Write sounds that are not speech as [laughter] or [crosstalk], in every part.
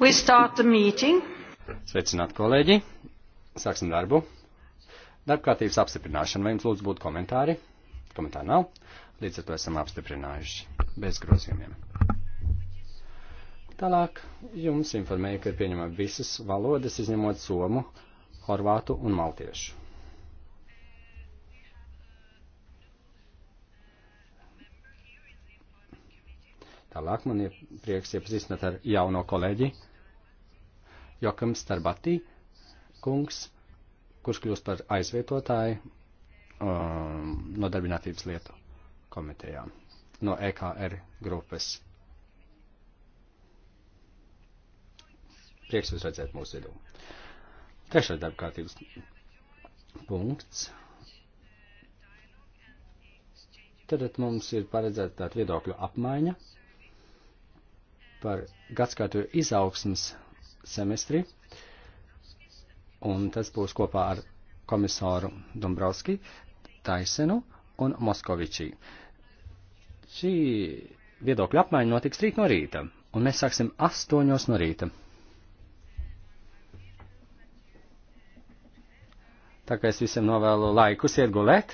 We start the meeting. Sveicināt, kolēģi! Sāksim darbu. Darbkārtības apstiprināšana. Vai jums lūdzu būtu komentāri? Komentāri nav. Līdz ar to esam apstiprinājuši bez grozījumiem. Tālāk jums informēju, ka ir pieņemama visas valodas, izņemot somu, horvātu un maltiešu. Tālāk man ir prieks iepazīstināt ar jauno kolēģi Jokam Starbatī kungs, kurš kļūst par aizvietotāju um, no darbinātības lietu komitejā no EKR grupas. Prieks jūs redzēt mūsu vidū. Trešais darba kārtības punkts. Tad mums ir paredzēta tāda viedokļu apmaiņa par gadskārtu izaugsmas semestri, un tas būs kopā ar komisāru Dombrovski, Taisenu un Moskovičī. Šī viedokļa apmaiņa notiks rīt no rīta, un mēs sāksim astoņos no rīta. Tā kā es visiem novēlu laikus iet gulēt,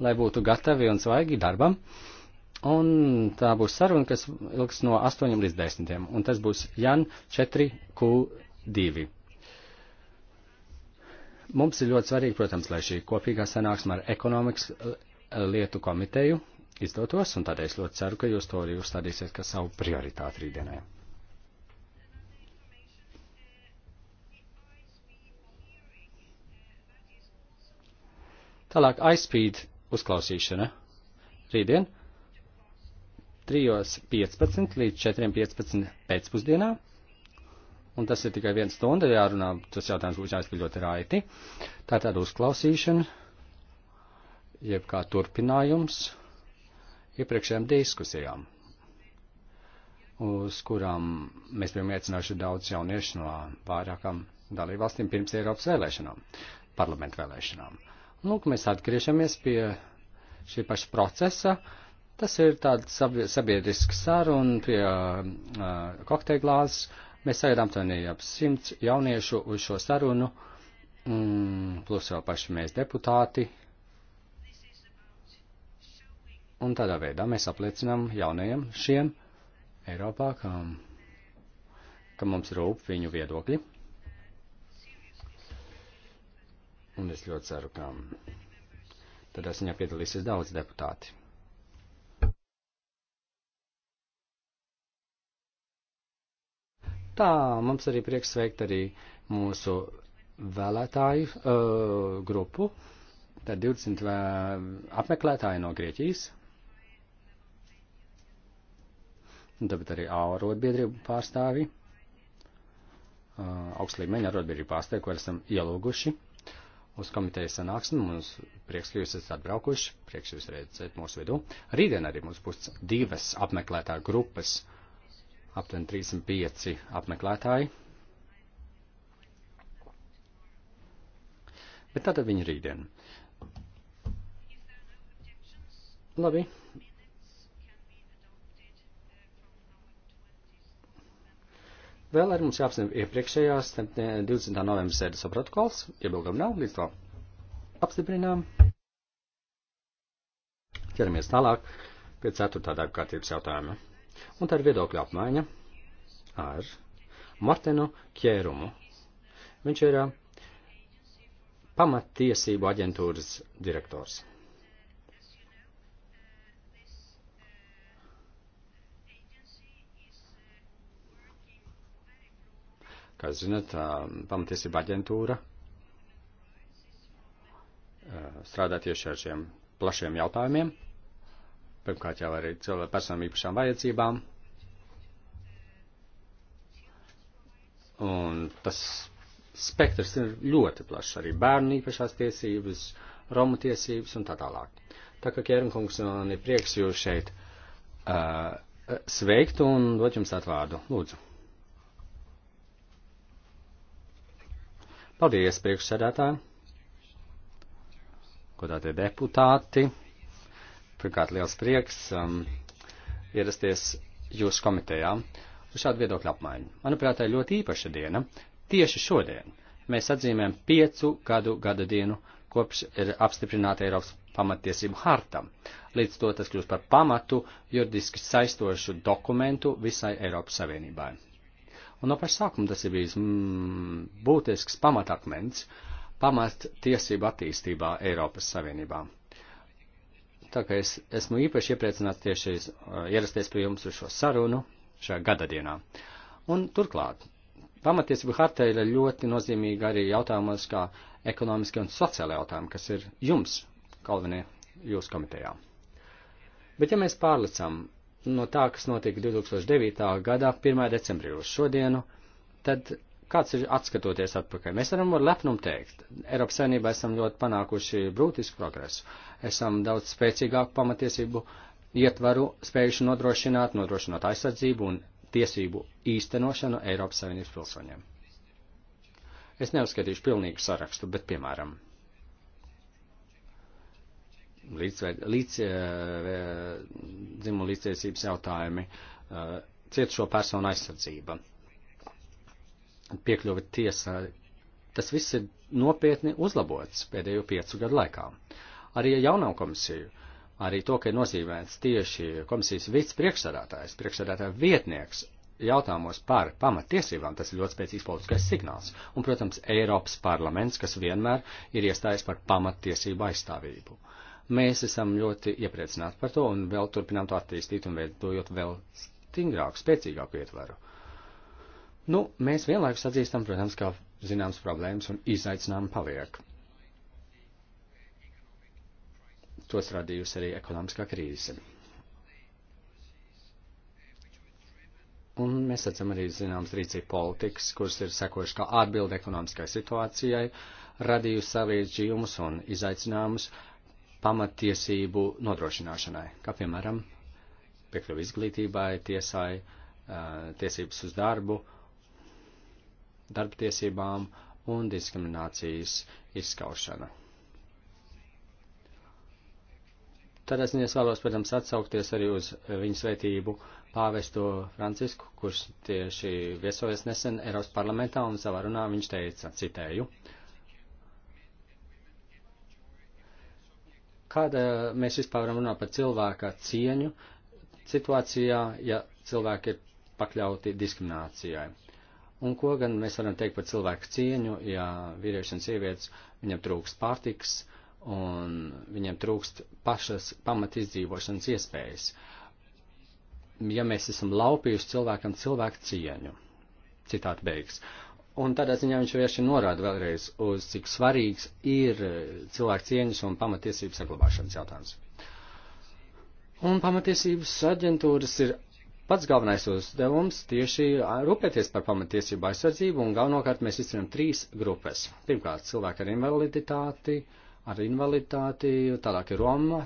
lai būtu gatavi un svaigi darbam. Un tā būs saruna, kas ilgs no 8 līdz 10. Un tas būs Jan 4Q2. Mums ir ļoti svarīgi, protams, lai šī kopīgā sanāksme ar ekonomikas eh, lietu komiteju izdotos, un tādēļ es ļoti ceru, ka jūs to arī uzstādīsiet kā savu prioritāti rītdienai. Tālāk aizspīd uzklausīšana rītdien 3.15 līdz 4.15 pēcpusdienā. Un tas ir tikai viena stunda jārunā, tas jautājums būs jāizpilda ļoti raiti. Tā tāda uzklausīšana, jeb kā turpinājums iepriekšējām diskusijām, uz kurām mēs bijām iecinājuši daudz jauniešu no vairākām dalībvalstīm pirms Eiropas vēlēšanām, parlamentu vēlēšanām. Lūk, mēs atgriežamies pie šī paša procesa. Uh, Tas ir tāds sabiedrisks saruna pie uh, kokteiglāzes. Mēs sagaidām aptuveni ap simts jauniešu uz šo sarunu, mm, plus vēl paši mēs deputāti. Un tādā veidā mēs apliecinām jaunajiem šiem Eiropā, ka, ka mums rūp viņu viedokļi. Un es ļoti ceru, ka tad es viņā piedalīsies daudz deputāti. Tā mums arī prieks sveikt arī mūsu vēlētāju uh, grupu. Tad 20 vē, apmeklētāji no Grieķijas. Un tāpat arī arotbiedrību pārstāvi, uh, augstlīmeņa arotbiedrību pārstāvi, ko esam ielūguši uz komitejas sanāksmi. Mums prieks, ka jūs esat atbraukuši, prieks jūs redzēt mūsu vidū. Rītdien arī mums būs divas apmeklētā grupas. Uh, aptuveni 35 apmeklētāji. Bet tātad viņi rītdien. Labi. Vēl arī mums jāapsniem iepriekšējās 20. Eh, novembris sēdes protokols. Iebilgam nav, līdz to apstiprinām. Ķeramies tālāk pie 4. darba kārtības jautājuma. Un tā ir viedokļa apmaiņa ar Martinu Kjērumu. Viņš ir uh, pamattiesību aģentūras direktors. Kā zinat, uh, pamatiesība aģentūra uh, strādā tieši ar šiem plašiem jautājumiem, Pirmkārt jau arī cilvēku personu īpašām vajadzībām. Un tas spektrs ir ļoti plašs, arī bērnu īpašās tiesības, romu tiesības un tā tālāk. Tā kā Kērnkungs man ir prieks jūs šeit uh, sveikt un dot jums atvārdu. Lūdzu. Paldies, priekšsēdētāji, godātie deputāti. Pirmkārt, liels prieks um, ierasties jūsu komitejā uz šādu viedokļu apmaiņu. Manuprāt, tā ir ļoti īpaša diena. Tieši šodien mēs atzīmējam piecu gadu gada dienu, kopš ir apstiprināta Eiropas pamatiesību harta. Līdz to tas kļūst par pamatu juridiski saistošu dokumentu visai Eiropas Savienībai. Un no paša sākuma tas ir bijis mm, būtisks pamatakmens pamat tiesību attīstībā Eiropas Savienībā. Tā kā es esmu īpaši iepriecināts tieši uh, ierasties pie jums uz šo sarunu šajā gadadienā. Un turklāt, pamatiesību harta ir ļoti nozīmīga arī jautājumos kā ekonomiskie un sociāli jautājumi, kas ir jums galvenie jūsu komitejā. Bet ja mēs pārlicam no tā, kas notika 2009. gadā 1. decembrī uz šodienu, tad kāds ir atskatoties atpakaļ? Mēs varam ar lepnumu teikt, Eiropas saimnībā esam ļoti panākuši brūtisku progresu, esam daudz spēcīgāku pamatiesību ietvaru spējuši nodrošināt, nodrošinot aizsardzību un tiesību īstenošanu Eiropas Savienības pilsoņiem. Es neuzskatīšu pilnīgu sarakstu, bet piemēram. Līdz, līdz, eh, eh, dzimu līdztiesības jautājumi, eh, cietušo personu aizsardzība, piekļuvi tiesā, tas viss ir nopietni uzlabots pēdējo piecu gadu laikā. Arī jaunā komisija, arī to, ka ir nozīmēts tieši komisijas vicepriekšsādātājs, priekšsādātāja vietnieks jautājumos par pamatiesībām, tas ir ļoti spēcīgs politiskais signāls. Un, protams, Eiropas parlaments, kas vienmēr ir iestājies par pamatiesību aizstāvību. Mēs esam ļoti iepriecināti par to un vēl turpinām to attīstīt un veidojot vēl stingrāku, spēcīgāku ietvaru. Uh, Nu, mēs vienlaikus atzīstam, protams, ka zināms problēmas un izaicinājumi paliek. Tos radījusi arī ekonomiskā krīze. Un mēs redzam arī zināmas rīcība politikas, kuras ir sekojuši kā atbildi ekonomiskai situācijai, radījusi sarežģījumus un izaicinājumus pamatiesību nodrošināšanai, kā piemēram piekļuvi izglītībai, tiesai, eh, tiesības uz darbu, darba tiesībām un diskriminācijas izskaušana. Tad es vēlos, protams, atsaukties arī uz viņas vērtību pāvestu Francisku, kurš tieši viesojas nesen Eiropas parlamentā un savā runā viņš teica, citēju, kāda eh, mēs vispār varam runāt par cilvēka cieņu situācijā, ja cilvēki ir pakļauti diskriminācijai. Un ko gan mēs varam teikt par cilvēku cieņu, ja vīrieši un sievietes viņam trūkst pārtiks un viņam trūkst pašas pamat izdzīvošanas iespējas. Ja mēs esam laupījuši cilvēkam cilvēku cieņu, citāti beigas. Un tādā ziņā viņš vienkārši norāda vēlreiz uz cik svarīgs ir cilvēku cieņas un pamatiesības saglabāšanas jautājums. Un pamatiesības aģentūras ir Pats galvenais uzdevums tieši rūpēties par pamatiesību aizsardzību, un galvenokārt mēs izcinām trīs grupas. Pirmkārt, cilvēki ar invaliditāti, ar invaliditāti, tālāk ir Roma,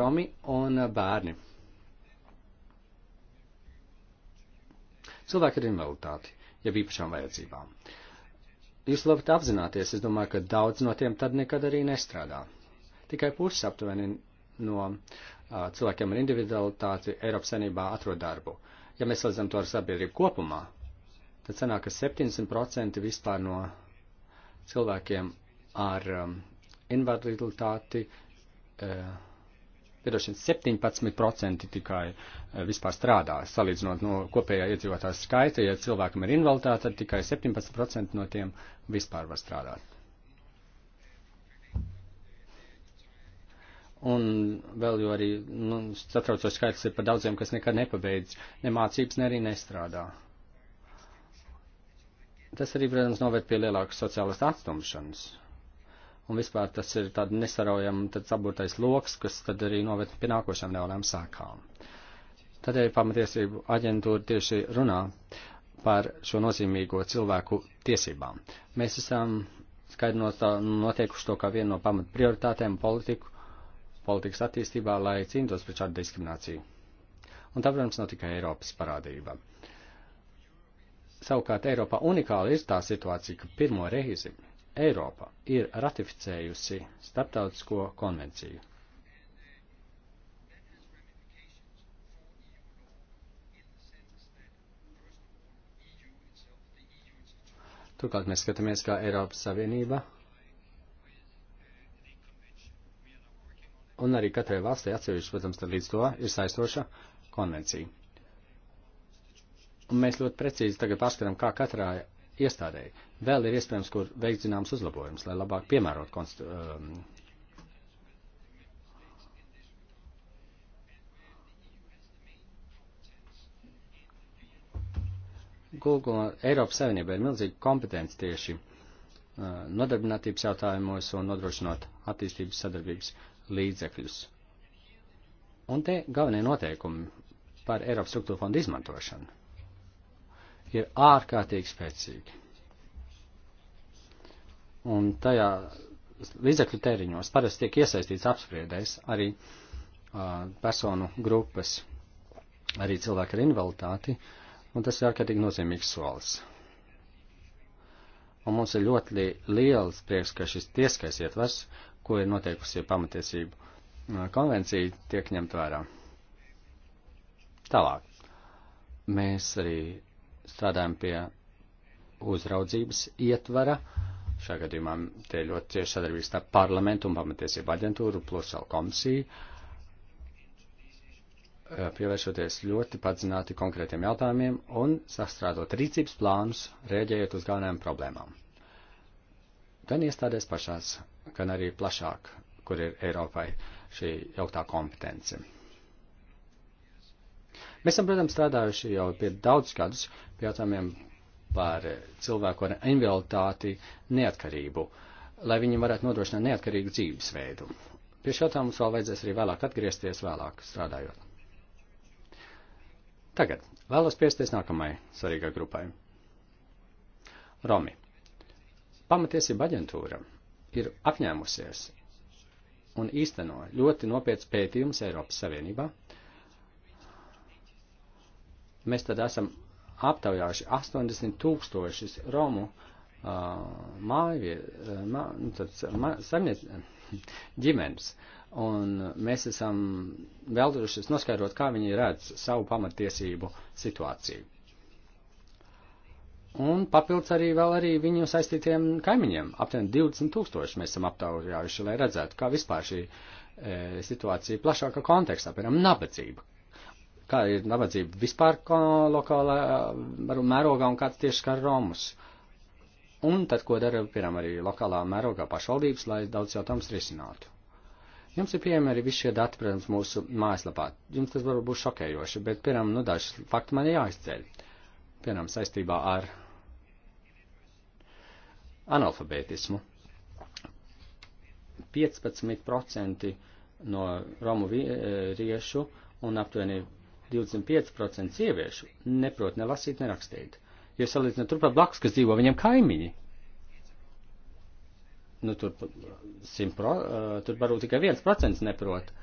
Romi un bērni. Cilvēki ar invaliditāti, jeb īpašām vajadzībām. Jūs labi apzināties, es domāju, ka daudz no tiem tad nekad arī nestrādā. Tikai puses aptuveni no uh, cilvēkiem ar individualitāti Eiropas Savienībā atrod darbu. Ja mēs salīdzinām to ar sabiedrību kopumā, tad sanāk, ka 70% vispār no cilvēkiem ar um, invaliditāti, uh, piedošana 17% tikai uh, vispār strādā, salīdzinot no kopējā iedzīvotāja skaita, ja cilvēkam ir invaliditāte, tad tikai 17% no tiem vispār var strādāt. Un vēl jau arī nu, satraucošs skaits ir par daudziem, kas nekad nepabeidz ne mācības, ne arī nestrādā. Tas arī, protams, noved pie lielākas sociālas atstumšanas. Un vispār tas ir tāds nesaraujams, tad sabūtais loks, kas tad arī noved pie nākošām nevēlēm sākām. Tādēļ pamatiesību aģentūra tieši runā par šo nozīmīgo cilvēku tiesībām. Mēs esam skaidri notiekuši to kā vienu no pamat prioritātēm politiku, politikas attīstībā, lai cīnītos pret šādu diskrimināciju. Un tā, protams, nav tikai Eiropas parādība. Savukārt Eiropā unikāla ir tā situācija, ka pirmo reizi Eiropa ir ratificējusi starptautisko konvenciju. Turklāt mēs skatāmies, kā Eiropas Savienība un arī katrai valstī atsevišķi, protams, tad līdz to ir saistoša konvencija. Un mēs ļoti precīzi tagad pārskatām, kā katrā iestādēji vēl ir iespējams, kur veikt zināms uzlabojums, lai labāk piemērot konstu, um, Google Eiropas Savienība ir milzīga kompetence tieši uh, nodarbinātības jautājumos un nodrošinot attīstības sadarbības līdzekļus. Un te galvenie noteikumi par Eiropas struktūra fondu izmantošanu ir ārkārtīgi spēcīgi. Un tajā līdzekļu tēriņos parasti tiek iesaistīts apspriedēs arī uh, personu grupas, arī cilvēki ar invaliditāti, un tas ir ārkārtīgi nozīmīgs solis. Un mums ir ļoti liels prieks, ka šis tieskais ietvers ko ir noteikusi pamatiesību konvencija, tiek ņemt vērā. Tālāk. Mēs arī strādājam pie uzraudzības ietvara. Šajā gadījumā te ļoti cieši sadarbības starp parlamentu un pamatiesību aģentūru plus vēl komisiju. Pievēršoties ļoti padzināti konkrētiem jautājumiem un sastrādot rīcības plānus, rēģējot uz galvenajām problēmām. Gan iestādēs pašās gan arī plašāk, kur ir Eiropai šī jauktā kompetence. Mēs esam, protams, strādājuši jau pie daudz gadus pie jautājumiem par cilvēku ar invaliditāti neatkarību, lai viņi varētu nodrošināt neatkarīgu dzīvesveidu. Pie šā tā mums vēl vajadzēs arī vēlāk atgriezties, vēlāk strādājot. Tagad vēlos piesties nākamajai svarīgai grupai. Romi. Pamatiesība aģentūra ir apņēmusies un īsteno ļoti nopietns pētījums Eiropas Savienībā. Mēs tad esam aptaujājuši 80 tūkstošus Romu uh, māju, mā, nu, tāds, mā, samniec, [laughs] ģimenes, un mēs esam vēldušies noskaidrot, kā viņi redz savu pamatiesību situāciju. Un papildus arī vēl arī viņu saistītiem kaimiņiem. Aptuveni 20 tūkstoši mēs esam aptaujājuši, lai redzētu, kā vispār šī e, situācija plašāka kontekstā, piemēram, nabadzība. Kā ir nabadzība vispār lokālā e, mērogā un kāds tieši skar Romus. Un tad, ko dara, piemēram, arī lokālā mērogā pašvaldības, lai daudz jautājums risinātu. Jums ir pieejami arī visi šie dati, protams, mūsu mājaslapā. Jums tas varbūt būs šokējoši, bet, piemēram, nu, daži fakti man ir jāizceļ. Piemēram, saistībā ar analfabētismu. 15% no romu vīriešu e, un aptuveni 25% sieviešu neprot ne lasīt, ne rakstīt. Jo salīdzinot turpat blakus, kas dzīvo viņiem kaimiņi. Nu, tur, pro, e, tur varbūt tikai 1% neprot e,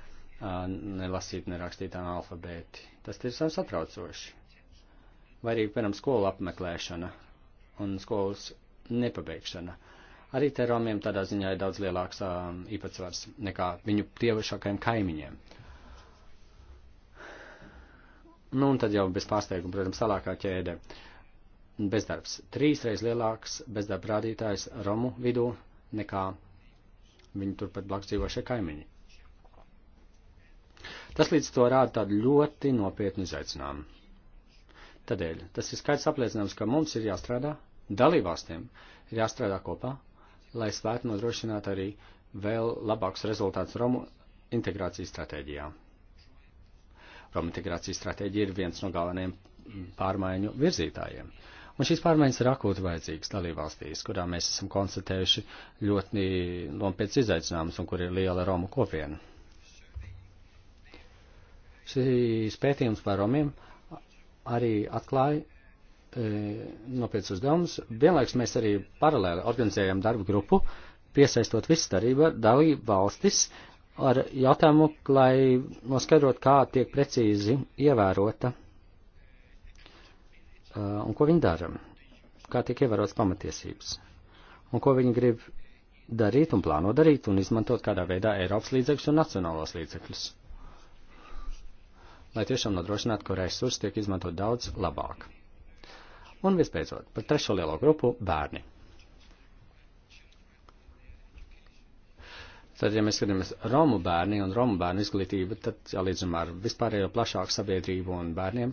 ne lasīt, ne rakstīt analfabēti. Tas ir satraucoši. Vai arī, piemēram, skolu apmeklēšana un skolas nepabeigšana. Arī teromiem tādā ziņā ir daudz lielāks um, īpatsvars nekā viņu tiešākajiem kaimiņiem. Nu, un tad jau bez pārsteiguma, protams, tālākā ķēde. Bezdarbs. Trīsreiz lielāks bezdarba rādītājs Romu vidū nekā viņu turpat blakus dzīvošie kaimiņi. Tas līdz to rāda tādu ļoti nopietnu izaicinājumu. Tādēļ tas ir skaidrs apliecinājums, ka mums ir jāstrādā Dalībvalstīm ir jāstrādā kopā, lai spētu nodrošināt arī vēl labāks rezultāts Romu integrācijas stratēģijā. Romu integrācijas stratēģija ir viens no galvenajiem pārmaiņu virzītājiem. Un šīs pārmaiņas ir akūti vajadzīgas dalībvalstīs, kurā mēs esam konstatējuši ļoti nopietnas izaicinājumus un kur ir liela Romu kopiena. Šīs pētījums par Romiem arī atklāja, E, nopietns uzdevums. Vienlaiks mēs arī paralēli organizējam darbu grupu, piesaistot visas darība dalību valstis ar jautājumu, lai noskaidrot, kā tiek precīzi ievērota e, un ko viņi dara, kā tiek ievērotas pamatiesības un ko viņi grib darīt un plāno darīt un izmantot kādā veidā Eiropas līdzekļus un nacionālos līdzekļus. Lai tiešām nodrošinātu, ka resursi tiek izmantot daudz labāk. Un visbeidzot, par trešo lielo grupu - bērni. Tad, ja mēs skatāmies Romu bērni un Romu bērnu izglītību, tad jālīdzinām ar vispārējo plašāku sabiedrību un bērniem.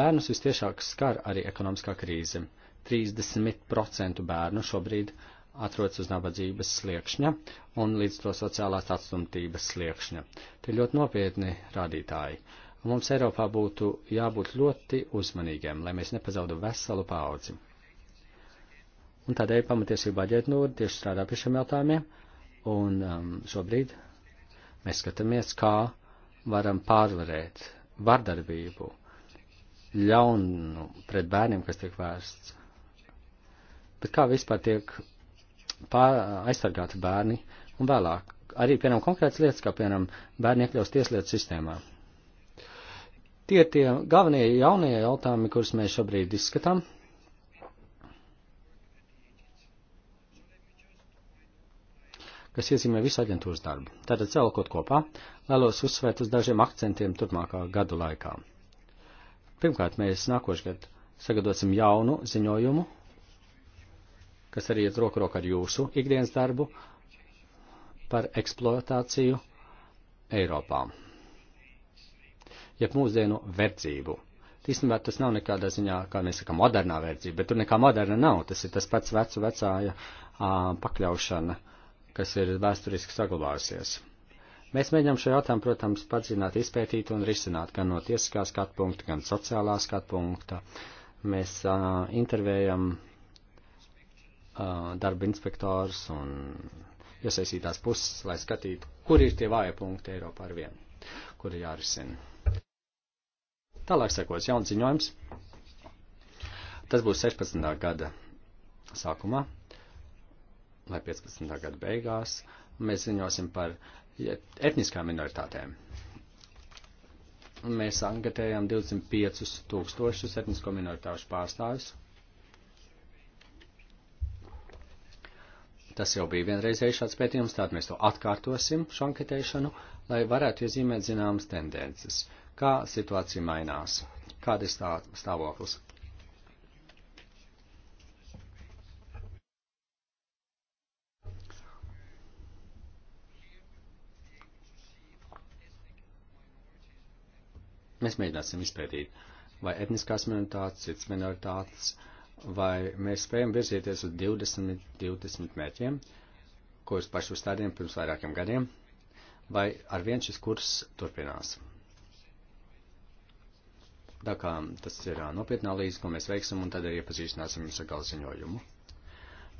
Bērnus vistiešāk skar arī ekonomiskā krīze. 30% bērnu šobrīd atrodas uz nabadzības sliekšņa un līdz to sociālās atstumtības sliekšņa. Tie ļoti nopietni rādītāji. Uh, Mums Eiropā būtu jābūt ļoti uzmanīgiem, lai mēs nepazaudu veselu paudzi. Un tādēļ pamatiesība aģentūra tieši strādā pie šiem jautājumiem, un um, šobrīd mēs skatāmies, kā varam pārvarēt vardarbību, ļaunu pret bērniem, kas tiek vērsts. Bet kā vispār tiek pār, aizsargāti bērni un vēlāk? Arī, piemēram, konkrētas lietas, kā, piemēram, bērni iekļaus tieslietu sistēmā. Tie ir tie galvenie jaunie jautājumi, kurus mēs šobrīd izskatām. kas iezīmē visu aģentūras darbu. Tātad celkot kopā, vēlos uzsvērt uz dažiem akcentiem turpmākā gadu laikā. Pirmkārt, mēs nākošgad sagadosim jaunu ziņojumu, kas arī iet roku rokā ar jūsu ikdienas darbu par eksploatāciju Eiropā jeb mūsdienu verdzību. Tīsnībā tas nav nekādā ziņā, kā mēs sakām, modernā verdzība, bet tur nekā moderna nav. Tas ir tas pats vecu vecāja a, pakļaušana, kas ir vēsturiski saglabājusies. Mēs mēģinām šo jautājumu, protams, padzināt, izpētīt un risināt gan no tiesiskā skatu punkta, gan sociālā skatu punkta. Mēs a, intervējam a, darba inspektors un iesaistītās puses, lai skatītu, kur ir tie vāja punkti Eiropā ar vienu, kuri jārisina. Tālāk sekos jauns ziņojums. Tas būs 16. gada sākumā vai 15. gada beigās. Mēs ziņosim par etniskām minoritātēm. Mēs angatējām 25 tūkstošus etnisko minoritāšu pārstāvis. Tas jau bija vienreizējais šāds pētījums, tātad mēs to atkārtosim šo anketēšanu, lai varētu iezīmēt zināmas tendences. Uh, kā situācija mainās, kāda ir stā, stāvoklis. Mēs mēģināsim izpētīt, vai etniskās minoritātes, cits minoritātes, vai mēs spējam virzīties uz 20, 20 mērķiem, kurus paši uzstādījām pirms vairākiem gadiem, vai ar vien šis kurs turpinās. Tā kā tas ir nopietnā līdzi, ko mēs veiksim, un tad arī iepazīstināsim jums ar galziņojumu.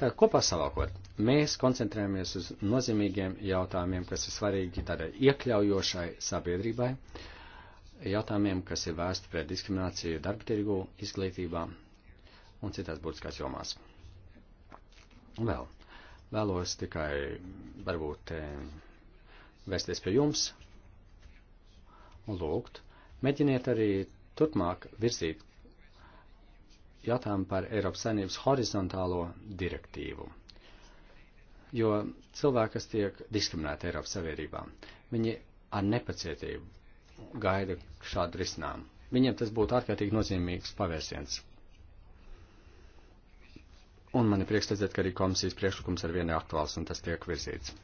Tā kopā salākot, mēs koncentrējamies uz nozīmīgiem jautājumiem, kas ir svarīgi tādai iekļaujošai sabiedrībai, jautājumiem, kas ir vērsti pret diskrimināciju darba tirgu, izglītībā un citās būtiskās jomās. Un vēl, vēlos tikai varbūt vērsties pie jums un lūgt, mēģiniet arī turpmāk virzīt jautājumu par Eiropas saimnības horizontālo direktīvu. Jo cilvēki, kas tiek diskriminēti Eiropas Savienībā, viņi ar nepacietību gaida šādu risinājumu. Viņiem tas būtu ārkārtīgi nozīmīgs pavērsiens. Un man ir prieks redzēt, ka arī komisijas priekšlikums ar vienu ir aktuāls un tas tiek virzīts.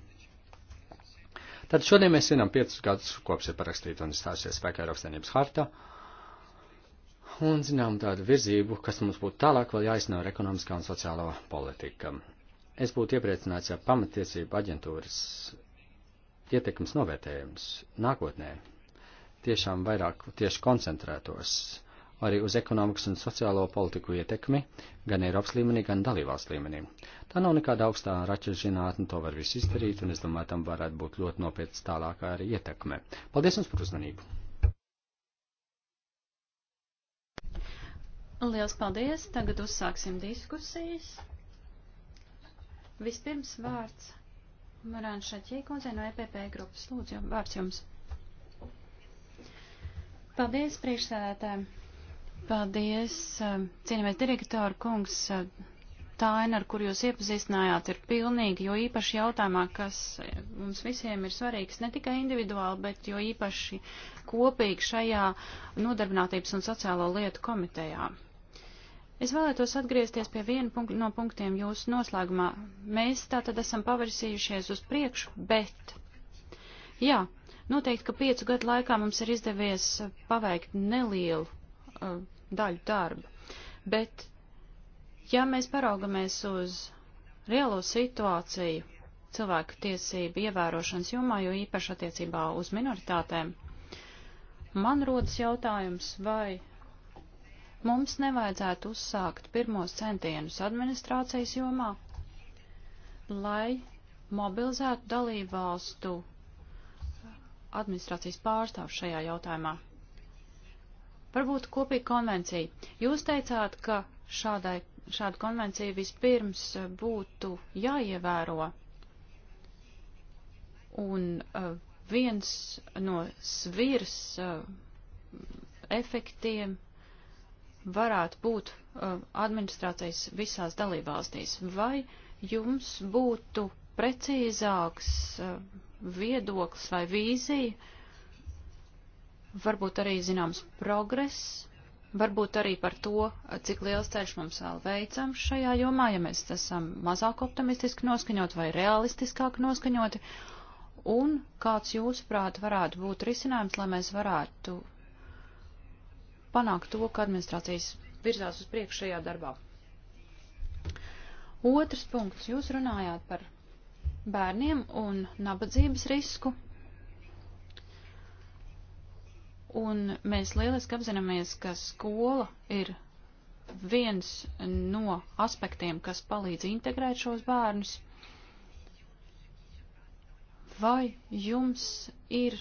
Tad šodien mēs zinām piecus gadus, kopš ir parakstīta un stāsies spēkā Eiropas Savienības harta. Uh, un, zinām, tādu virzību, kas mums būtu tālāk vēl jāizsno ar ekonomiskā un sociālā politika. Es būtu iepriecināts, ja pamatiesība aģentūras ietekmes novērtējums nākotnē tiešām vairāk tieši koncentrētos arī uz ekonomikas un sociālo politiku ietekmi gan Eiropas līmenī, gan dalībās līmenī. Tā nav nekāda augstā raķešu zinātne, to var visu izdarīt, un es domāju, tam varētu būt ļoti nopietnas tālākā arī ietekme. Paldies jums par uzmanību! Liels paldies! Tagad uzsāksim diskusijas. Vispirms vārds Marāna Šaķīkundze no EPP grupas. Lūdzu, vārds jums. Paldies, priekšsēdētāji! Paldies, eh, cienījamais direktora kungs! Eh, tā aina, ar kur jūs iepazīstinājāt, ir pilnīgi, jo īpaši jautājumā, kas eh, mums visiem ir svarīgs, ne tikai individuāli, bet jo īpaši kopīgi šajā nodarbinātības un sociālo lietu komitejā. Es vēlētos atgriezties pie viena punk no punktiem jūsu noslēgumā. Mēs tātad esam pavirsījušies uz priekšu, bet. Jā, noteikti, ka piecu gadu laikā mums ir izdevies paveikt nelielu uh, daļu darba, bet, ja mēs paraugamies uz reālo situāciju cilvēku tiesību ievērošanas jomā, jo īpaši attiecībā uz minoritātēm, man rodas jautājums, vai Mums nevajadzētu uzsākt pirmos centienus administrācijas jomā, lai mobilizētu dalību valstu administrācijas pārstāvu šajā jautājumā. Varbūt kopīga konvencija. Jūs teicāt, ka šādai, šāda konvencija vispirms būtu jāievēro. Un uh, viens no svirs uh, efektiem varētu būt uh, administrācijas visās dalībvalstīs. Vai jums būtu precīzāks uh, viedoklis vai vīzija, varbūt arī zināms progress, varbūt arī par to, cik liels ceļš mums vēl veicams šajā jomā, ja mēs esam mazāk optimistiski noskaņot vai realistiskāk noskaņoti, un kāds jūsuprāt varētu būt risinājums, lai mēs varētu panākt to, ka administrācijas virzās uz priekšu šajā darbā. Otrs punkts. Jūs runājāt par bērniem un nabadzības risku. Un mēs lieliski apzināmies, ka skola ir viens no aspektiem, kas palīdz integrēt šos bērnus. Vai jums ir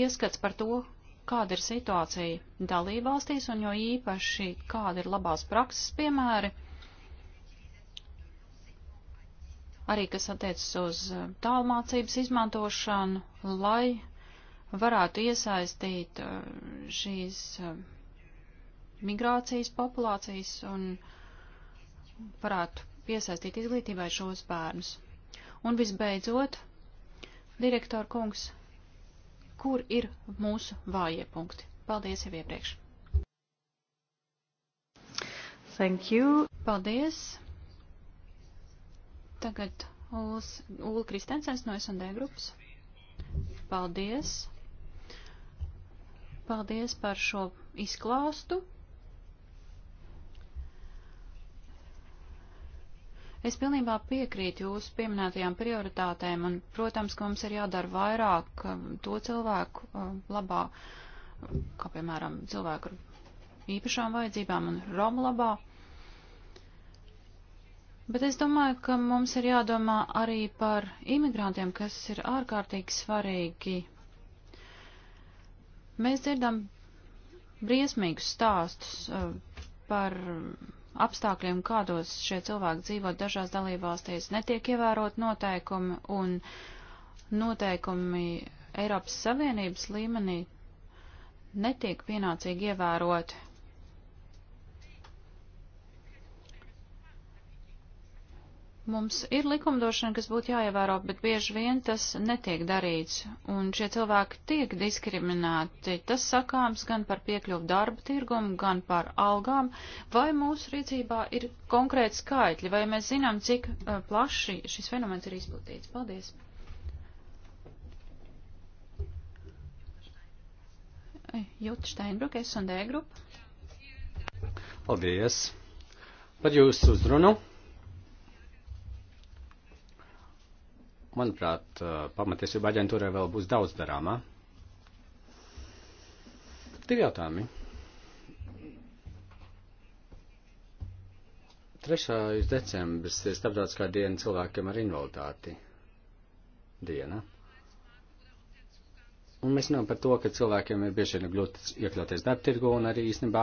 ieskats par to, kāda ir situācija dalībvalstīs un jo īpaši kāda ir labās prakses piemēri, arī kas attiecas uz eh, tālmācības izmantošanu, lai varētu iesaistīt eh, šīs eh, migrācijas populācijas un varētu piesaistīt izglītībai šos bērnus. Un visbeidzot, direktor kungs, kur ir mūsu vājie punkti. Paldies jau iepriekš. Thank you. Paldies. Tagad Ulu Kristensens no S&D grupas. Paldies. Paldies par šo izklāstu. Es pilnībā piekrītu jūsu pieminētajām prioritātēm, un, protams, ka mums ir jādara vairāk to cilvēku uh, labā, kā piemēram cilvēku ar īpašām vajadzībām un Romu labā. Bet es domāju, ka mums ir jādomā arī par imigrantiem, kas ir ārkārtīgi svarīgi. Mēs dzirdam briesmīgus stāstus uh, par apstākļiem, kādos šie cilvēki dzīvo dažās dalībvalstīs, netiek ievērot noteikumi un noteikumi Eiropas Savienības līmenī netiek pienācīgi ievēroti. Mums ir likumdošana, kas būtu jāievēro, bet bieži vien tas netiek darīts, un šie cilvēki tiek diskriminēti. Tas sakāms gan par piekļuvu darba tirgumu, gan par algām, vai mūsu rīcībā ir konkrēti skaitļi, vai mēs zinām, cik uh, plaši šis fenomens ir izplatīts. Paldies! Jūta Steinbruk, S&D grupa. Paldies par jūsu uzrunu. manuprāt, pamatiesība aģentūrai vēl būs daudz darāmā. Divi jautājumi. Trešais decembris ir starptautiskā diena cilvēkiem ar invaliditāti. Diena. Un mēs runājam par to, ka cilvēkiem ir bieži vien grūti iekļauties darba tirgu un arī īstenībā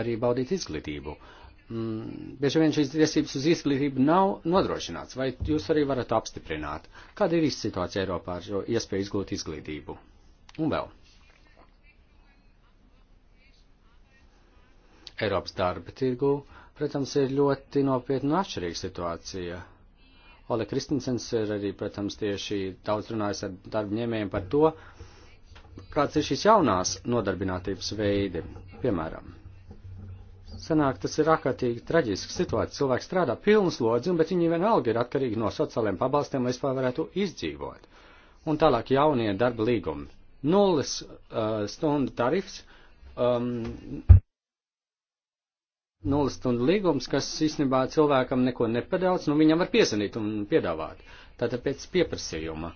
arī baudīt izglītību. Uh, Mm, bieži vien šīs tiesības uz izglītību nav nodrošināts, vai jūs arī varat apstiprināt, kāda ir situācija Eiropā ar šo iespēju izglīt izglītību? Un vēl. Eiropas darba tirgu, protams, ir ļoti nopietna un atšķirīga situācija. Ole Kristensens ir arī, protams, tieši daudz runājis ar darbņēmējiem par to, kāds ir šīs jaunās nodarbinātības veidi, piemēram, Sanāk, tas ir ārkārtīgi traģiski situācija. Cilvēki strādā pilnu slodzi, bet viņi vienalga ir atkarīgi no sociālajiem pabalstiem, lai vispār varētu izdzīvot. Un tālāk jaunie darba līgumi. Nulles uh, stundu tarifs, um, nulles stundu līgums, kas īstenībā cilvēkam neko nepadauc, nu viņam var piesanīt un piedāvāt. Tātad pēc pieprasījuma.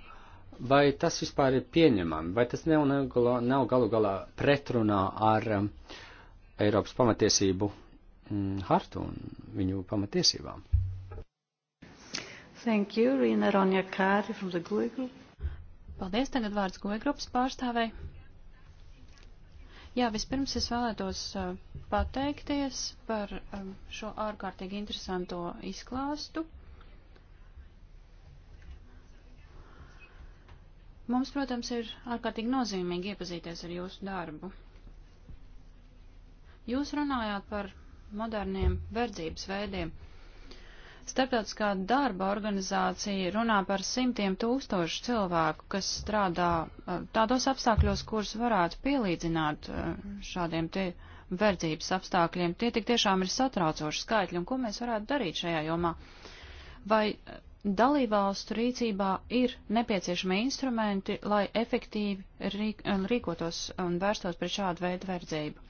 Vai tas vispār ir pieņemami, vai tas nav, nav, nav galu galā pretrunā ar. Um, uh, Eiropas pamatiesību mm, hartu un viņu pamatiesībām. Thank you, Rina Ronja Kāri from the GUE Group. Paldies, tagad vārds GUE grupas pārstāvei. Jā, vispirms es vēlētos uh, pateikties par um, šo ārkārtīgi interesanto izklāstu. Mums, protams, ir ārkārtīgi nozīmīgi iepazīties ar jūsu darbu. Jūs runājāt par moderniem verdzības veidiem. Starptautiskā darba organizācija runā par simtiem tūkstošu cilvēku, kas strādā eh, tādos apstākļos, kurus varētu pielīdzināt eh, šādiem te verdzības apstākļiem. Tie tik tiešām ir satraucoši skaitļi, un ko mēs varētu darīt šajā jomā? Vai eh, dalībvalstu rīcībā ir nepieciešami instrumenti, lai efektīvi rīk, rīkotos un vērstos pret šādu veidu verdzību.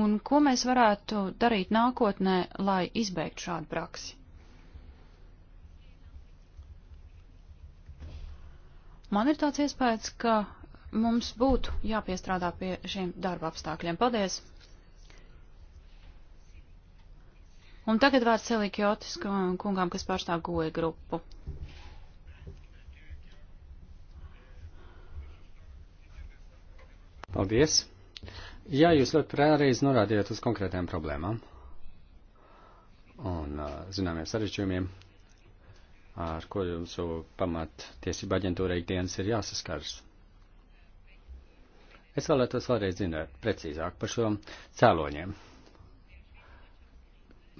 Un ko mēs varētu darīt nākotnē, lai izbeigtu šādu praksi? Man ir tāds iespējas, ka mums būtu jāpiestrādā pie šiem darba apstākļiem. Paldies! Un tagad vārds Elikjotis kungām, kas pārstāv goja grupu. Paldies! Jā, jūs ļoti prēreiz norādījāt uz konkrētām problēmām un zināmiem sarežģījumiem, ar ko jūsu pamat tiesība aģentūra ikdienas ir jāsaskars. Es vēlētos vēlreiz zināt precīzāk par šo cēloņiem.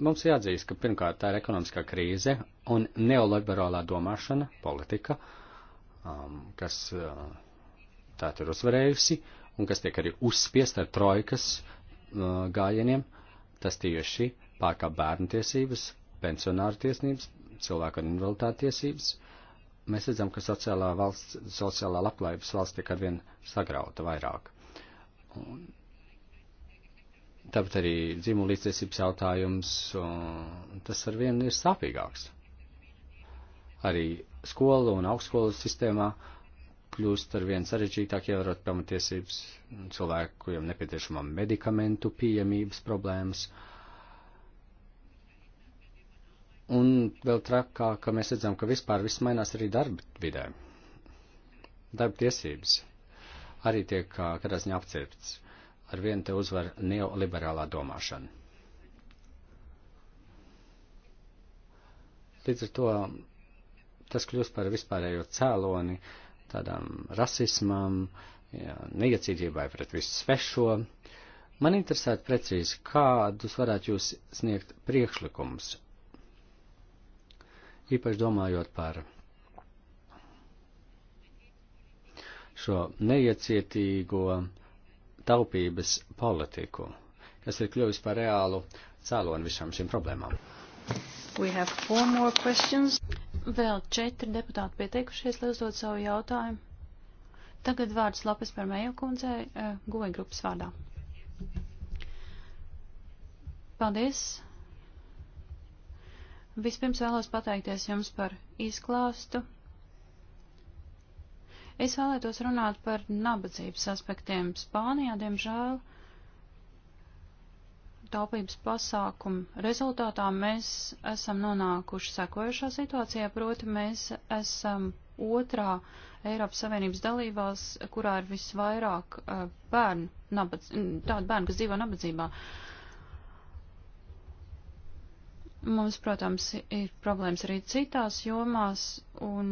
Mums jāatzīst, ka pirmkārt tā ir ekonomiskā krīze un neoliberālā domāšana, politika, um, kas uh, tā tur uzvarējusi un kas tiek arī uzspiest ar trojkas uh, gājieniem, tas tieši pārkāp bērnu tiesības, pensionāru tiesības, cilvēku ar invaliditāti tiesības. Mēs redzam, ka sociālā, valsts, sociālā labklājības valsts tiek arvien sagrauta vairāk. Un Tāpat arī dzimuma līdztiesības jautājums, tas ar vienu ir sāpīgāks. Arī skolu un augstskolu sistēmā kļūst ar vien sarežģītāk ievērot pamatiesības cilvēku, kuriem nepieciešama medikamentu pieejamības problēmas. Un vēl trakāk, ka mēs redzam, ka vispār viss mainās arī darba vidē. Darba tiesības arī tiek kādā ziņā apcirpts ar vienu te uzvar neoliberālā domāšana. Līdz ar to tas kļūst par vispārējo cēloni tādām rasismam, jā, neiecītībai pret visu svešo. Man interesētu precīzi, kādus varētu jūs sniegt priekšlikumus, īpaši domājot par šo neiecietīgo uh, taupības politiku, kas ir kļuvis par reālu cēloni visam šīm problēmām. Vēl četri deputāti pieteikušies, lai uzdod savu jautājumu. Tagad vārds Lapis par Meju kundzei, eh, guvēja grupas vārdā. Paldies! Vispirms vēlos pateikties jums par izklāstu Es vēlētos runāt par nabadzības aspektiem. Spānijā, diemžēl, taupības pasākumu rezultātā mēs esam nonākuši sekojušā situācijā, proti mēs esam otrā Eiropas Savienības dalībās, kurā ir visvairāk uh, bērnu, nabadz, tādu bērnu, kas dzīvo nabadzībā. Mums, protams, ir problēmas arī citās jomās, un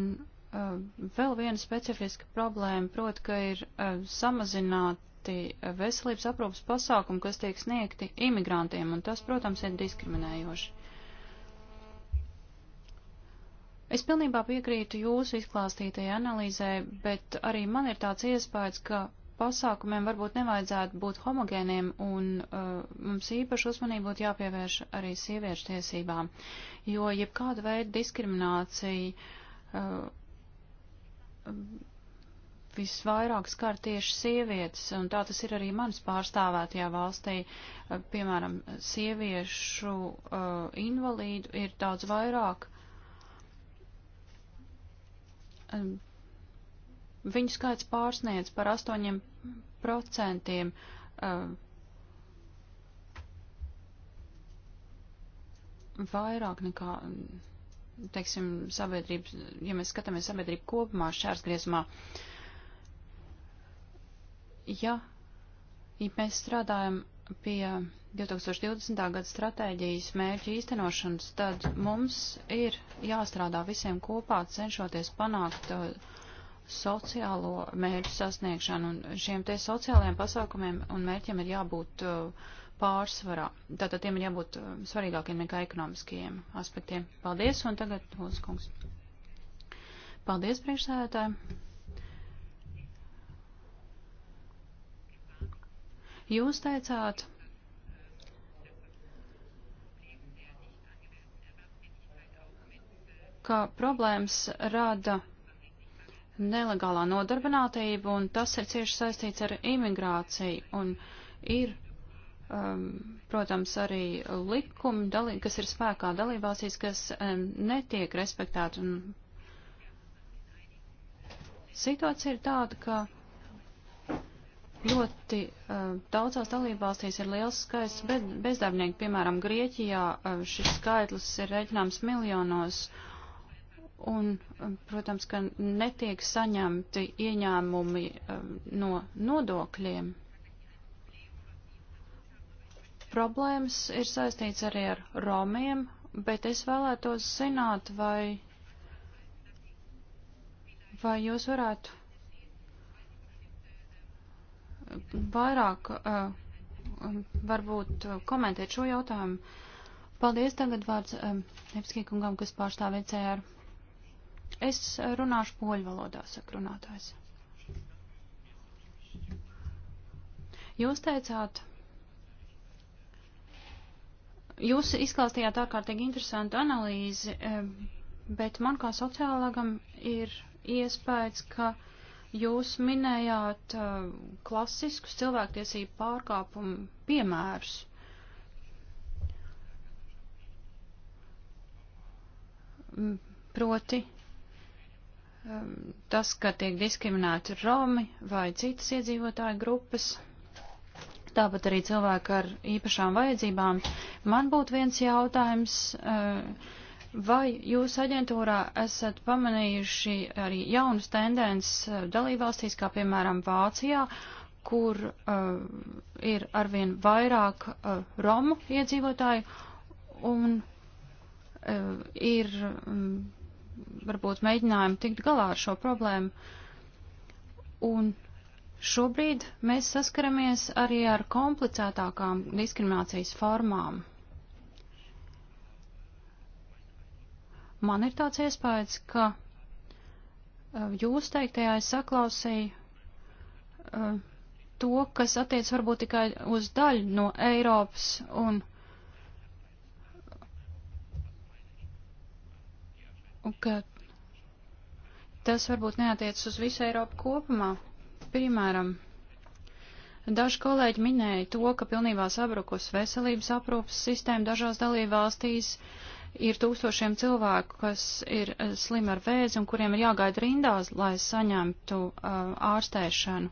Uh, vēl viena specifiska problēma, proti, ka ir uh, samazināti uh, veselības aprūpas pasākumi, kas tiek sniegti imigrantiem, un tas, protams, ir diskriminējoši. Es pilnībā piekrītu jūsu izklāstītajai analīzē, bet arī man ir tāds iespējas, ka pasākumiem varbūt nevajadzētu būt homogēniem un uh, mums īpaši uzmanību būtu jāpievērš arī sieviešu tiesībām, jo jebkāda veida diskriminācija uh, visvairāk skar tieši sievietes, un tā tas ir arī manas pārstāvētajā valstī. Eh, piemēram, sieviešu uh, invalīdu ir daudz vairāk. Viņu skaits pārsniedz par 8%. Uh, eh, vairāk nekā teiksim, sabiedrības, ja mēs skatāmies sabiedrību kopumā šārs griezumā, ja, ja mēs strādājam pie 2020. gada stratēģijas mērķu īstenošanas, tad mums ir jāstrādā visiem kopā, cenšoties panākt uh, sociālo mērķu sasniegšanu. Un šiem te sociālajiem pasākumiem un mērķiem ir jābūt uh, pārsvarā. Tātad tiem ir jābūt uh, svarīgākiem nekā ekonomiskajiem aspektiem. Paldies, un tagad mūsu kungs. Paldies, priekšsēdētāji. Jūs teicāt, ka problēmas rada nelegālā nodarbinātība, un tas ir cieši saistīts ar imigrāciju, un ir um, protams, arī likumi, dalī, kas ir spēkā dalībvalstīs, kas um, netiek respektēti. Situācija ir tāda, ka ļoti uh, daudzās dalībvalstīs ir liels skaits bez, bezdarbnieku. Piemēram, Grieķijā uh, šis skaitlis ir reiķināms miljonos. Un, um, protams, ka netiek saņemti ieņēmumi um, no nodokļiem problēmas ir saistīts arī ar romiem, bet es vēlētos zināt, vai, vai jūs varētu vairāk uh, varbūt komentēt šo jautājumu. Paldies tagad vārds um, Nevskī kungam, kas pārstāv ECR. Es runāšu poļu valodā, saka runātājs. Jūs teicāt, Jūs izklāstījāt ārkārtīgi interesantu analīzi, bet man kā sociālākam ir iespējas, ka jūs minējāt eh, klasiskus cilvēktiesību pārkāpumu piemērus. Proti tas, ka tiek diskriminēti Romi vai citas iedzīvotāju grupas tāpat arī cilvēki ar īpašām vajadzībām. Man būtu viens jautājums. Eh, vai jūs aģentūrā esat pamanījuši arī jaunas tendences eh, dalībvalstīs, kā piemēram Vācijā, kur uh, ir arvien vairāk uh, romu iedzīvotāju un uh, ir um, varbūt mēģinājumi tikt galā ar šo problēmu. Un Šobrīd mēs saskaramies arī ar komplicētākām diskriminācijas formām. Man ir tāds iespējas, ka eh, jūs teiktajā es saklausīju uh, to, kas attiec varbūt tikai uz daļu no Eiropas un, un ka tas varbūt neatiec uz visu Eiropu kopumā. Piemēram, Daži kolēģi minēja to, ka pilnībā sabrukus veselības aprūpas sistēma dažās dalībvalstīs ir tūkstošiem cilvēku, kas ir eh, slimi ar vēzi un kuriem ir jāgaida rindās, lai saņemtu uh, ārstēšanu.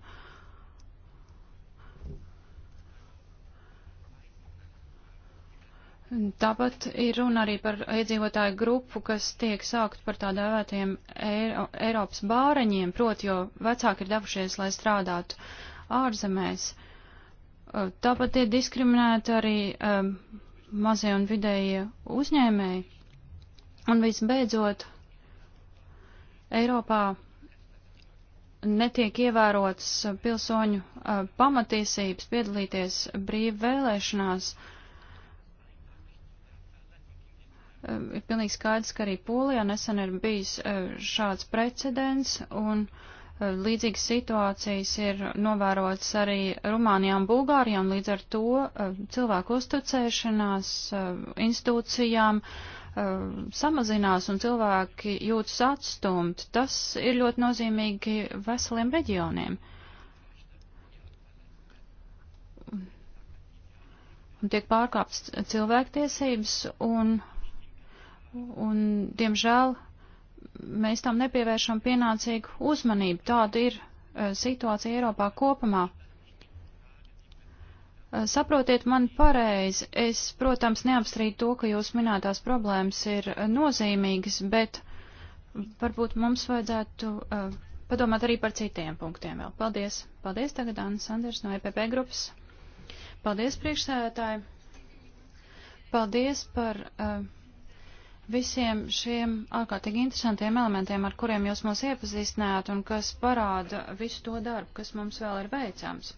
Tāpat ir runa arī par iedzīvotāju grupu, kas tiek saukt par tādā vētiem Eiro, Eiropas bāreņiem, proti, jo vecāki ir devušies, lai strādātu ārzemēs. Tāpat ir diskriminēti arī um, mazie un vidējie uzņēmēji. Un visbeidzot, Eiropā netiek ievērotas pilsoņu uh, pamatiesības piedalīties brīvi vēlēšanās. Uh, ir pilnīgi skaidrs, ka arī Polijā nesen ir bijis e, šāds precedents, un e, līdzīgas situācijas ir novērots arī Rumānijā un Bulgārijā, un līdz ar to e, cilvēku uzticēšanās institūcijām samazinās un cilvēki jūtas atstumti. Tas ir ļoti nozīmīgi veseliem reģioniem. Un tiek pārkāptas cilvēktiesības, un un, diemžēl, mēs tam nepievēršam pienācīgu uzmanību. Tāda ir uh, situācija Eiropā kopumā. Uh, saprotiet mani pareizi, es, protams, neapstrīdu to, ka jūs minētās problēmas ir uh, nozīmīgas, bet varbūt mums vajadzētu padomāt arī par citiem punktiem vēl. Paldies! Paldies tagad Anna Sanders no EPP grupas. Paldies priekšsēdētāji! Paldies par uh, visiem šiem ārkārtīgi interesantiem elementiem, ar kuriem jūs mūs iepazīstināt un kas parāda visu to darbu, kas mums vēl ir veicams.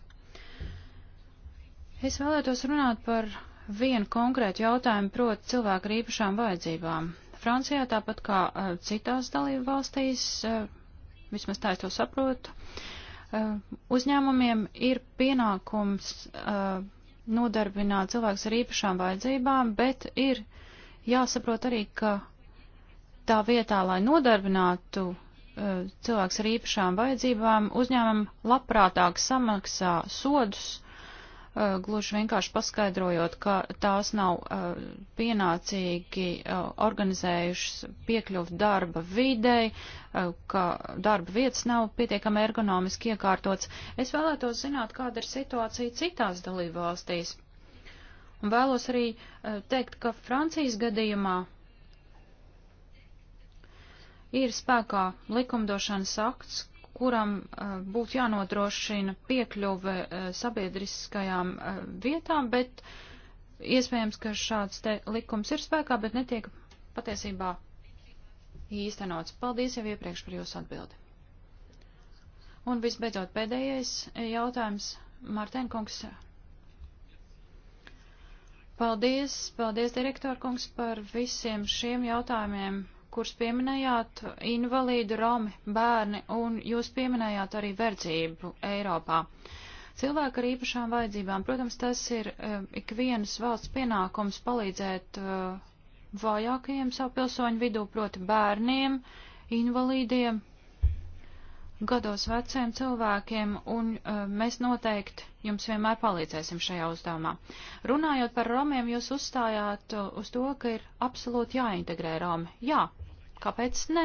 Es vēlētos runāt par vienu konkrētu jautājumu, proti cilvēku ar īpašām vajadzībām. Francijā, tāpat kā uh, citās dalību valstīs, uh, vismaz tā es to saprotu, uh, uzņēmumiem ir pienākums nodarbināt cilvēks ar īpašām vajadzībām, bet ir uh, Jāsaprot arī, ka tā vietā, lai nodarbinātu uh, cilvēks ar īpašām vajadzībām, uzņēmumam labprātāk samaksā sodus, uh, gluži vienkārši paskaidrojot, ka tās nav uh, pienācīgi organizējušas piekļuvu darba videi, ka darba vietas nav pietiekami ergonomiski iekārtots. Es vēlētos zināt, kāda ir situācija citās dalībvalstīs. valstīs Vēlos arī eh, teikt, ka Francijas gadījumā ir spēkā likumdošanas akts, kuram eh, būtu jānodrošina piekļuve eh, sabiedriskajām vietām, bet iespējams, ka šāds te likums ir spēkā, bet netiek patiesībā īstenots. Paldies jau iepriekš par jūsu atbildi. Un visbeidzot pēdējais jautājums. Mārtēnkungs Paldies, paldies, direktorkungs, par visiem šiem jautājumiem, kurus pieminējāt invalīdu, romi, bērni, un jūs pieminējāt arī verdzību Eiropā. Cilvēki ar īpašām vajadzībām, protams, tas ir uh, ikvienas valsts pienākums palīdzēt uh, vājākajiem savu pilsoņu vidū, proti bērniem, invalīdiem, gados veciem cilvēkiem, un uh, mēs noteikti jums vienmēr palīdzēsim šajā uzdevumā. Runājot par romiem, jūs uzstājāt uh, uz to, ka ir absolūti jāintegrē romi. Jā, kāpēc ne?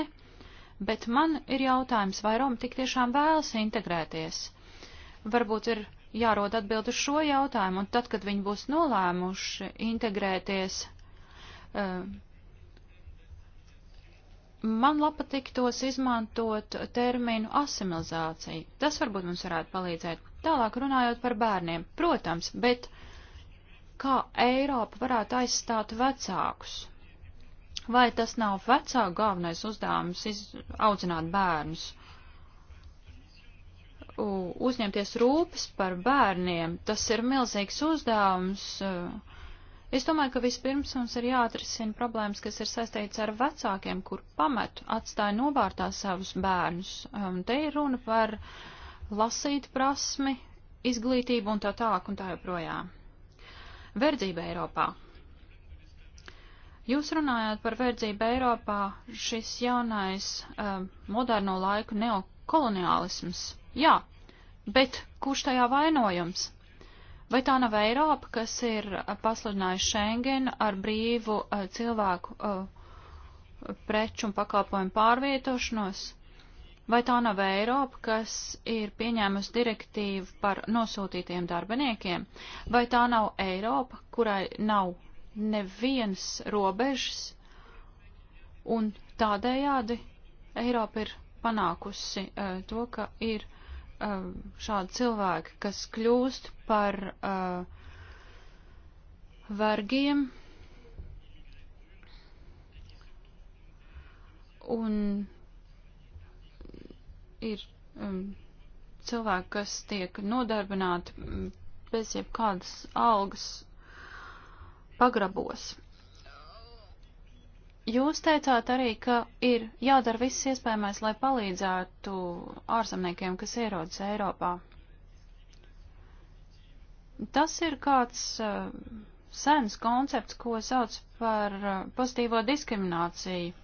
Bet man ir jautājums, vai romi tik tiešām vēlas integrēties? Varbūt ir jārod atbild uz šo jautājumu, un tad, kad viņi būs nolēmuši integrēties, uh, Man lapa tiktos izmantot terminu asimilizācija. Tas varbūt mums varētu palīdzēt. Tālāk runājot par bērniem, protams, bet kā Eiropa varētu aizstāt vecākus? Vai tas nav vecāku galvenais uzdevums iz... audzināt bērnus? U, uzņemties rūpes par bērniem, tas ir milzīgs uzdevums. Uh, Es domāju, ka vispirms mums ir jāatrisina problēmas, kas ir saistīts ar vecākiem, kur pametu atstāja novārtā savus bērnus. Um, te ir runa par lasīt prasmi, izglītību un tā tālāk un tā joprojām. Verdzība Eiropā. Jūs runājāt par verdzību Eiropā, šis jaunais um, moderno laiku neokoloniālisms. Jā, bet kurš tajā vainojums? Vai tā nav Eiropa, kas ir pasludinājusi Schengenu ar brīvu eh, cilvēku eh, preču un pakalpojumu pārvietošanos? Vai tā nav Eiropa, kas ir pieņēmusi direktīvu par nosūtītiem darbiniekiem? Vai tā nav Eiropa, kurai nav nevienas robežas un tādējādi Eiropa ir panākusi eh, to, ka ir uh, Um, šādi cilvēki, kas kļūst par uh, vergiem un ir um, cilvēki, kas tiek nodarbināti mm, bez jebkādas algas pagrabos. Jūs teicāt arī, ka ir jādara viss iespējamais, lai palīdzētu ārzemniekiem, kas ierodas Eiropā. Tas ir kāds uh, sens koncepts, ko sauc par uh, pozitīvo diskrimināciju.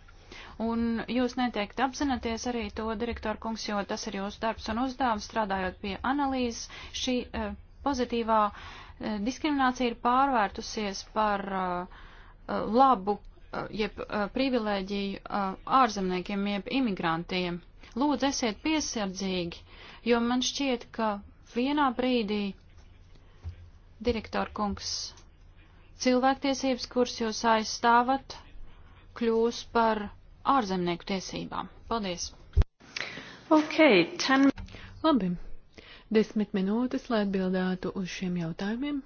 Un jūs noteikti apzināties arī to, direktor kungs, jo tas ir jūsu darbs un uzdevums, strādājot pie analīzes. Šī uh, pozitīvā diskriminācija ir pārvērtusies par labu jeb privilēģiju ārzemniekiem, jeb imigrantiem. Lūdzu, esiet piesardzīgi, jo man šķiet, ka vienā brīdī, direktor kungs, cilvēktiesības, kuras jūs aizstāvat, kļūs par ārzemnieku tiesībām. Paldies! Ok, ten... Labi, desmit minūtes, lai atbildētu uz šiem jautājumiem.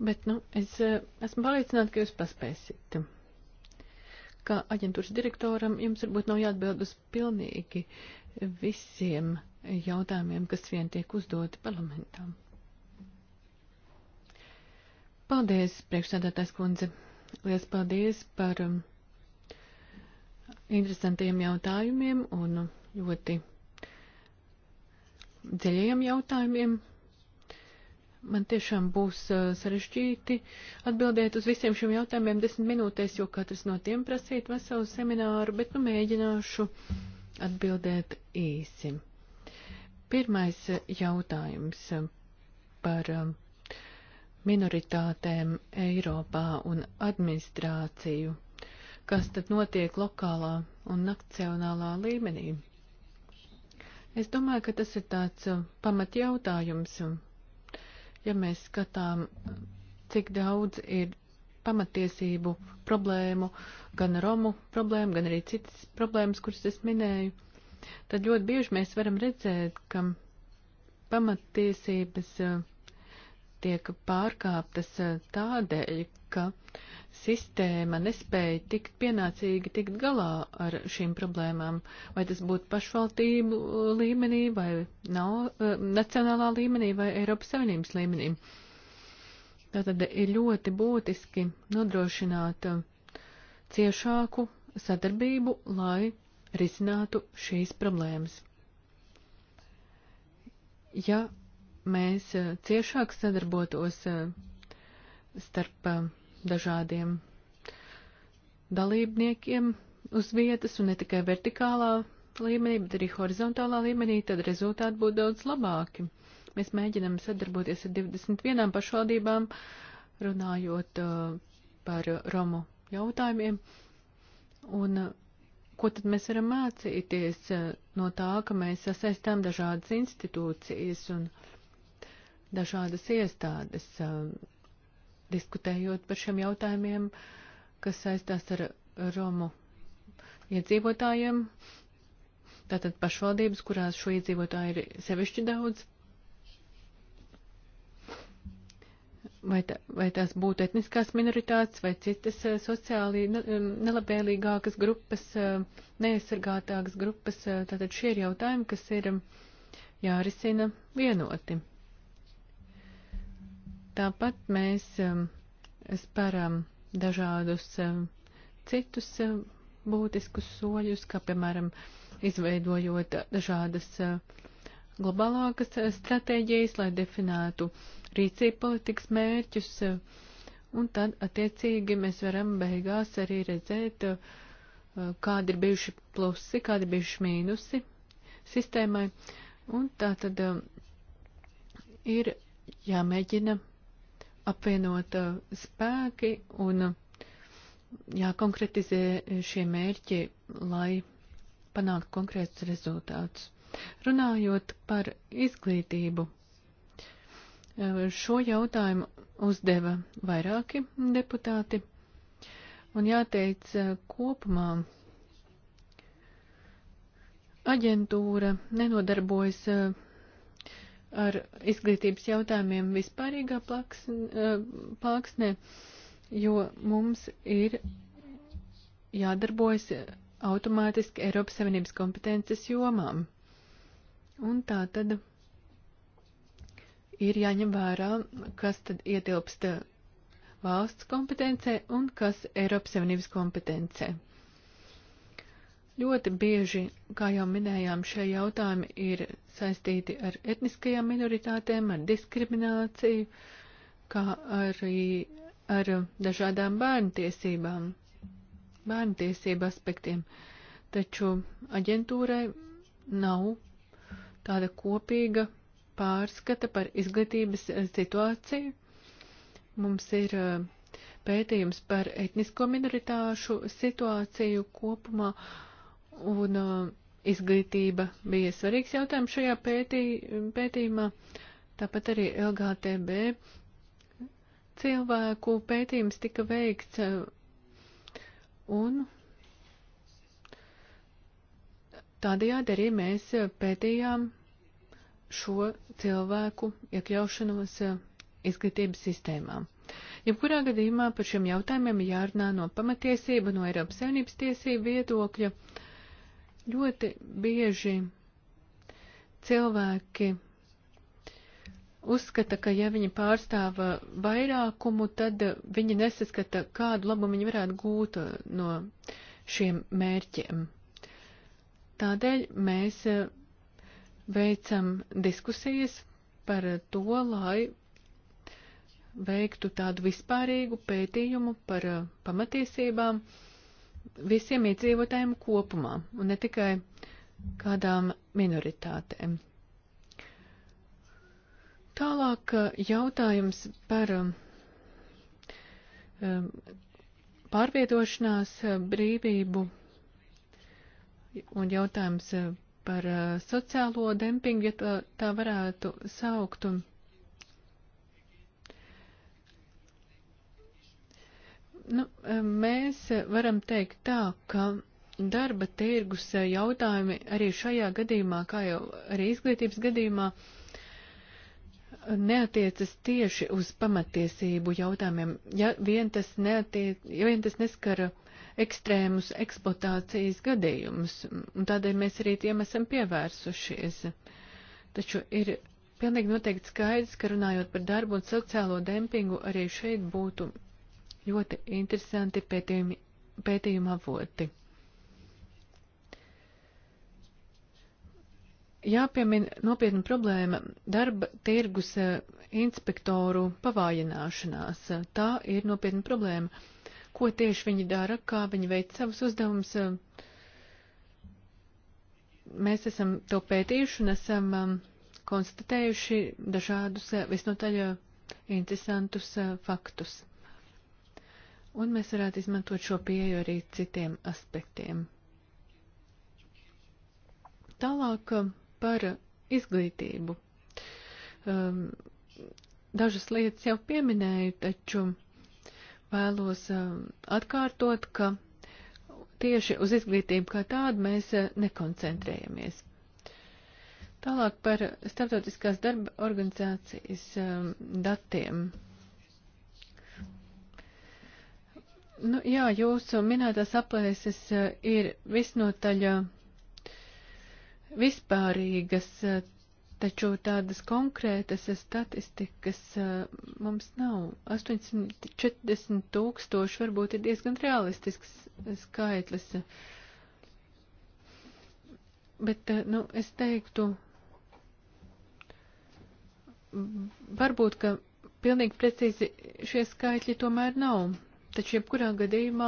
Bet, nu, es eh, esmu pārliecināta, ka jūs paspēsiet. Kā aģentūras direktoram, jums varbūt nav jāatbild uz pilnīgi visiem jautājumiem, kas vien tiek uzdoti parlamentām. Paldies, priekšsēdētājs kundze. Lielas paldies par um, interesantiem jautājumiem un um, ļoti dziļiem jautājumiem man tiešām būs sarežģīti atbildēt uz visiem šiem jautājumiem desmit minūtēs, jo katrs no tiem prasīt veselu semināru, bet nu mēģināšu atbildēt īsi. Pirmais jautājums par minoritātēm Eiropā un administrāciju. Kas tad notiek lokālā un nacionālā līmenī? Es domāju, ka tas ir tāds pamatjautājums, ja mēs skatām, cik daudz ir pamatiesību problēmu, gan Romu problēmu, gan arī citas problēmas, kuras es minēju, tad ļoti bieži mēs varam redzēt, ka pamatiesības eh, tiek pārkāptas eh, tādēļ, ka sistēma nespēja tikt pienācīgi tikt galā ar šīm problēmām, vai tas būtu pašvaldību līmenī, vai nav, eh, nacionālā līmenī, vai Eiropas Savienības līmenī. Tātad ir ļoti būtiski nodrošināt eh, ciešāku sadarbību, lai risinātu šīs problēmas. Ja mēs eh, ciešāk sadarbotos starp dažādiem dalībniekiem uz vietas un ne tikai vertikālā līmenī, bet arī horizontālā līmenī, tad rezultāti būtu daudz labāki. Mēs mēģinam sadarboties ar 21 pašvaldībām, runājot uh, par Romu jautājumiem. Un uh, ko tad mēs varam mācīties uh, no tā, ka mēs sasaistām dažādas institūcijas un dažādas iestādes? Uh, diskutējot par šiem jautājumiem, kas saistās ar Romu iedzīvotājiem, tātad pašvaldības, kurās šo iedzīvotāju ir sevišķi daudz. Vai, tā, vai tās būtu etniskās minoritātes vai citas eh, sociāli nelabvēlīgākas grupas, eh, neaizsargātākas grupas, eh, tātad šie ir jautājumi, kas ir mm, jārisina vienoti. Tāpat mēs um, spēram dažādus um, citus um, būtiskus soļus, kā piemēram izveidojot dažādas uh, globālākas uh, stratēģijas, lai definētu rīcību politikas mērķus, uh, un tad attiecīgi mēs varam beigās arī redzēt, kādi ir bijuši plusi, kādi ir bijuši mīnusi sistēmai, un tā tad ir jāmēģina apvienot spēki un jākonkretizē šie mērķi, lai panāktu konkrētus rezultātus. Runājot par izglītību, šo jautājumu uzdeva vairāki deputāti, un jāteic kopumā aģentūra nenodarbojas ar izglītības jautājumiem vispārīgā eh, plāksnē, jo mums ir jādarbojas automātiski Eiropas Savienības kompetences jomām. Un tā tad ir jāņem vērā, kas tad ietilpst valsts kompetencē un kas Eiropas Savienības kompetencē. Ļoti bieži, kā jau minējām, šie jautājumi ir saistīti ar etniskajām minoritātēm, ar diskrimināciju, kā arī ar dažādām bērnu tiesībām, bērnu tiesību aspektiem. Taču aģentūrai nav tāda kopīga pārskata par izglītības situāciju. Mums ir eh, pētījums par etnisko minoritāšu situāciju kopumā. Uh, Un uh, izglītība bija svarīgs jautājums šajā pētī, pētījumā, tāpat arī LGTB cilvēku pētījums tika veikts uh, un tādējādi arī mēs uh, pētījām šo cilvēku iekļaušanos uh, izglītības sistēmām. Jebkurā gadījumā par šiem jautājumiem jārunā no pamatiesība, no Eiropas Savienības tiesību viedokļa. Uh, Ļoti bieži cilvēki uzskata, ka ja viņi pārstāv uh, vairākumu, tad uh, viņi nesaskata, kādu labumu viņi varētu gūt uh, no šiem mērķiem. Tādēļ mēs veicam diskusijas par to, lai veiktu tādu vispārīgu pētījumu par pamatiesībām, uh, visiem iedzīvotājiem kopumā un ne tikai kādām minoritātēm. Tālāk eh, jautājums par eh, eh, pārvietošanās brīvību un jautājums par sociālo dempingu, ja tā, tā varētu saukt. Un Nu, mēs varam teikt tā, ka darba tirgus jautājumi arī šajā gadījumā, kā jau arī izglītības gadījumā, neatiecas tieši uz pamatiesību jautājumiem, ja vien tas, neatiec, ja vien tas neskara ekstrēmus eksploatācijas gadījumus, un tādēļ mēs arī tiem esam pievērsušies. Taču ir pilnīgi noteikti skaidrs, ka runājot par darbu un sociālo dempingu, arī šeit būtu ļoti interesanti pētījumi, pētījuma avoti. Jāpiemin nopietna problēma darba tirgus eh, inspektoru pavājināšanās. Tā ir nopietna problēma. Ko tieši viņi dara, kā viņi veic savus uzdevumus. Eh, mēs esam to pētījuši un esam eh, konstatējuši dažādus visnotaļ interesantus faktus. Un mēs varētu izmantot šo pieeju arī citiem aspektiem. Tālāk uh, par izglītību. Um, dažas lietas jau pieminēju, taču vēlos um, atkārtot, ka tieši uz izglītību kā tādu mēs uh, nekoncentrējamies. Tālāk par starptautiskās darba organizācijas um, datiem. Nu, jā, jūsu minētās aplēses eh, ir visnotaļ eh, vispārīgas, eh, taču tādas konkrētas statistikas mums nav. 840 tūkstoši varbūt ir diezgan realistisks skaitlis. Bet, nu, es teiktu, varbūt, ka pilnīgi precīzi šie skaitļi tomēr nav Taču jebkurā gadījumā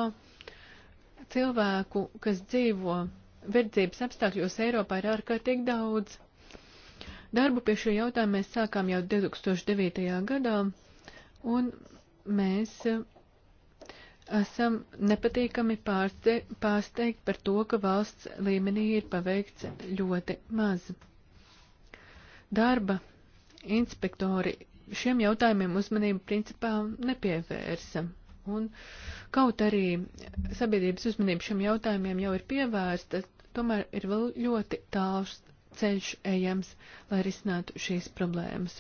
cilvēku, kas dzīvo verdzības apstākļos Eiropā, ir ārkārtīgi daudz. Darbu pie šo jautājumu mēs sākām jau 2009. gadā, un mēs e, esam nepatīkami pārsteigti par to, ka valsts līmenī ir paveikts ļoti maz. Darba inspektori šiem jautājumiem uzmanību principā nepievērsa. Un kaut arī sabiedrības uzmanība šiem jautājumiem jau ir pievērsta, tomēr ir vēl ļoti tāls ceļš ejams, lai risinātu šīs problēmas.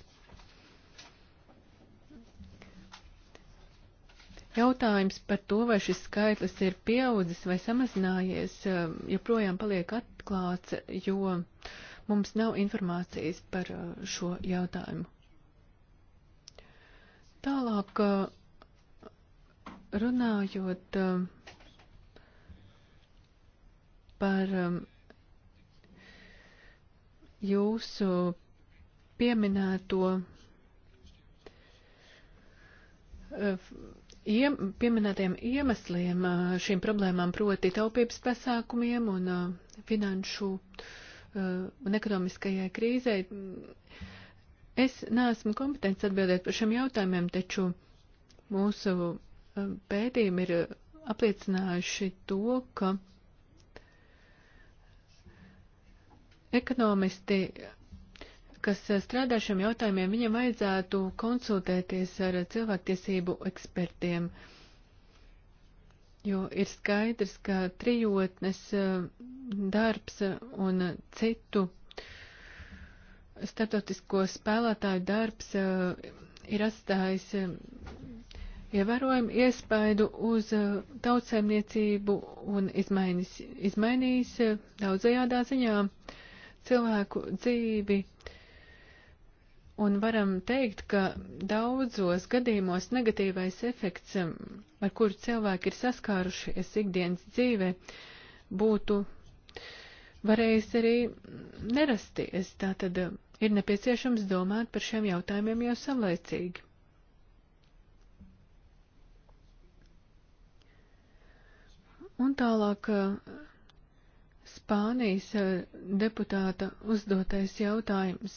Jautājums par to, vai šis skaitlis ir pieaudzis vai samazinājies, eh, joprojām paliek atklāts, jo mums nav informācijas par eh, šo jautājumu. Tālāk eh, Runājot um, par um, jūsu pieminēto uh, iem, pieminētiem iemesliem uh, šīm problēmām, proti taupības pasākumiem un uh, finanšu un ekonomiskajai krīzei. Es neesmu kompetents atbildēt par šiem jautājumiem, taču mūsu pētījumi ir uh, apliecinājuši to, ka ekonomisti, kas uh, strādā šiem jautājumiem, viņam vajadzētu konsultēties ar uh, cilvēktiesību ekspertiem, jo ir skaidrs, ka trijotnes darbs un citu starptautisko spēlētāju darbs ir atstājis ievērojami iespaidu uz uh, tautsēmniecību un izmainis, izmainījis uh, daudzajādā ziņā cilvēku dzīvi. Un varam teikt, ka daudzos gadījumos negatīvais efekts, um, ar kuru cilvēki ir saskārušies ikdienas dzīvē, būtu varējis arī nerasties. Tātad uh, ir nepieciešams domāt par šiem jautājumiem jau savlaicīgi. Un tālāk eh, Spānijas eh, deputāta uzdotais jautājums.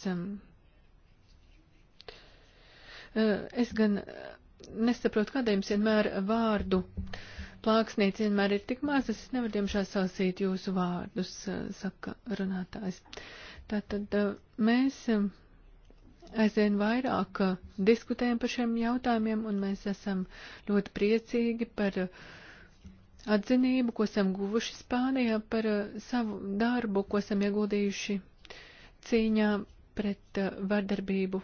Eh, es gan nesaprotu, kādēļ jums vienmēr vārdu plāksnīts vienmēr ir tik mazas, es nevaru diemžēl sasīt jūsu vārdus, saka runātājs. Tātad mēs aizvien vairāk diskutējam par šiem jautājumiem, un mēs esam ļoti priecīgi par uh, atzinību, ko esam guvuši Spānijā par uh, savu darbu, ko esam ieguldījuši cīņā pret uh, vardarbību,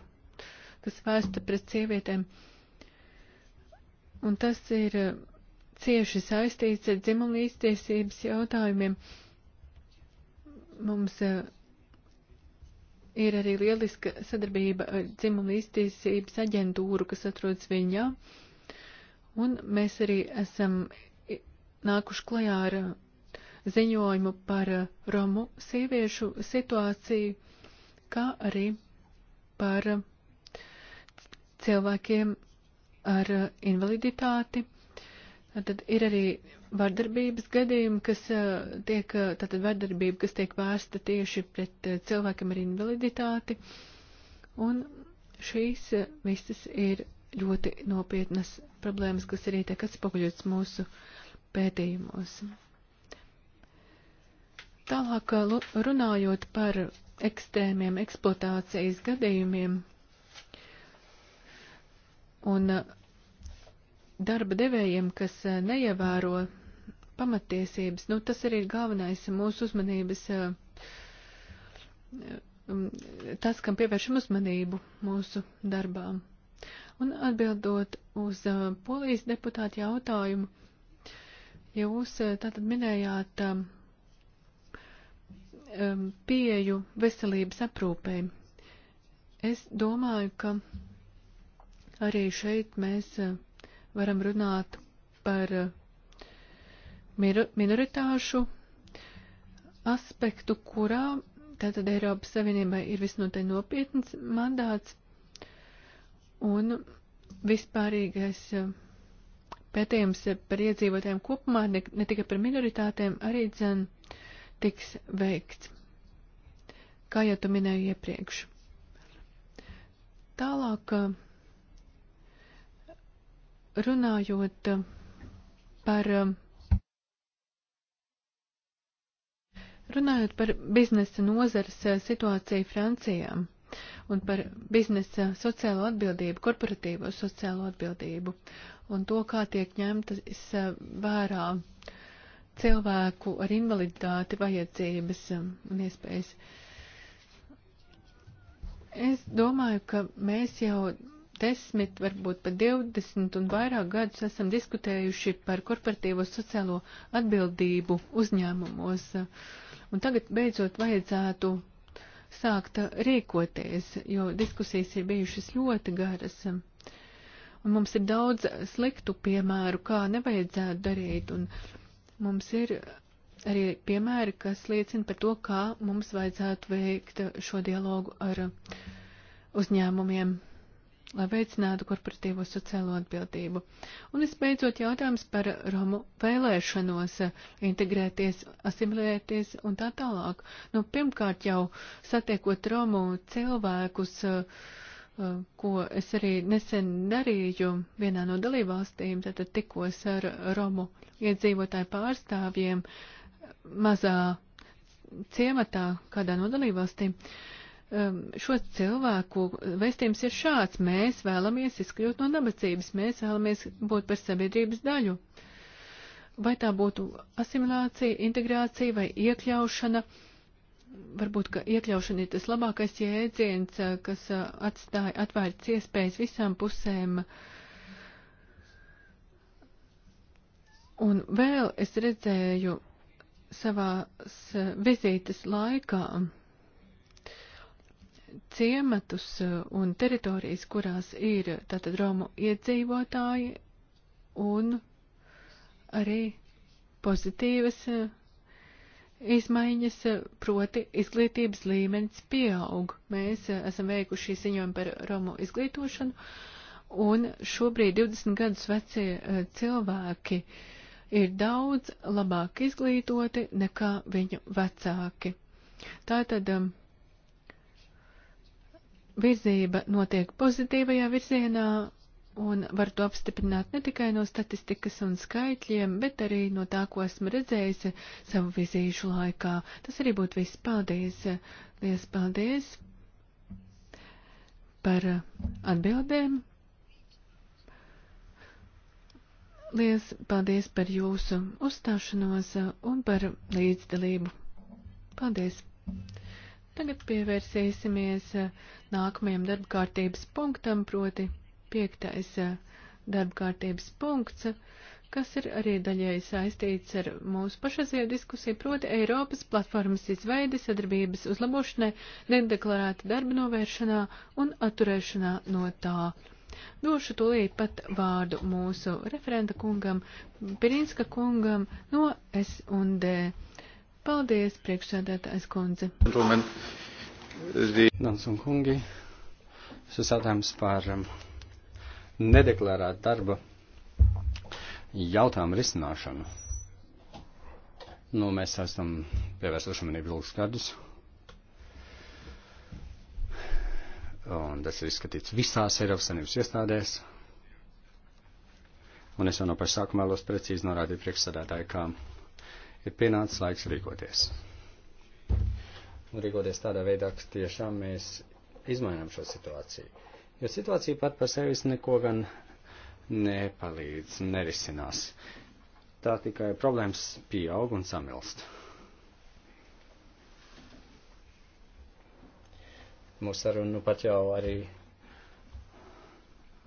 kas vēsta pret sievietēm. Un tas ir uh, cieši saistīts ar dzimumu līdztiesības jautājumiem. Mums ir arī lieliska sadarbība ar dzimumu līdztiesības aģentūru, kas atrodas viņā. Un mēs arī esam nākuši klajā ar uh, ziņojumu par uh, romu sieviešu situāciju, kā arī par uh, cilvēkiem ar invaliditāti. Tad ir arī vardarbības gadījumi, kas tiek, tātad vardarbība, kas tiek vērsta tieši pret cilvēkiem ar invaliditāti. Un šīs visas ir ļoti nopietnas problēmas, kas arī tiek atspoguļotas mūsu uh, pētījumos. Tālāk eh, runājot par ekstrēmiem eksploatācijas gadījumiem un eh, darba devējiem, kas eh, neievēro pamatiesības, nu, tas arī ir galvenais mūsu uzmanības, tas, kam pievēršam uzmanību mūsu darbām. Un atbildot uz polijas deputātu jautājumu, Jūs eh, tātad minējāt um, um pieju veselības aprūpēji. Es domāju, ka arī šeit mēs eh, varam runāt par eh, minoritāšu aspektu, kurā tātad Eiropas Savienībai ir visnotaļ nopietns mandāts un vispārīgais uh, pētījums par iedzīvotājiem kopumā, ne, ne tikai par minoritātēm, arī dzen tiks veikts, kā jau tu minēji iepriekš. Tālāk runājot par. Runājot par biznesa nozares situāciju Francijām un par biznesa sociālo atbildību, korporatīvo sociālo atbildību un to, kā tiek ņemtas eh, vērā cilvēku ar invaliditāti vajadzības eh, un iespējas. Es domāju, ka mēs jau desmit, varbūt pat divdesmit un vairāk gadus esam diskutējuši par korporatīvo sociālo atbildību uzņēmumos. Un tagad beidzot vajadzētu sākta rīkoties, jo diskusijas ir bijušas ļoti garas. Un mums ir daudz sliktu piemēru, kā nevajadzētu darīt, un mums ir arī piemēri, kas liecina par to, kā mums vajadzētu veikt šo dialogu ar uzņēmumiem lai veicinātu korporatīvo sociālo atbildību. Un visbeidzot jautājums par Romu vēlēšanos integrēties, asimilēties un tā tālāk. Nu, pirmkārt jau satiekot Romu cilvēkus, ko es arī nesen darīju vienā no dalībvalstīm, tad tikos ar Romu iedzīvotāju pārstāvjiem mazā ciematā kādā no dalībvalstīm. Uh, Um, šo cilvēku vēstījums ir šāds. Mēs vēlamies izkļūt no nabadzības, mēs vēlamies būt par sabiedrības daļu. Vai tā būtu asimilācija, integrācija vai iekļaušana? Varbūt, ka iekļaušana ir tas labākais jēdziens, uh, kas uh, atstāja atvērts iespējas visām pusēm. Un vēl es redzēju savās uh, vizītes laikā, ciematus eh, un teritorijas, kurās ir tātad Romu iedzīvotāji un arī pozitīvas eh, izmaiņas, eh, proti izglītības līmenis pieaug. Mēs esam veikuši ziņojumu par Romu izglītošanu, un šobrīd 20 gadus vecie cilvēki ir daudz labāk izglītoti nekā viņu vecāki. Tātad virzība notiek pozitīvajā virzienā, un var to apstiprināt ne tikai no statistikas un skaitļiem, bet arī no tā, ko esmu redzējusi savu vizīšu laikā. Tas arī būtu viss. Paldies! Lies paldies par atbildēm! Lies paldies par jūsu uzstāšanos un par līdzdalību! Paldies! Tagad pievērsīsimies eh, nākamajam darba kārtības punktam, proti piektais eh, darba kārtības punkts, kas ir arī daļai saistīts ar mūsu pašazie diskusiju, proti Eiropas platformas izveidi sadarbības uzlabošanai, nedeklarēta darba novēršanā un atturēšanā no tā. Došu tūlīt pat vārdu mūsu referenta kungam, Pirinska kungam no S&D. Paldies, priekšsēdētājs kundze. Dāmas un kungi, šis jautājums par um, nedeklarētu darba jautājumu risināšanu. Nu, mēs esam pievērsuši manību ilgus gadus. Un tas ir izskatīts visās Eiropas Savienības iestādēs. Un es jau no paša sākuma vēlos precīzi norādīt priekšsēdētāju, kā ir pienācis laiks rīkoties. Un rīkoties tādā veidā, ka tiešām mēs izmainām šo situāciju. Jo situācija pat par sevis neko gan nepalīdz, nerisinās. Tā tikai problēmas pieaug un samilst. Mūsu saruna nu pat jau arī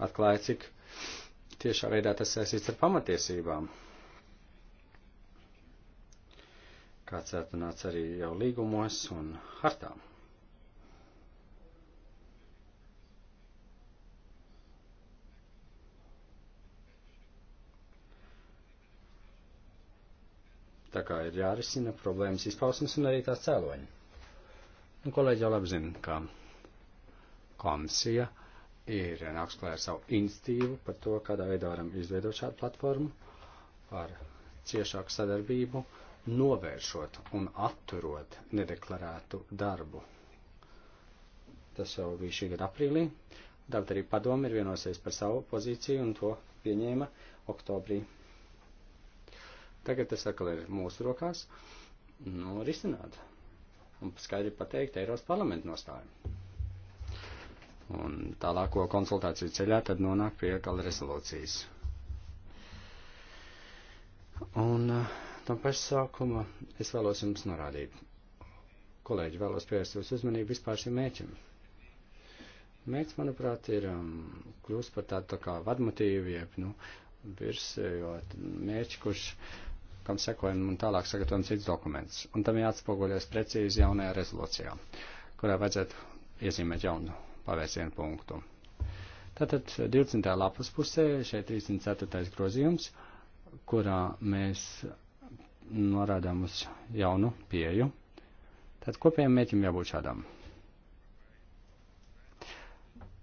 atklāja, cik tiešā veidā tas saistīts ar pamatiesībām. kāds atrunāts arī jau līgumos un hartām. Tā kā ir jārisina problēmas izpausmes un arī tās cēloņi. Un nu, kolēģi jau labi zina, ka komisija ir nāks klāt ar savu institīvu par to, kādā veidā varam izveidot šādu platformu ar ciešāku sadarbību novēršot un atturot nedeklarētu darbu. Tas jau bija šī gada aprīlī. Tāpat arī padomi ir vienosies par savu pozīciju un to pieņēma oktobrī. Tagad tas atkal ir mūsu rokās nu, risināt un skaidri pateikt Eiropas parlamentu nostāju. Un tālāko konsultāciju ceļā tad nonāk pie gala rezolūcijas. Un uh, No paša sākuma es vēlos jums norādīt. Kolēģi, vēlos pievērst jūsu uzmanību vispār šim mēķim. Mērķis, manuprāt, ir um, kļūst par tādu tā kā vadmotīvu, jeb, nu, virsējot mērķi, kurš, kam sekojam un tālāk sagatavojam cits dokuments. Un tam jāatspoguļojas precīzi jaunajā rezolūcijā, kurā vajadzētu iezīmēt jaunu pavērsienu punktu. Tātad 20. lapas pusē šeit 34. grozījums, kurā mēs norādām uz jaunu pieju. Tad kopējiem mēķim jābūt šādam.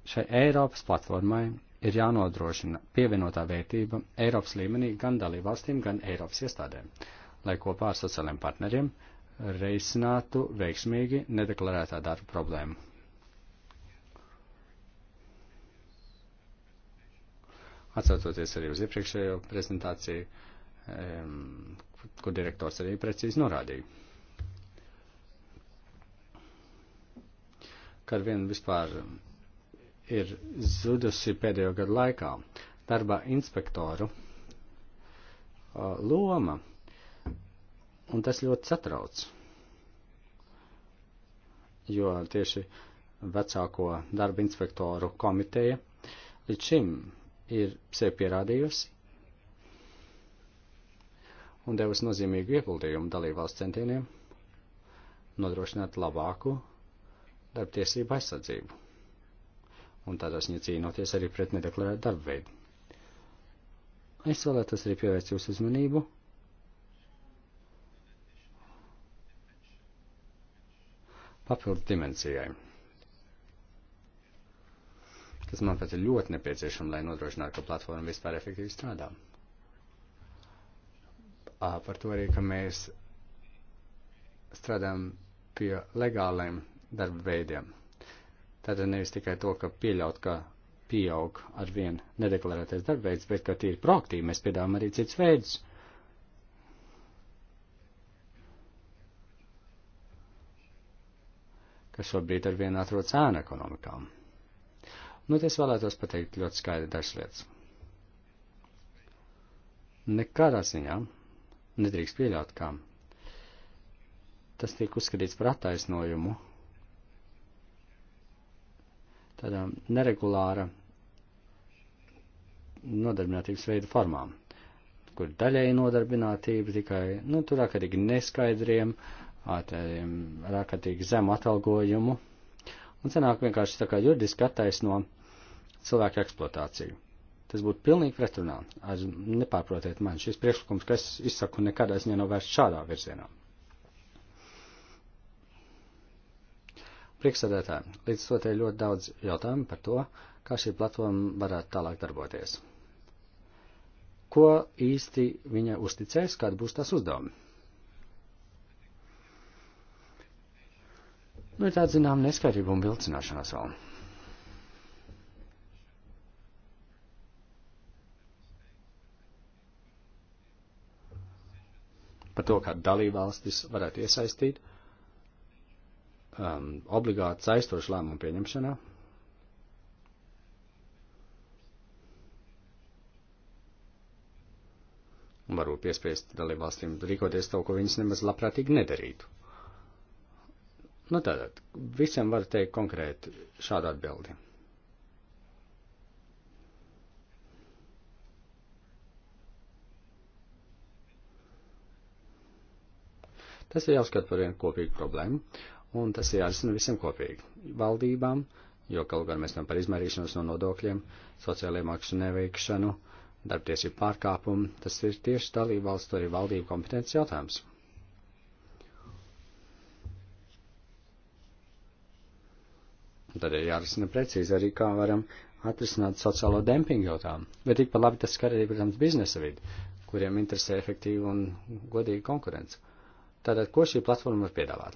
Šai Eiropas platformai ir jānodrošina pievienotā vērtība Eiropas līmenī gan dalībvalstīm, gan Eiropas iestādēm, lai kopā ar sociālajiem partneriem reisinātu veiksmīgi nedeklarētā darba problēmu. Atcaucoties arī uz iepriekšējo prezentāciju, uh, kur direktors arī precīzi norādīja. Kad vien vispār ir zudusi pēdējo gadu laikā darba inspektoru loma, un tas ļoti satrauc, jo tieši vecāko darba inspektoru komiteja līdz šim ir sev pierādījusi, un devis nozīmīgu ieguldījumu dalībvalsts centieniem nodrošināt labāku darbtiesību aizsardzību, un tādā ziņā cīnoties arī pret nedeklarētu darbu veidu. Es vēlētos arī pievērst jūsu uzmanību papildu dimensijai, kas, manuprāt, ir ļoti nepieciešama, lai nodrošinātu, ka platforma vispār efektīvi strādā par to arī, ka mēs strādājam pie legāliem darba veidiem. Tātad nevis tikai to, ka pieļaut, ka pieaug ar vien nedeklarētais darbveids, bet, ka tīri proaktīvi mēs piedāvājam arī cits veids. kas šobrīd ar vienu atrodas ēna ekonomikām. Nu, es vēlētos pateikt ļoti skaidri dažas lietas. Nekādā ziņā nedrīkst pieļaut, kā tas tiek uzskatīts par attaisnojumu. Tādā neregulāra nodarbinātības veidu formām, kur daļēji nodarbinātība tikai, nu, tur ārkārtīgi neskaidriem, ārkārtīgi zemu atalgojumu, un sanāk vienkārši tā kā juridiski attaisno cilvēku eksploatāciju. Tas būtu pilnīgi pretrunā. Ar, nepārprotiet man, šis priekšlikums, kas izsaku, nekādā ziņā nav vērsts šādā virzienā. Priekšsēdētāji, līdz to te ir ļoti daudz jautājumu par to, kā šī platforma varētu tālāk darboties. Ko īsti viņa uzticēs, kāda būs tās uzdevumi? Nu, ir tāda, zinām, neskaidrība un vilcināšanās vēl. par to, kā dalībvalstis varētu iesaistīt um, obligāti saistošu lēmumu pieņemšanā. Varbūt piespiest dalībvalstīm rīkoties to, ko viņas nemaz labprātīgi nedarītu. Nu tātad, visiem var teikt konkrēti šādu atbildi. Tas ir jāuzskata par vienu kopīgu problēmu, un tas ir jārisina visiem kopīgi - valdībām, jo kaut gan mēs tam par izmērīšanos no nodokļiem, sociālajiem maksu neveikšanu, darbtiesību pārkāpumu, tas ir tieši dalību valstu arī valdību kompetences jautājums. Tad ir jārisina precīzi arī, kā varam atrisināt sociālo dempingu jautājumu. Bet tikpat labi tas skar arī, protams, biznesa vidi, kuriem interesē efektīva un godīga konkurence. Tātad, ko šī platforma var piedāvāt?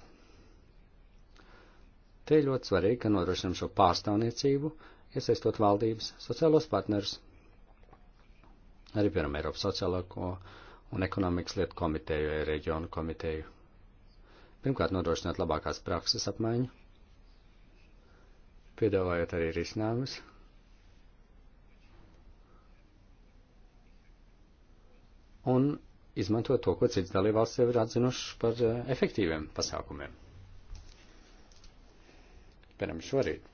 Te ir ļoti svarīgi, ka nodrošinam šo pārstāvniecību, iesaistot valdības, sociālos partnerus, arī, piemēram, Eiropas sociālo un ekonomikas lietu komiteju, reģionu komiteju. Pirmkārt, nodrošināt labākās prakses apmaiņu, piedāvājot arī risinājumus. Un izmantot to, ko cits dalībvalsts jau ir atzinuši par eh, efektīviem pasākumiem. Piemēram, šorīt.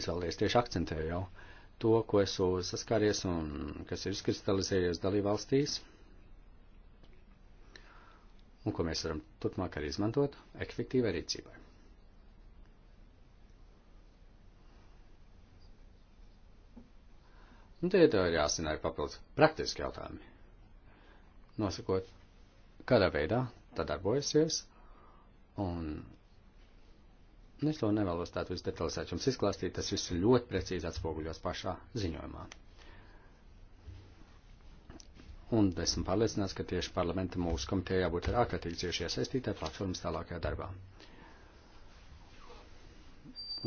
Es vēlreiz tieši akcentēju jau to, ko esmu saskāries un kas ir izkristalizējies dalībvalstīs, un ko mēs varam turpmāk arī izmantot efektīvai rīcībai. Un nu, te ir jāsina arī papildus praktiski jautājumi. Nosakot, kādā veidā tā darbojasies, un es to nevēlos tādu visdetalizēt jums izklāstīt, tas viss ļoti precīzi atspoguļos pašā ziņojumā. Un esmu pārliecināts, ka tieši parlamenta mūsu komiteja jābūt ar ārkārtīgi cieši iesaistītā platformas tālākajā darbā.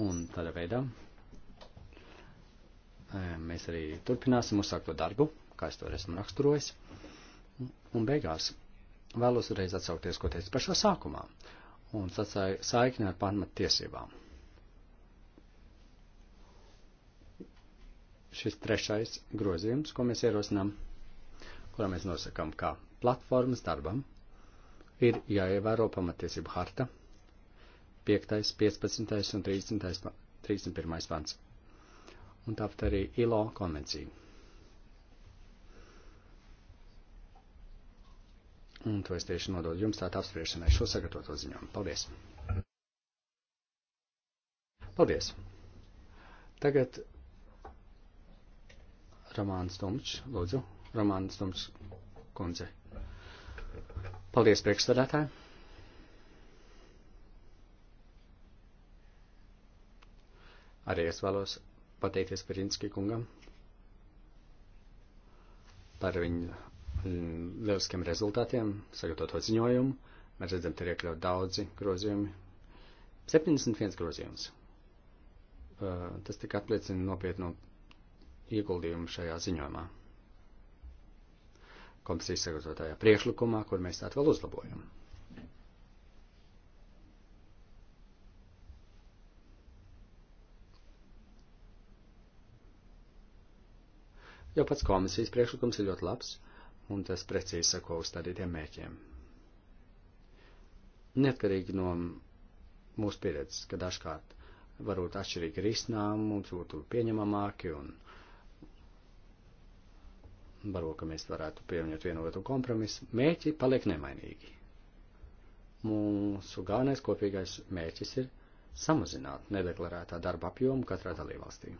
Un tādā veidā Eh, mēs arī turpināsim uzsākt to darbu, kā es to esmu raksturojis. Un beigās vēlos uzreiz atsaukties, ko teicu pašā sākumā, un saikni ar pārmet tiesībām. Šis trešais grozījums, ko mēs ierosinām, kurā mēs nosakām, kā platformas darbam, ir jāievēro pamatiesību harta 5, 15 un 30, 31 pants un tāpat arī ILO konvencija. Un to es tieši nododu jums tātad apspriešanai šo sagatavoto ziņojumu. Paldies! Paldies! Tagad Romāns Tumčs, lūdzu, Romāns Tumčs kundze. Paldies, priekšstādātāji! Arī es vēlos pateikties Pirinski kungam par viņu mm, lieliskiem rezultātiem, sagatavoto ziņojumu. Mēs redzam, tur iekļaut daudzi grozījumi. 71 grozījums. Tas tik apliecina nopietnu ieguldījumu šajā ziņojumā. Komisijas sagatavotajā priekšlikumā, kur mēs tādu vēl uzlabojam. Jo pats komisijas priekšlikums ir ļoti labs, un tas precīzi sako uzstādītiem mērķiem. Neatkarīgi no mūsu pieredzes, ka dažkārt varbūt atšķirīgi risinājumi mums būtu pieņemamāki un varbūt, ka mēs varētu pieņemt vienotu kompromisu, mērķi paliek nemainīgi. Mūsu galvenais kopīgais mērķis ir samazināt nedeklarētā darba apjomu katrā dalībvalstī.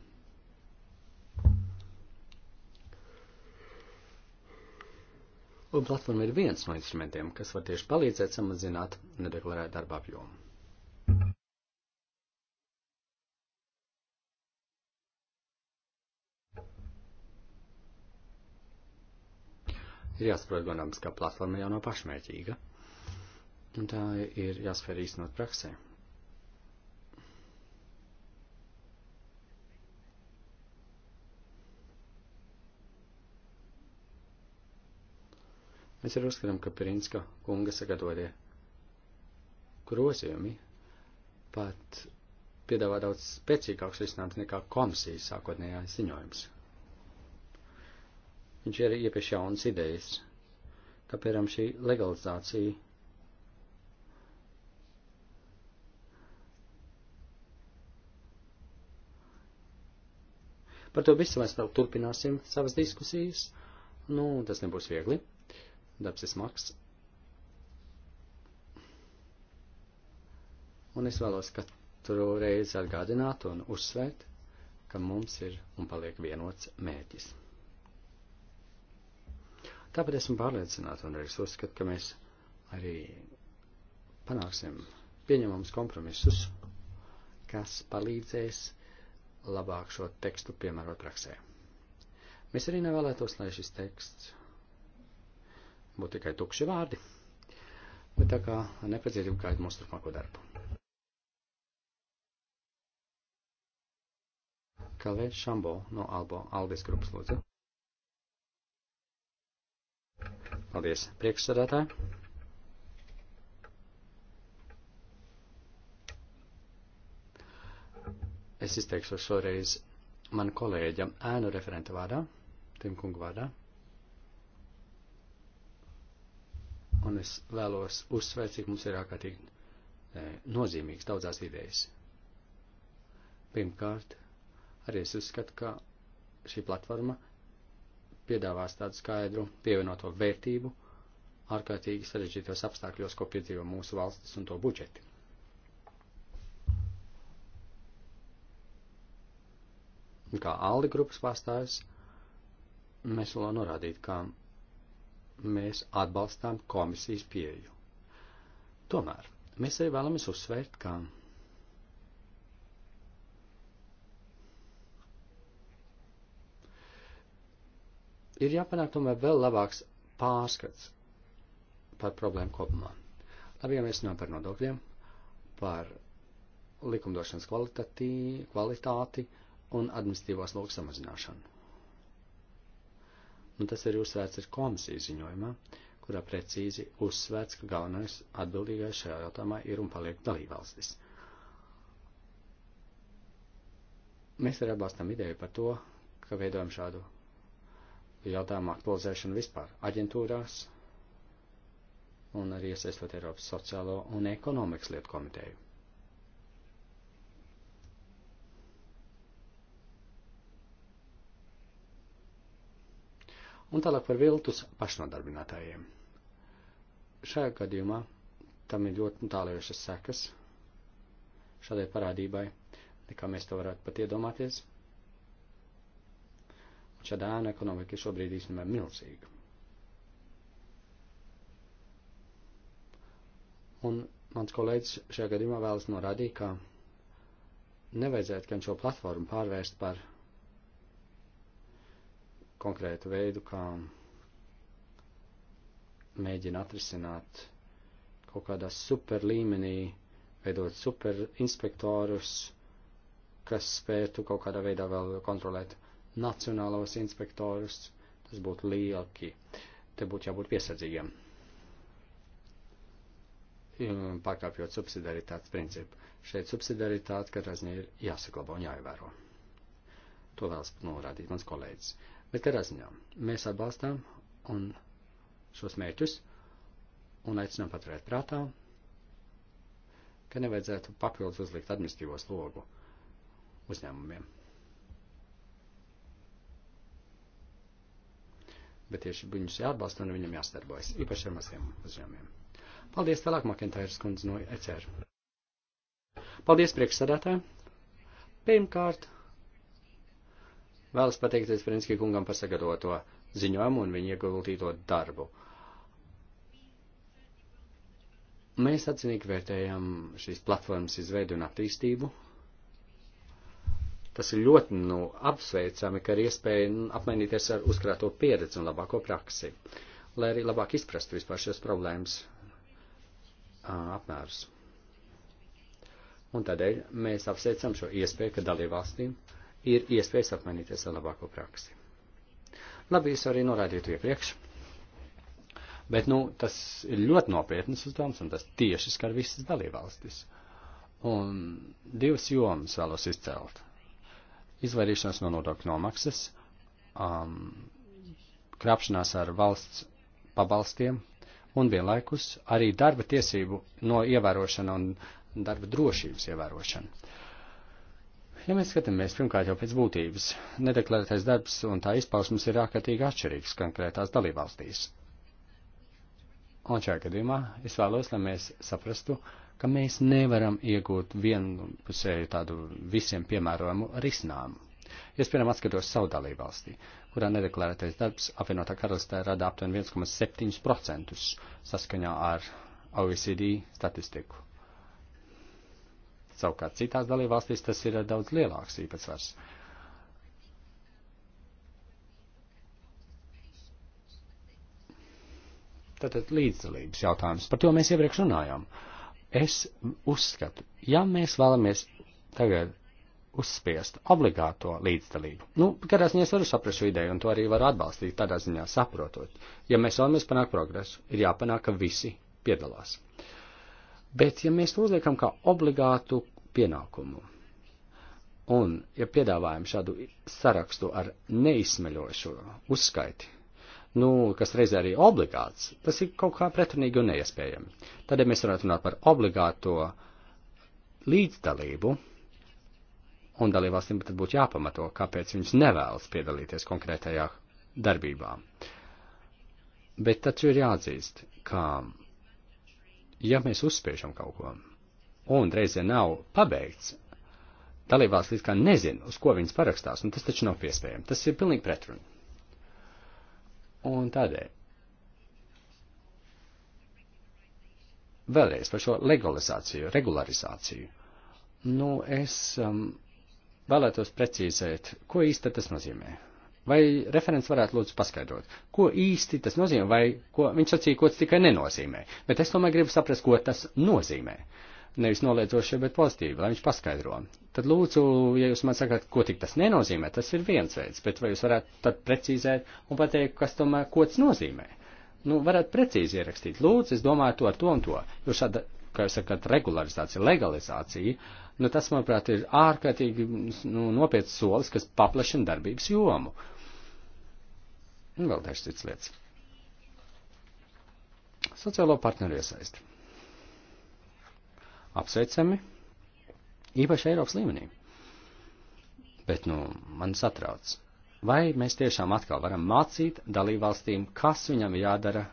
Un platforma ir viens no instrumentiem, kas var tieši palīdzēt samazināt nedeklarētu darba apjomu. Ir jāsaprot, godams, ka platforma jau nav pašmērķīga, un tā ir jāspēj īstenot praksē. Mēs arī uzskatām, ka Pirinska kunga sagatavotie grozījumi pat piedāvā daudz spēcīgāks risinājums nekā komisijas sākotnējā ziņojums. Viņš ir iepriekš jaunas idejas, kā piemēram šī legalizācija. Par to visu mēs vēl turpināsim savas diskusijas. Nu, tas nebūs viegli darbs ir smags. Un es vēlos katru reizi atgādināt un uzsvērt, ka mums ir un paliek vienots mērķis. Tāpēc esmu pārliecināta un arī uzskatu, ka mēs arī panāksim pieņemams kompromisus, kas palīdzēs labāk šo tekstu piemērot praksē. Mēs arī nevēlētos, lai šis teksts būtu tikai tukši vārdi. Bet tā kā nepacietību gaida mūsu turpmāko darbu. Kalē Šambo no Albo, Aldis grupas lūdzu. Paldies, priekšsēdētāji. Es izteikšu šoreiz man kolēģa ēnu referenta vārdā, Tim kungu vārdā. un es vēlos uzsvērt, cik mums ir ārkārtīgi e, nozīmīgs daudzās idejas. Pirmkārt, arī es uzskatu, ka šī platforma piedāvās tādu skaidru pievienoto vērtību ārkārtīgi sarežģītos apstākļos, ko piedzīvo mūsu valstis un to budžeti. Kā Aldi grupas pārstāvis, mēs vēl norādīt, ka mēs atbalstām komisijas pieeju. Tomēr mēs arī vēlamies uzsvērt, ka ir jāpanāk tomēr vēl labāks pārskats par problēmu kopumā. Labi, ja mēs runājam par nodokļiem, par likumdošanas kvalitāti un administratīvās lokas samazināšanu un tas ir uzsvērts ir komisijas ziņojumā, kurā precīzi uzsvērts, ka galvenais atbildīgais šajā jautājumā ir un paliek dalībvalstis. Mēs arī atbalstam ideju par to, ka veidojam šādu jautājumu aktualizēšanu vispār aģentūrās un arī iesaistot Eiropas sociālo un ekonomikas lietu komiteju. Un tālāk par viltus pašnodarbinātājiem. Šajā gadījumā tam ir ļoti tālējušas sekas šādai parādībai, nekā mēs to varētu pat iedomāties. Un šāda ēna ekonomika ir šobrīd īstenībā milzīga. Un mans kolēģis šajā gadījumā vēlas norādīt, ka nevajadzētu gan šo platformu pārvērst par konkrētu veidu, kā mēģina atrisināt kaut kādā super līmenī, veidot super inspektorus, kas spētu kaut kādā veidā vēl kontrolēt nacionālos inspektorus, tas būtu lielki. Te būtu jābūt piesardzīgiem, pārkāpjot subsidiaritātes principu. Šeit subsidiaritāte katrā ziņā ir jāsaklabā un jāievēro. To vēlas norādīt mans kolēģis. Bet katrā ziņā mēs atbalstām un šos mērķus un aicinām paturēt prātā, ka nevajadzētu papildus uzlikt administrīvo slogu uzņēmumiem. Bet tieši viņus jāatbalsta un viņam jāstarbojas, īpaši ar maziem uzņēmumiem. Paldies tālāk, Makentērs kundze no ECR. Paldies priekšsādātājiem! Pirmkārt, Vēlas pateikties Frenskija kungam par sagatavoto ziņojumu un viņa ieguldīto darbu. Mēs atzinīgi vērtējam šīs platformas izveidu un attīstību. Tas ir ļoti nu, apsveicami, ka ir iespēja nu, apmainīties ar uzkrāto pieredzi un labāko praksi, lai arī labāk izprastu vispār šīs problēmas apmērus. Un tādēļ mēs apsveicam šo iespēju, ka dalībvalstīm ir iespējas apmainīties ar labāko praksi. Labi, es arī norādītu iepriekš, bet, nu, tas ir ļoti nopietnas uzdevums, un tas tieši skar visas dalībvalstis. Un divas jomas vēlos izcelt. Izvairīšanās no nodokļu nomaksas, um, krāpšanās ar valsts pabalstiem un vienlaikus arī darba tiesību no ievērošana un darba drošības ievērošana. Ja mēs skatāmies pirmkārt jau pēc būtības, nedeklarētais darbs un tā izpausmes ir ārkārtīgi atšķirīgs konkrētās dalībvalstīs. Un šajā gadījumā es vēlos, lai mēs saprastu, ka mēs nevaram iegūt vienpusēju tādu visiem piemērojumu risinājumu. Es, piemēram, atskatos savu dalībvalstī, kurā nedeklarētais darbs apvienotā karalistē rada aptuveni 1,7% saskaņā ar OECD statistiku. Savukārt citās dalībvalstīs tas ir daudz lielāks īpatsvars. Tātad līdzdalības jautājums. Par to mēs iepriekš runājām. Es uzskatu, ja mēs vēlamies tagad uzspiest obligāto līdzdalību. Nu, kādā ziņā es varu saprast šo ideju, un to arī varu atbalstīt, tādā ziņā saprotot. Ja mēs vēlamies panākt progresu, ir jāpanāk, ka visi piedalās. Uh, Bet, ja mēs to uzliekam kā obligātu pienākumu, un ja piedāvājam šādu sarakstu ar neizsmeļošu uzskaiti, nu, kas reizē arī obligāts, tas ir kaut kā pretrunīgi un neiespējami. Tad, ja mēs varētu runāt par obligāto līdzdalību, un dalībvalstīm tad būtu jāpamato, kāpēc viņas nevēlas piedalīties konkrētajā darbībā. Bet taču ir jāatzīst, ka ja mēs uzspiežam kaut ko, un reizē nav pabeigts, dalībās līdz kā nezin, uz ko viņas parakstās, un tas taču nav piespējami. Tas ir pilnīgi pretruni. Un tādēļ. Vēlreiz par šo legalizāciju, regularizāciju. Nu, es um, vēlētos precīzēt, ko īsti tas nozīmē. Vai referents varētu lūdzu paskaidrot, ko īsti tas nozīmē, vai ko viņš sacīja, ko tas tikai nenozīmē? Bet es tomēr gribu saprast, ko tas nozīmē. Nevis noliedzoši, bet pozitīvi, lai viņš paskaidro. Tad lūdzu, ja jūs man sakāt, ko tik tas nenozīmē, tas ir viens veids, bet vai jūs varētu tad precīzēt un pateikt, kas tomēr, ko tas nozīmē? Nu, varat precīzi ierakstīt, lūdzu, es domāju to ar to un to, jo šāda, kā jūs sakat, regularizācija, legalizācija, nu tas, manuprāt, ir ārkārtīgi nu, nopietns solis, kas paplašina darbības jomu. Uh, un vēl dažas citas lietas. Sociālo partneru iesaisti. Apsveicami, īpaši Eiropas līmenī. Bet, nu, man satrauc. Vai mēs tiešām atkal varam mācīt dalībvalstīm, kas viņam jādara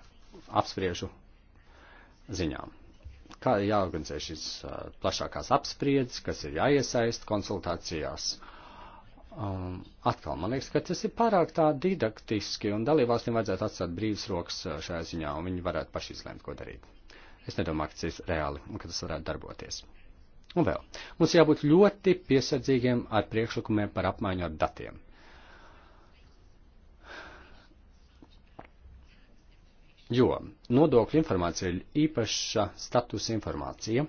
apspriežu ziņām? Kā jāorganizē šis uh, plašākās apspriedzes, kas ir jāiesaist konsultācijās? Uh, Um, atkal, man liekas, ka tas ir pārāk tā didaktiski, un dalībvalstīm vajadzētu atstāt brīvas rokas uh, šajā ziņā, un viņi varētu paši izlēmt, ko darīt. Es nedomāju, ka tas ir reāli, un ka tas varētu darboties. Un vēl, mums jābūt ļoti piesardzīgiem ar priekšlikumiem par apmaiņu ar datiem. Jo nodokļu informācija ir īpaša statusa informācija,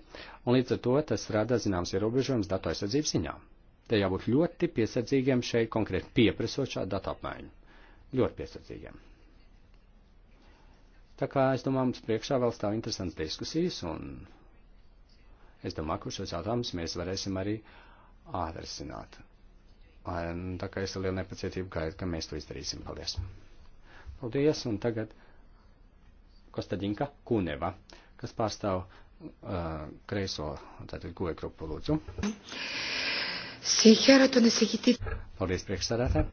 un līdz ar to tas rada zināms ierobežojums datu aizsardzības ziņām. Te jābūt ļoti piesardzīgiem šeit konkrēti pieprasot šādu datu apmaiņu. Ļoti piesardzīgiem. Tā kā es domāju, mums priekšā vēl stāv interesants diskusijas, un es domāju, ka šos jautājumus mēs varēsim arī ātrisināt. Un tā kā es ar lielu nepacietību gaidu, ka mēs to izdarīsim. Paldies! Paldies! Un tagad Kostadinka Kuneva, kas pārstāv uh, kreiso, tātad goja grupu lūdzu. Sīhēra tu nesigitī. Paldies, priekšsādātā.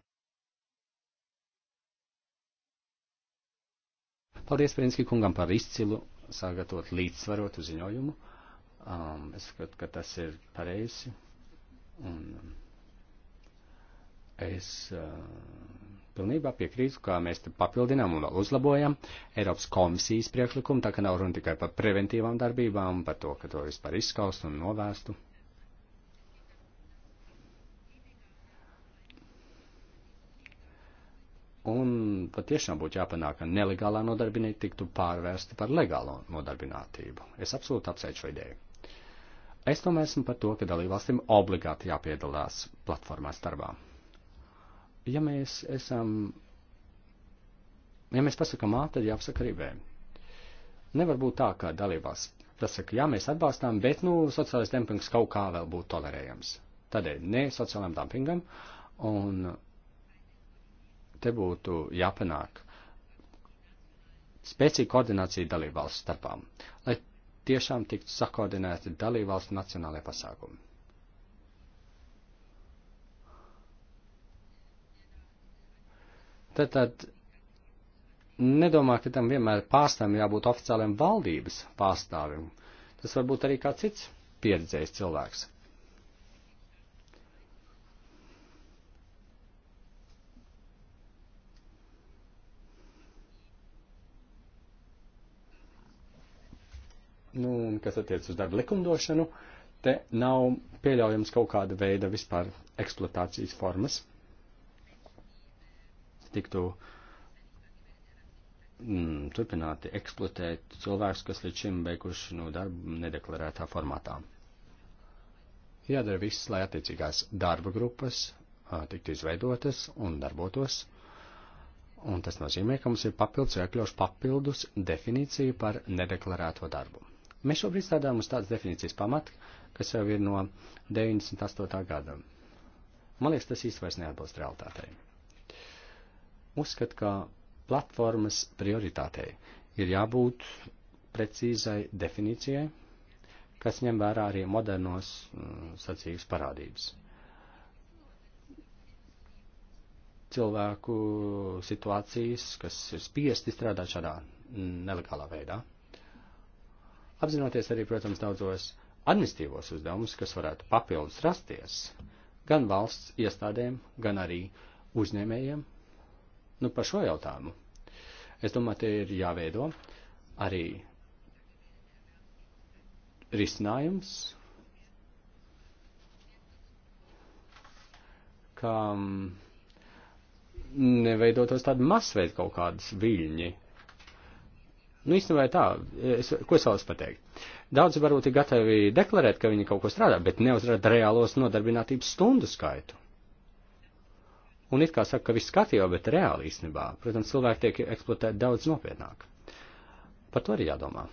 Paldies Prinski kungam par izcilu sagatavot līdzsvarotu ziņojumu. Um, es skatu, ka tas ir pareizi. Un um, es uh, pilnībā piekrītu, kā mēs te papildinām un uzlabojam Eiropas komisijas priekšlikumu, tā ka nav runa tikai par preventīvām darbībām, par to, ka to vispār izskaust un novērstu. Un patiešām būtu jāpanāk, ka nelegālā nodarbinātība tiktu pārvērsta par legālo nodarbinātību. Es absolūti apsveicu šo ideju. Es tomēr esmu par to, ka dalībvalstīm obligāti jāpiedalās platformās darbā. Ja mēs esam, ja mēs pasakam A, tad jāpasaka arī B. Nevar būt tā, ka dalībās pasaka, jā, mēs atbalstām, bet, nu, sociālais dempings kaut kā vēl būtu tolerējams. Tādēļ ne sociālam dumpingam un te būtu jāpanāk spēcīga koordinācija dalībvalstu starpām, lai tiešām tiktu sakoordinēti dalībvalstu nacionālajie pasākumi. Tātad nedomā, ka tam vienmēr pārstāvim jābūt oficiāliem valdības pārstāvim. Tas var būt arī kā cits pieredzējis cilvēks. nu, kas attiec uz darba likumdošanu, te nav pieļaujams kaut kāda veida vispār eksploatācijas formas. Tiktu mm, turpināti eksploatēt cilvēkus, kas līdz šim veikuši nu, darbu nedeklarētā formātā. Jādara viss, lai attiecīgās darba grupas tiktu izveidotas un darbotos. Un tas nozīmē, ka mums ir papildus iekļauts papildus definīcija par nedeklarēto darbu. Mēs šobrīd strādājam uz tādas definīcijas pamata, kas jau ir no 98. gada. Man liekas, tas īsti vairs neatbilst realitātei. Uzskat, ka platformas prioritātei ir jābūt precīzai definīcijai, kas ņem vērā arī modernos mm, sacīgas parādības. Cilvēku situācijas, kas ir spiesti strādāt šādā mm, nelegālā veidā apzinoties arī, protams, daudzos administīvos uzdevumus, kas varētu papildus rasties gan valsts iestādēm, gan arī uzņēmējiem. Nu, par šo jautājumu. Es domāju, te ir jāveido arī risinājums, ka mm, neveidotos tādi masveidi kaut kādas viļņi Nu, īstenībā tā, es, ko es vēlos pateikt? Daudzi varbūt ir gatavi deklarēt, ka viņi kaut ko strādā, bet neuzrada reālos nodarbinātības stundu skaitu. Un it kā saka, ka viss skatījā, bet reāli īstenībā, protams, cilvēki tiek eksploatēti daudz nopietnāk. Par to arī jādomā.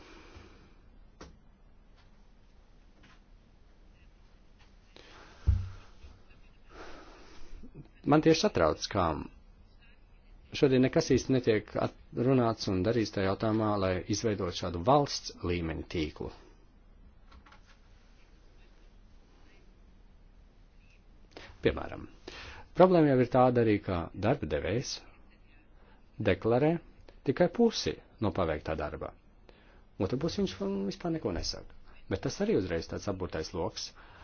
man tieši satrauc, kā šodien nekas īsti netiek runāts un darīts tajā jautājumā, lai izveidot šādu valsts līmeni tīklu. Piemēram, problēma jau ir tāda arī, ka darba devējs deklarē tikai pusi no paveiktā darba. Otra pusi viņš vispār neko nesaka. Bet tas arī uzreiz tāds apburtais loks, uh,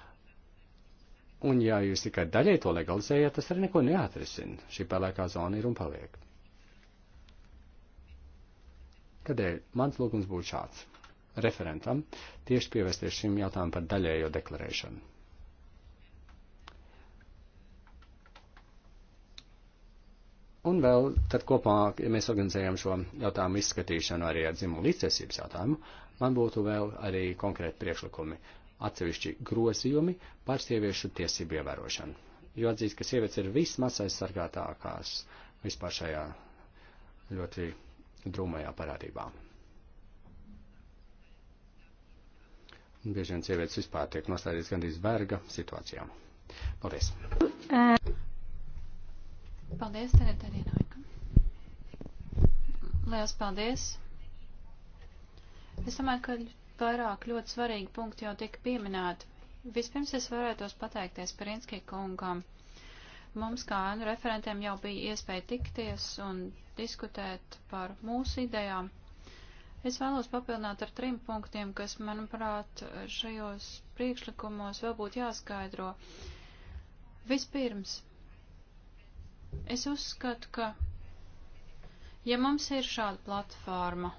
Un ja jūs tikai daļai to legalizējat, tas arī neko neatrisina. Šī pelēkā zona ir un paliek. Kādēļ mans lūgums būtu šāds? Referentam tieši pievērsties šim jautājumam par daļējo deklarēšanu. Un vēl tad kopā, ja mēs organizējam šo jautājumu izskatīšanu arī ar dzimumu līdztiesības jautājumu, man būtu vēl arī konkrēti priekšlikumi atsevišķi grozījumi par sieviešu tiesību ievērošanu. Jo atzīst, ka sievietes ir vismaz aizsargātākās vispār šajā ļoti drūmajā parādībā. Bieži vien sievietes vispār tiek nostādītas gandrīz verga situācijām. Paldies! Paldies, tagad arī nākam. Lielas paldies! Es domāju, ka vairāk ļoti svarīgi punkti jau tika pieminēti. Vispirms es varētos pateikties Prinskī kungam. Mums kā ANU referentiem jau bija iespēja tikties un diskutēt par mūsu idejām. Es vēlos papildināt ar trim punktiem, kas, manuprāt, šajos priekšlikumos vēl būtu jāskaidro. Vispirms, es uzskatu, ka, ja mums ir šāda platforma,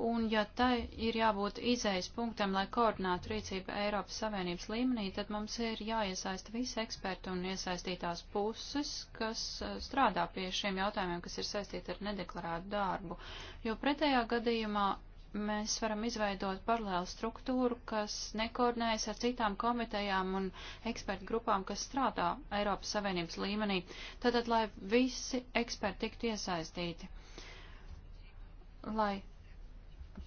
Un ja tai ir jābūt izējas punktam, lai koordinātu rīcību Eiropas Savienības līmenī, tad mums ir jāiesaista visi eksperti un iesaistītās puses, kas eh, strādā pie šiem jautājumiem, kas ir saistīti ar nedeklarētu darbu. Jo pretējā gadījumā mēs varam izveidot paralēlu struktūru, kas nekoordinējas ar citām komitejām un ekspertu grupām, kas strādā Eiropas Savienības līmenī. Tātad, lai visi eksperti tiktu iesaistīti. Lai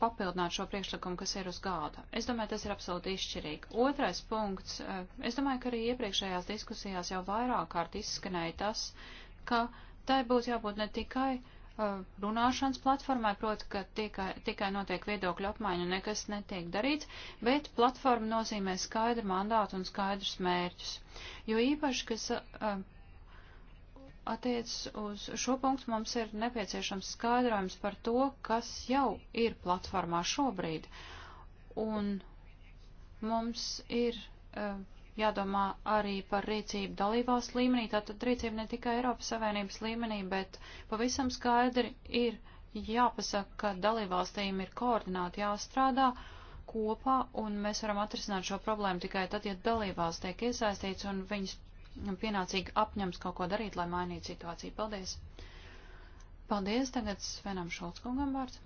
papildināt šo priekšlikumu, kas ir uz gāda. Es domāju, tas ir absolūti izšķirīgi. Otrais punkts. Eh, es domāju, ka arī iepriekšējās diskusijās jau vairāk kārt izskanēja tas, ka tai būtu jābūt ne tikai eh, runāšanas platformai, proti, ka tikai, tikai notiek viedokļu apmaiņa un nekas netiek darīts, bet platforma nozīmē skaidru mandātu un skaidrus mērķus. Jo īpaši, kas uh, attiecas uz šo punktu, mums ir nepieciešams skaidrojums par to, kas jau ir platformā šobrīd. Un mums ir uh, jādomā arī par rīcību dalībās līmenī, tātad rīcība ne tikai Eiropas Savienības līmenī, bet pavisam skaidri ir jāpasaka, ka dalībvalstīm ir koordināti jāstrādā kopā, un mēs varam atrisināt šo problēmu tikai tad, ja dalībvalsts tiek iesaistīts un viņas pienācīgi apņems kaut ko darīt, lai mainītu situāciju. Paldies! Paldies! Tagad Svenam Šolckungam vārds.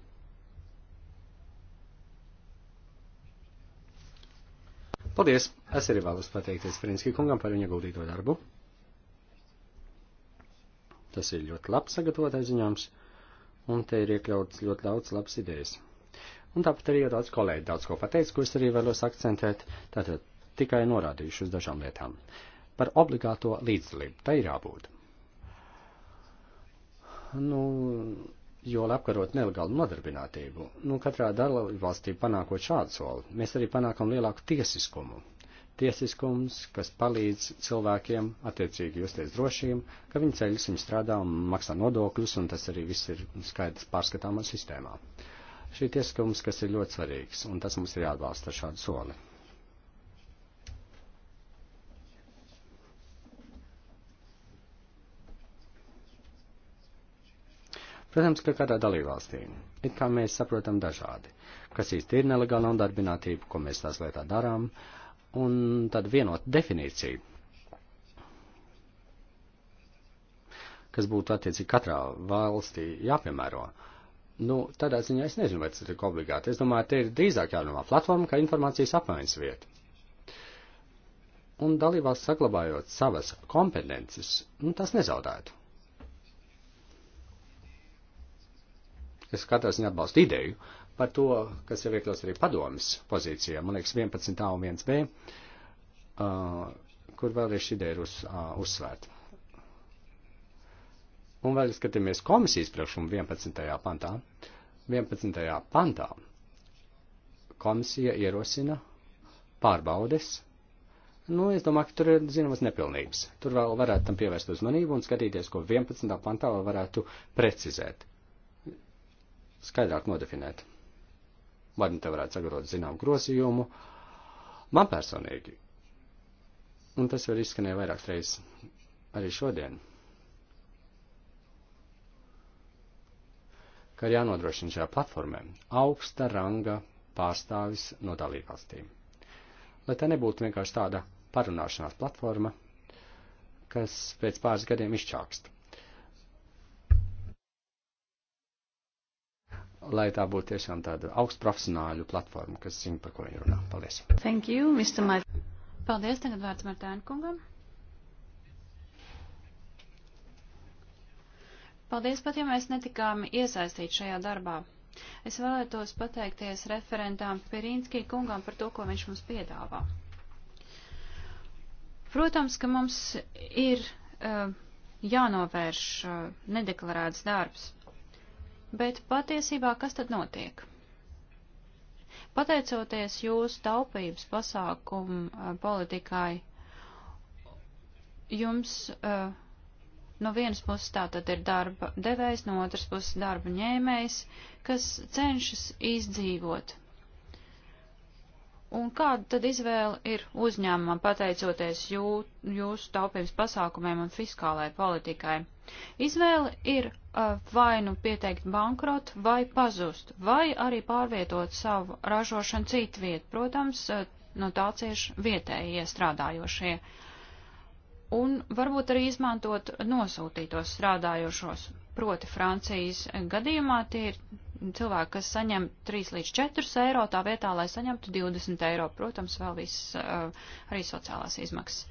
Paldies! Es arī vēlos pateikties Frinskī kungam par viņa guldīto darbu. Tas ir ļoti labs sagatavotais ziņojums, un te ir iekļauts ļoti daudz labas idejas. Un tāpat arī jau daudz kolēģi daudz ko pateica, ko es arī vēlos akcentēt, tātad tikai norādījuši uz dažām lietām. Uh, par obligāto līdzdalību. Tā ir jābūt. Nu, jo, lai apkarot nelegālu nodarbinātību, nu, katrā dalībvalstī panākot šādu soli, mēs arī panākam lielāku tiesiskumu. Tiesiskums, kas palīdz cilvēkiem attiecīgi justies drošiem, ka viņi ceļus, viņi strādā un maksā nodokļus, un tas arī viss ir skaidrs pārskatāmā sistēmā. Šī tiesiskums, kas ir ļoti svarīgs, un tas mums ir jāatbalsta ar šādu soli. Protams, ka katrā dalībvalstī it kā mēs saprotam dažādi, kas īsti ir nelegāla nodarbinātība, ko mēs tās lietā darām, un tad vienot definīciju, kas būtu attiecīgi katrā valstī jāpiemēro. Nu, tādā ziņā es nezinu, vai tas ir obligāti. Es domāju, te ir drīzāk jārunā platforma, kā informācijas apmaiņas vieta un dalībās saglabājot savas kompetences, nu, tas nezaudētu. Es katrā ziņā atbalstu ideju par to, kas jau iekļauts arī padomas pozīcijā. Man liekas, 11a un 1b, uh, kur vēl ir šī ideja ir uz, uh, uzsvērta. Un vēl skatāmies komisijas priekšumu 11. pantā. 11. pantā komisija ierosina pārbaudes. Nu, es domāju, ka tur ir zināmas nepilnības. Tur vēl varētu tam pievērst uzmanību un skatīties, ko 11. pantā vēl varētu precizēt skaidrāk nodefinēt. Varbūt te varētu sagatavot zinām grozījumu. Man personīgi, un tas jau izskanēja vairākas reizes arī šodien, ka ir jānodrošina šajā platformē augsta ranga pārstāvis no dalībvalstīm. Lai tā nebūtu vienkārši tāda parunāšanās platforma, kas pēc pāris gadiem izčākst. lai tā būtu tiešām tāda augstu profesionāļu platforma, kas zina, par ko viņi runā. Paldies. Thank you, Mr. Mar Paldies, tagad vārds Martēna kungam. Paldies, pat ja mēs netikām iesaistīti šajā darbā. Es vēlētos pateikties referentām Pirinskī kungam par to, ko viņš mums piedāvā. Protams, ka mums ir uh, jānovērš uh, nedeklarēts darbs, Bet patiesībā kas tad notiek? Pateicoties jūsu taupības pasākumu uh, politikai, jums uh, no vienas puses tātad ir darba devējs, no otras puses darba ņēmējs, kas cenšas izdzīvot Un kāda tad izvēle ir uzņēmumam pateicoties jū, jūsu taupības pasākumiem un fiskālajai politikai? Izvēle ir uh, vai nu pieteikt bankrotu, vai pazust, vai arī pārvietot savu ražošanu citviet. Protams, uh, no tā cieš vietējie strādājošie. Un varbūt arī izmantot nosūtītos strādājošos. Proti Francijas gadījumā tie ir cilvēki, kas saņem 3 līdz 4 eiro, tā vietā, lai saņemtu 20 eiro, protams, vēl viss uh, arī sociālās izmaksas.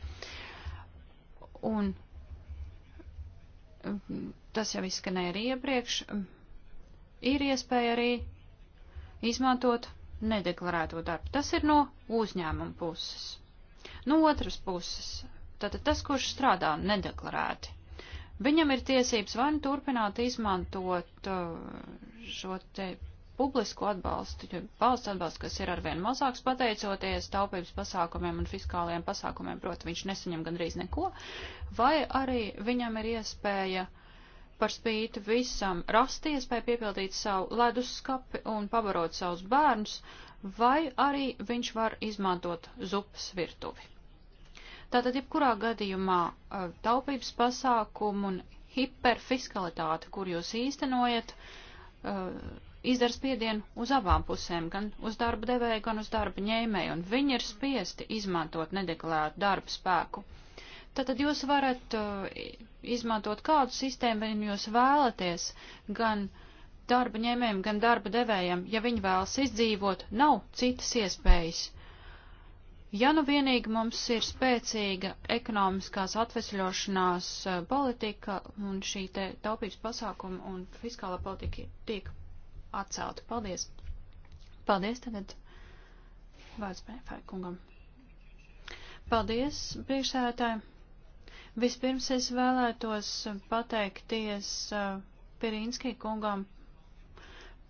Un mm, tas jau izskanēja arī iepriekš, ir iespēja arī izmantot nedeklarēto darbu. Tas ir no uzņēmuma puses. No otras puses, tātad tas, kurš strādā nedeklarēti. Viņam ir tiesības vai nu turpināt izmantot uh, šo te publisku atbalstu, valsts atbalstu, kas ir arvien mazāks pateicoties taupības pasākumiem un fiskālajiem pasākumiem, proti viņš nesaņem gandrīz neko, vai arī viņam ir iespēja par spīti visam rast iespēju piepildīt savu leduskapi un pabarot savus bērnus, vai arī viņš var izmantot zupas virtuvi. Tātad, jebkurā gadījumā taupības pasākumu un hiperfiskalitāte, kur jūs īstenojat, izdara spiedienu uz abām pusēm, gan uz darba devēju, gan uz darba ņēmēju, un viņi ir spiesti izmantot nedeklarētu darba spēku. Tātad jūs varat izmantot kādu sistēmu, vien jūs vēlaties, gan darba ņēmējiem, gan darba devējiem, ja viņi vēlas izdzīvot, nav citas iespējas. Ja nu vienīgi mums ir spēcīga ekonomiskās atvesļošanās eh, politika un šī te taupības pasākuma un fiskālā politika tiek atcelta. Paldies. Paldies tagad vārds kungam. Paldies, priekšsēdētāji. Vispirms es vēlētos pateikties eh, Pirinskī kungam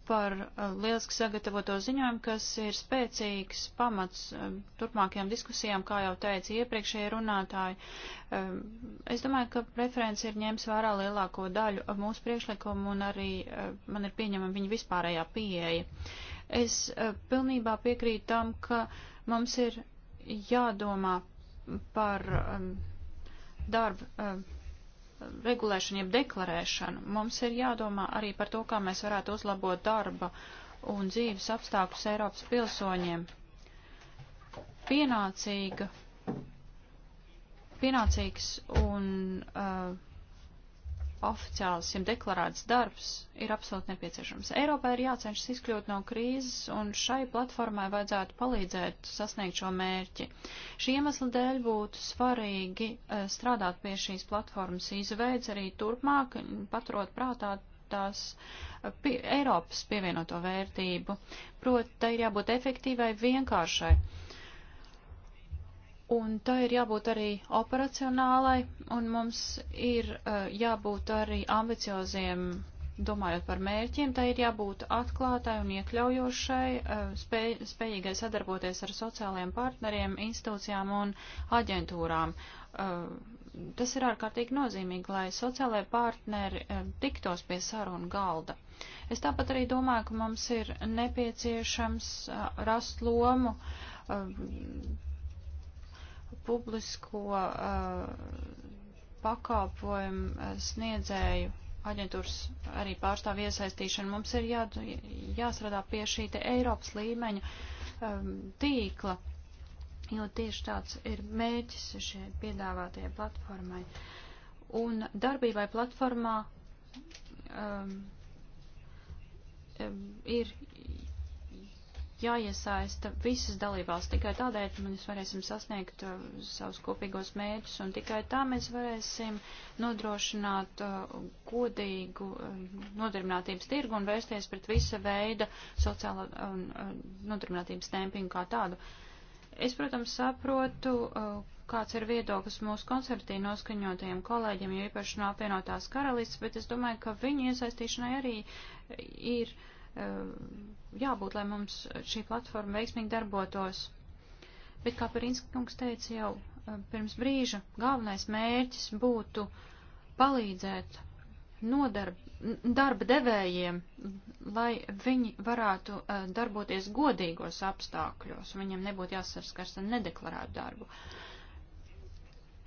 par eh, lieliski sagatavoto ziņojumu, kas ir spēcīgs pamats eh, turpmākajām diskusijām, kā jau teica iepriekšējie runātāji. Eh, es domāju, ka referents ir ņēmis vērā lielāko daļu mūsu priekšlikumu un arī man ir pieņemama viņa vispārējā pieeja. Es pilnībā piekrītu tam, ka mums ir jādomā par darbu regulēšanu, jeb deklarēšanu. Mums ir jādomā arī par to, kā mēs varētu uzlabot darba un dzīves apstākļus Eiropas pilsoņiem. Pienācīga, pienācīgs un uh, oficiāls, jeb deklarēts darbs ir absolūti nepieciešams. Eiropai ir jācenšas izkļūt no krīzes, un šai platformai vajadzētu palīdzēt sasniegt šo mērķi. Šī iemesla dēļ būtu svarīgi eh, strādāt pie šīs platformas izveids arī turpmāk, paturot prātā tās eh, pie, Eiropas pievienoto vērtību. Proti, tai ir jābūt efektīvai, vienkāršai. Un tā ir jābūt arī operacionālai, un mums ir uh, jābūt arī ambicioziem, domājot par mērķiem, tā ir jābūt atklātai un iekļaujošai, uh, spēj, spējīgai sadarboties ar sociālajiem partneriem, institūcijām un aģentūrām. Uh, tas ir ārkārtīgi nozīmīgi, lai sociālai partneri uh, tiktos pie sarunu galda. Es tāpat arī domāju, ka mums ir nepieciešams uh, rast lomu uh, publisko uh, pakalpojumu uh, sniedzēju aģentūras arī pārstāv iesaistīšanu. Mums ir jā, jāsradā pie šī te Eiropas līmeņa um, tīkla, jo tieši tāds ir mēķis šie piedāvātajai platformai. Un darbībai platformā um, um ir jāiesaista visas dalībās. Tikai tādēļ mēs varēsim sasniegt uh, savus kopīgos mērķus, un tikai tā mēs varēsim nodrošināt uh, godīgu uh, nodarbinātības tirgu un vērsties pret visa veida sociāla um, uh, nodarbinātības tempingu kā tādu. Es, protams, saprotu, uh, kāds ir viedoklis mūsu koncertī noskaņotajiem kolēģiem, jo īpaši no apvienotās karalists, bet es domāju, ka viņu iesaistīšanai arī ir. Uh, Ehm, jābūt, lai mums šī platforma veiksmīgi darbotos. Bet, kā Pirinska kungs teica jau ehm, pirms brīža, galvenais mērķis būtu palīdzēt nodarb, darba devējiem, lai viņi varētu ehm, darboties godīgos apstākļos, viņiem nebūtu jāsaskars ar nedeklarētu darbu. Uh,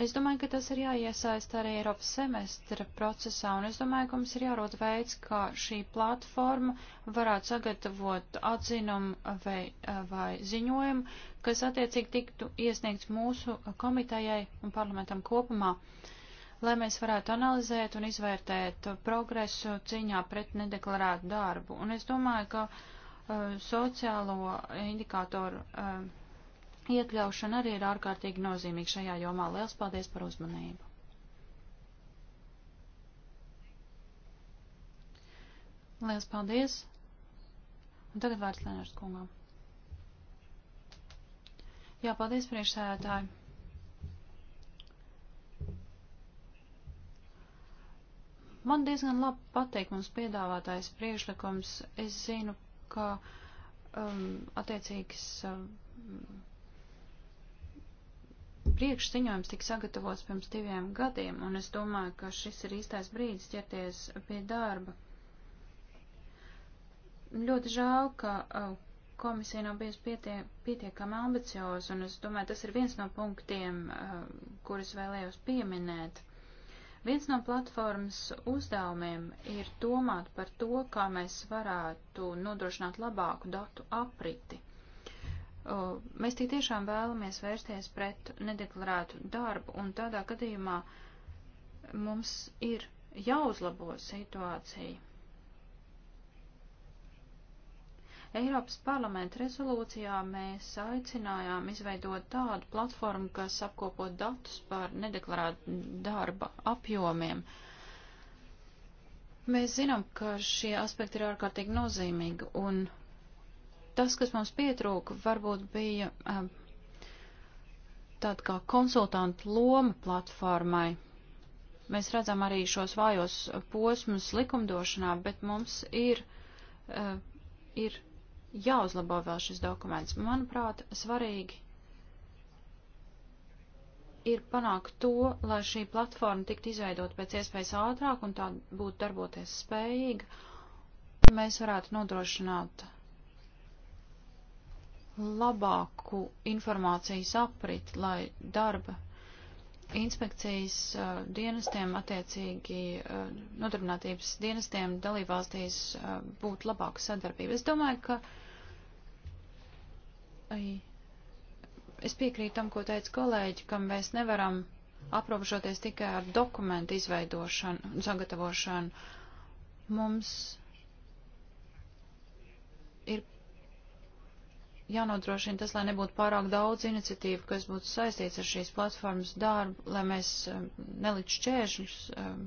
Es domāju, ka tas ir jāiesaist arī Eiropas semestra procesā, un es domāju, ka mums ir jārod veids, kā šī platforma varētu sagatavot atzinumu vai, vai ziņojumu, kas attiecīgi tiktu iesniegts mūsu komitejai un parlamentam kopumā lai mēs varētu analizēt un izvērtēt progresu cīņā pret nedeklarētu darbu. Un es domāju, ka uh, sociālo indikātoru uh, iekļaušana arī ir ārkārtīgi nozīmīga šajā jomā. Liels paldies par uzmanību! Liels paldies! Un tagad vārds Lenārs kungam. Jā, paldies priekšsēdētāji. Man diezgan labi pateikt mums piedāvātais priekšlikums. Es zinu, ka um, attiecīgs um, priekšziņojums tika sagatavots pirms diviem gadiem, un es domāju, ka šis ir īstais brīdis ķerties pie darba. Ļoti žēl, ka uh, komisija nav bijusi pietie, pietiekami ambicioza, un es domāju, tas ir viens no punktiem, uh, kurus vēlējos pieminēt. Viens no platformas uzdevumiem ir domāt par to, kā mēs varētu nodrošināt labāku datu apriti. Mēs tik tiešām vēlamies vērsties pret nedeklarētu darbu, un tādā gadījumā mums ir jāuzlabo situācija. Eiropas parlamenta rezolūcijā mēs aicinājām izveidot tādu platformu, kas apkopo datus par nedeklarētu darba apjomiem. Mēs zinām, ka šie aspekti ir ārkārtīgi nozīmīgi, un tas, kas mums pietrūka, varbūt bija um, tāda kā konsultanta loma platformai. Mēs redzam arī šos vājos posmus likumdošanā, bet mums ir, uh, ir jāuzlabo vēl šis dokuments. Manuprāt, svarīgi ir panākt to, lai šī platforma tiktu izveidot pēc iespējas ātrāk un tā būtu darboties spējīga. Mēs varētu nodrošināt labāku informācijas aprit, lai darba inspekcijas uh, dienestiem, attiecīgi uh, nodarbinātības dienestiem dalībvalstīs uh, būtu labāka sadarbība. Es domāju, ka ai, es piekrītu tam, ko teica kolēģi, ka mēs nevaram aprobežoties tikai ar dokumentu izveidošanu un sagatavošanu. Mums ir jānodrošina tas, lai nebūtu pārāk daudz iniciatīvu, kas būtu saistīts ar šīs platformas darbu, lai mēs um, nelikt šķēršļus um,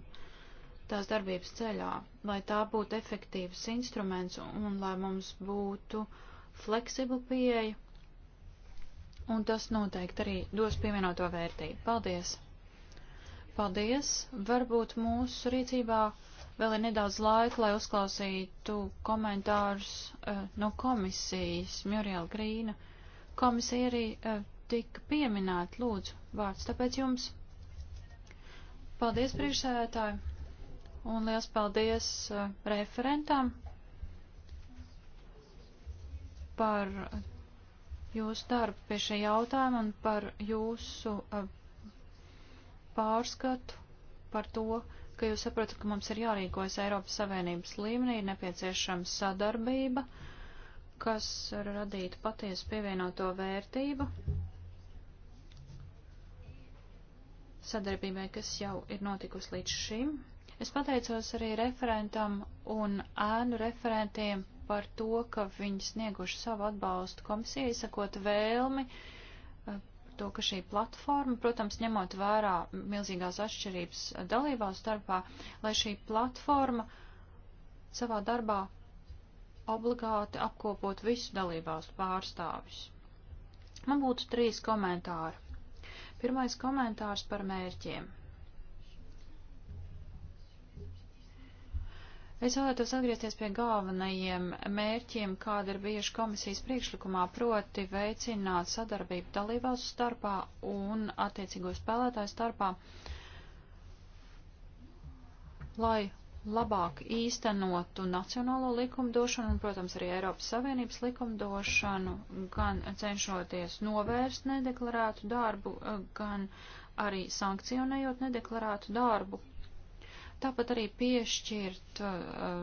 tās darbības ceļā, lai tā būtu efektīvs instruments un lai mums būtu fleksibla pieeja. Un tas noteikti arī dos pievienoto vērtību. Paldies! Paldies! Varbūt mūsu rīcībā Vēl ir nedaudz laika, lai uzklausītu komentārus uh, no komisijas Muriela Grīna. Komisija arī uh, tika pieminēta, lūdzu, vārds tāpēc jums. Paldies priekšsēdētāji un liels paldies uh, referentam par jūsu darbu pie šī jautājuma un par jūsu uh, pārskatu par to, uh, ka jūs saprotat, ka mums ir jārīkojas Eiropas Savienības līmenī, ir nepieciešama sadarbība, kas radītu patiesu pievienoto vērtību sadarbībai, kas jau ir notikusi līdz šim. Es pateicos arī referentam un ēnu referentiem par to, ka viņi snieguši savu atbalstu komisijai, sakot vēlmi uh, to, ka šī platforma, protams, ņemot vērā milzīgās atšķirības dalībās starpā, lai šī platforma savā darbā obligāti apkopot visu dalībās pārstāvis. Man būtu trīs komentāri. Pirmais komentārs par mērķiem. Es vēlētos atgriezties pie galvenajiem mērķiem, kāda ir bijuši komisijas priekšlikumā, proti veicināt sadarbību dalībvalstu starpā un attiecīgo spēlētāju starpā, lai labāk īstenotu nacionālo likumdošanu un, protams, arī Eiropas Savienības likumdošanu, gan cenšoties novērst nedeklarētu darbu, gan arī sankcionējot nedeklarētu darbu. Tāpat arī piešķirt uh,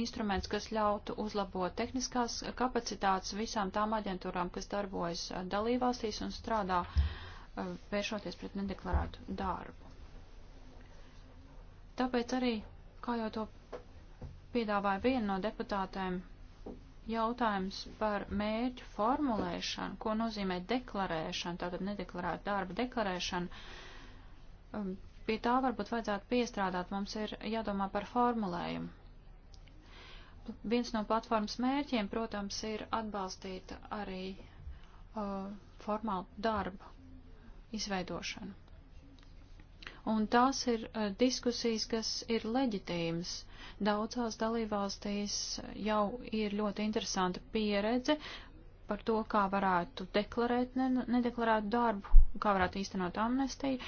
instruments, kas ļautu uzlabot tehniskās kapacitātes visām tām aģentūrām, kas darbojas uh, dalībvalstīs un strādā uh, vēršoties pret nedeklarētu darbu. Tāpēc arī, kā jau to piedāvāja viena no deputātēm, jautājums par mērķu formulēšanu, ko nozīmē deklarēšana, tātad nedeklarēta darba deklarēšana. Um, pie tā varbūt vajadzētu piestrādāt. Mums ir jādomā par formulējumu. Viens no platformas mērķiem, protams, ir atbalstīt arī uh, formālu darbu izveidošanu. Un tās ir uh, diskusijas, kas ir leģitīmas. Daudzās dalībvalstīs jau ir ļoti interesanta pieredze par to, kā varētu deklarēt, ne, nedeklarēt darbu, kā varētu īstenot amnestiju,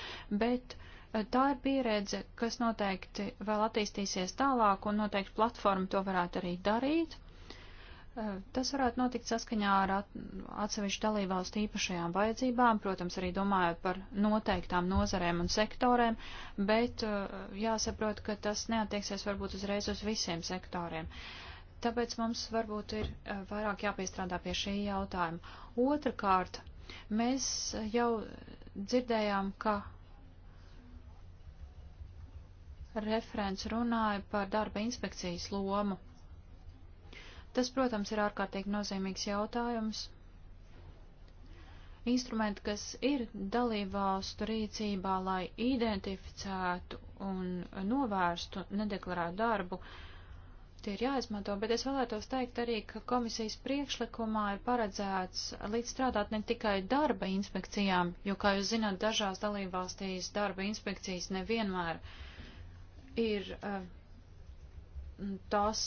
bet uh, Tā ir pieredze, kas noteikti vēl attīstīsies tālāk, un noteikti platforma to varētu arī darīt. Eh, tas varētu notikt saskaņā ar atsevišķu dalībvalstu īpašajām vajadzībām, protams, arī domājot par noteiktām nozarēm un sektoriem, bet eh, jāsaprot, ka tas neatieksies varbūt uzreiz uz visiem sektoriem. Tāpēc mums varbūt ir eh, vairāk jāpiestrādā pie šī jautājuma. Otrakārt, mēs jau dzirdējām, ka Referents runāja par darba inspekcijas lomu. Tas, protams, ir ārkārtīgi nozīmīgs jautājums. Instrumenti, kas ir dalībvalstu rīcībā, lai identificētu un novērstu nedeklarētu darbu, tie ir jāizmanto, bet es vēlētos teikt arī, ka komisijas priekšlikumā ir paredzēts līdz strādāt ne tikai darba inspekcijām, jo, kā jūs zināt, dažās dalībvalstīs darba inspekcijas nevienmēr uh, ir eh, tās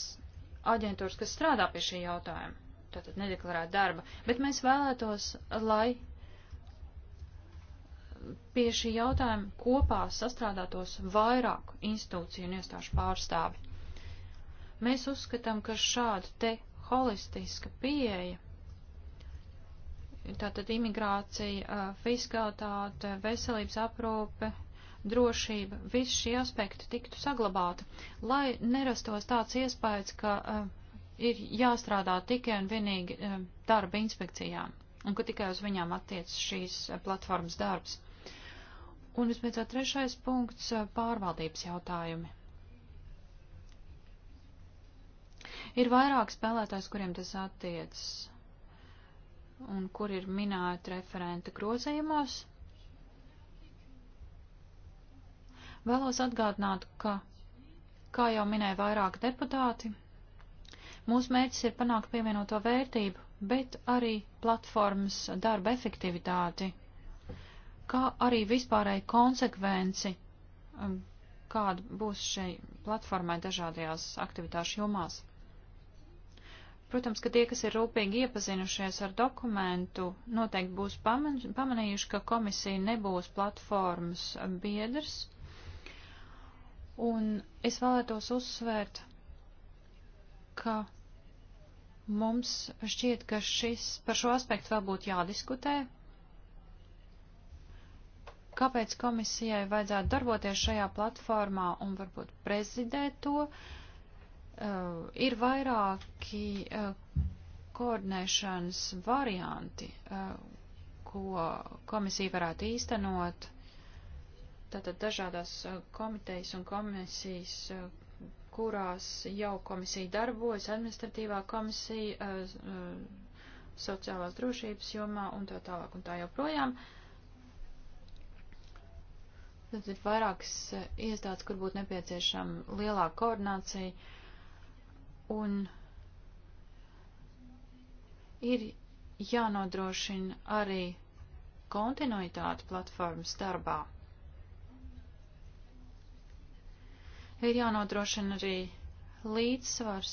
aģentūras, kas strādā pie šī jautājuma, tātad nedeklarēt darba, bet mēs vēlētos, lai pie šī jautājuma kopā sastrādātos vairāku institūciju un iestāžu pārstāvi. Mēs uzskatām, ka šāda te holistiska pieeja, tātad imigrācija, eh, fiskalitāte, veselības aprūpe, drošība, visi šie aspekti tiktu saglabāti, lai nerastos tāds iespējas, ka uh, ir jāstrādā tikai un vienīgi uh, darba inspekcijām un ka tikai uz viņām attiec šīs eh, platformas darbs. Un visbeidzot trešais punkts - pārvaldības jautājumi. Ir vairāk spēlētājs, kuriem tas attiecas un kur ir minēta referenta grozījumos. Vēlos atgādināt, ka, kā jau minēja vairāk deputāti, mūsu mērķis ir panākt pievienoto vērtību, bet arī platformas darba efektivitāti, kā arī vispārēji konsekvenci, um, kāda būs šai platformai dažādajās aktivitāšu jomās. Protams, ka tie, kas ir rūpīgi iepazinušies ar dokumentu, noteikti būs pamanījuši, ka komisija nebūs platformas biedrs, Un es vēlētos uzsvērt, ka mums šķiet, ka šis, par šo aspektu vēl būtu jādiskutē. Kāpēc komisijai vajadzētu darboties šajā platformā un varbūt prezidēt to? Uh, ir vairāki uh, koordinēšanas varianti, uh, ko komisija varētu īstenot tātad dažādās komitejas un komisijas, kurās jau komisija darbojas, administratīvā komisija, sociālās drošības jomā un tā tālāk un tā joprojām. Tad ir vairākas iestādes, kur būtu nepieciešama lielāka koordinācija un ir jānodrošina arī kontinuitāte platformas darbā. ir jānodrošina arī līdzsvars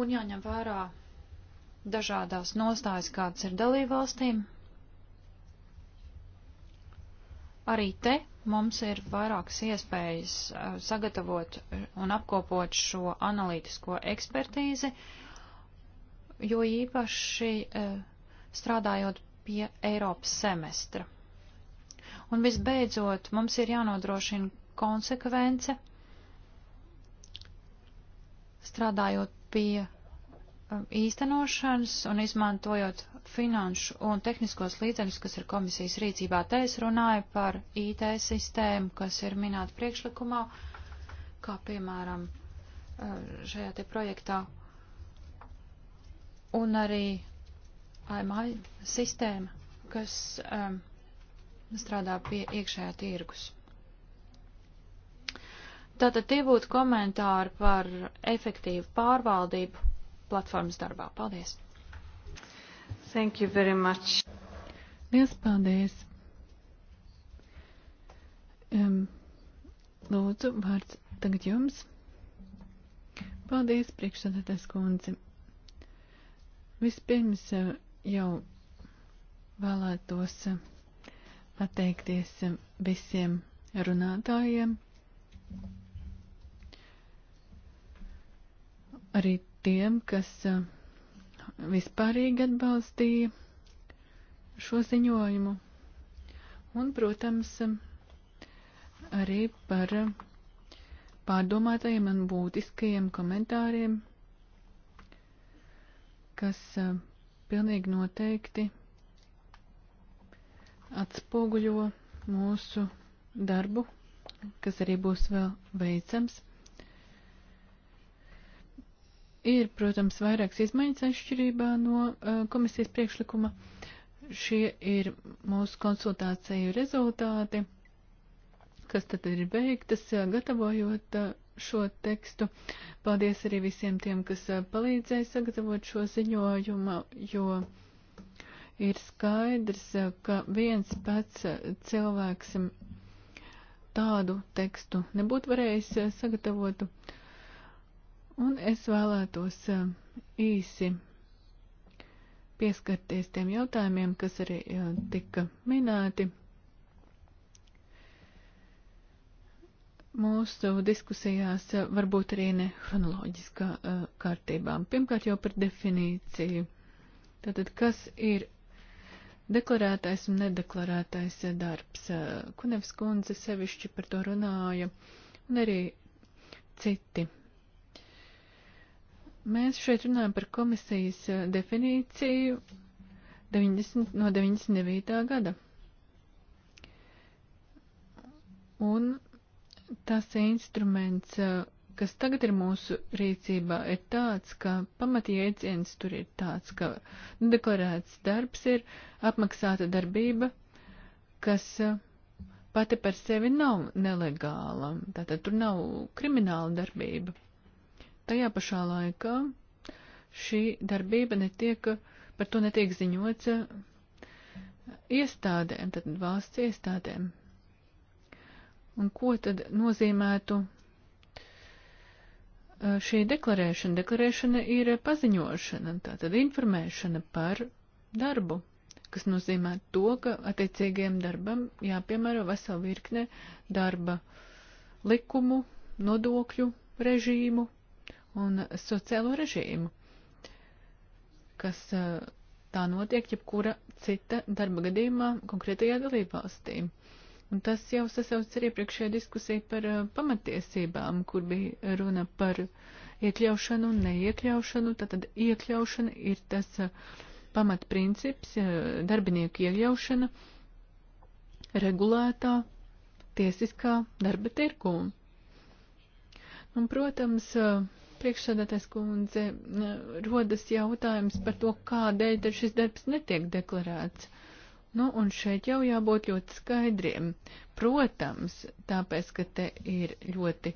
un jāņem vērā dažādās nostājas, kādas ir dalībvalstīm. Arī te mums ir vairākas iespējas uh, sagatavot un apkopot šo analītisko ekspertīzi, jo īpaši uh, strādājot pie Eiropas semestra. Un visbeidzot, mums ir jānodrošina, konsekvence, strādājot pie um, īstenošanas un izmantojot finanšu un tehniskos līdzekļus, kas ir komisijas rīcībā. Te es runāju par IT sistēmu, kas ir minēta priekšlikumā, kā piemēram uh, šajā te projektā, un arī AMI sistēma, kas um, strādā pie iekšējā tirgus. Tātad tie būtu komentāri par efektīvu pārvaldību platformas darbā. Paldies! Thank you very much. Liels paldies! Um, lūdzu, vārds tagad jums. Paldies, priekšsādātājs kundze. Vispirms eh, jau vēlētos eh, pateikties eh, visiem runātājiem. Thank you. arī tiem, kas eh, vispārīgi atbalstīja šo ziņojumu. Un, protams, arī par pārdomātajiem un būtiskajiem komentāriem, kas eh, pilnīgi noteikti atspoguļo mūsu darbu, kas arī būs vēl veicams. Ir, protams, vairākas izmaiņas atšķirībā no uh, komisijas priekšlikuma. Šie ir mūsu konsultāciju rezultāti, kas tad ir beigtas, eh, gatavojot uh, šo tekstu. Paldies arī visiem tiem, kas uh, palīdzēja sagatavot šo ziņojumu, jo ir skaidrs, uh, ka viens pats uh, cilvēks tādu tekstu nebūtu varējis uh, sagatavot. Uh, Un es vēlētos eh, īsi pieskarties tiem jautājumiem, kas arī eh, tika minēti. Mūsu diskusijās eh, varbūt arī ne chronoloģiskā kārtībā. Pirmkārt jau par definīciju. Tātad, kas ir deklarētais un nedeklarētais darbs? Kunevs kundze sevišķi par to runāja, un arī citi Mēs šeit runājam par komisijas eh, definīciju 90, no 99. gada. Un tas instruments, eh, kas tagad ir mūsu rīcībā, ir tāds, ka pamatjēdziens tur ir tāds, ka deklarēts darbs ir apmaksāta darbība, kas eh, pati par sevi nav nelegāla. Tātad tur nav krimināla darbība tajā pašā laikā šī darbība netiek, par to netiek ziņots eh, iestādēm, tad valsts iestādēm. Un ko tad nozīmētu eh, šī deklarēšana? Deklarēšana ir paziņošana, tātad informēšana par darbu, kas nozīmē to, ka attiecīgajam darbam jāpiemēro vesela virkne darba likumu, nodokļu režīmu un sociālo režīmu, kas tā notiek jebkura cita darba gadījumā konkrētajā dalībvalstī. Un tas jau sasauc arī priekšējā diskusija par pamatiesībām, kur bija runa par iekļaušanu un neiekļaušanu. Tātad iekļaušana ir tas pamatprincips, darbinieku iekļaušana regulētā tiesiskā darba tirguma. Un, protams, priekšsēdētājs kundze, eh, rodas jautājums par to, kādēļ tad šis darbs netiek deklarēts. Nu, un šeit jau jābūt ļoti skaidriem. Protams, tāpēc, ka te ir ļoti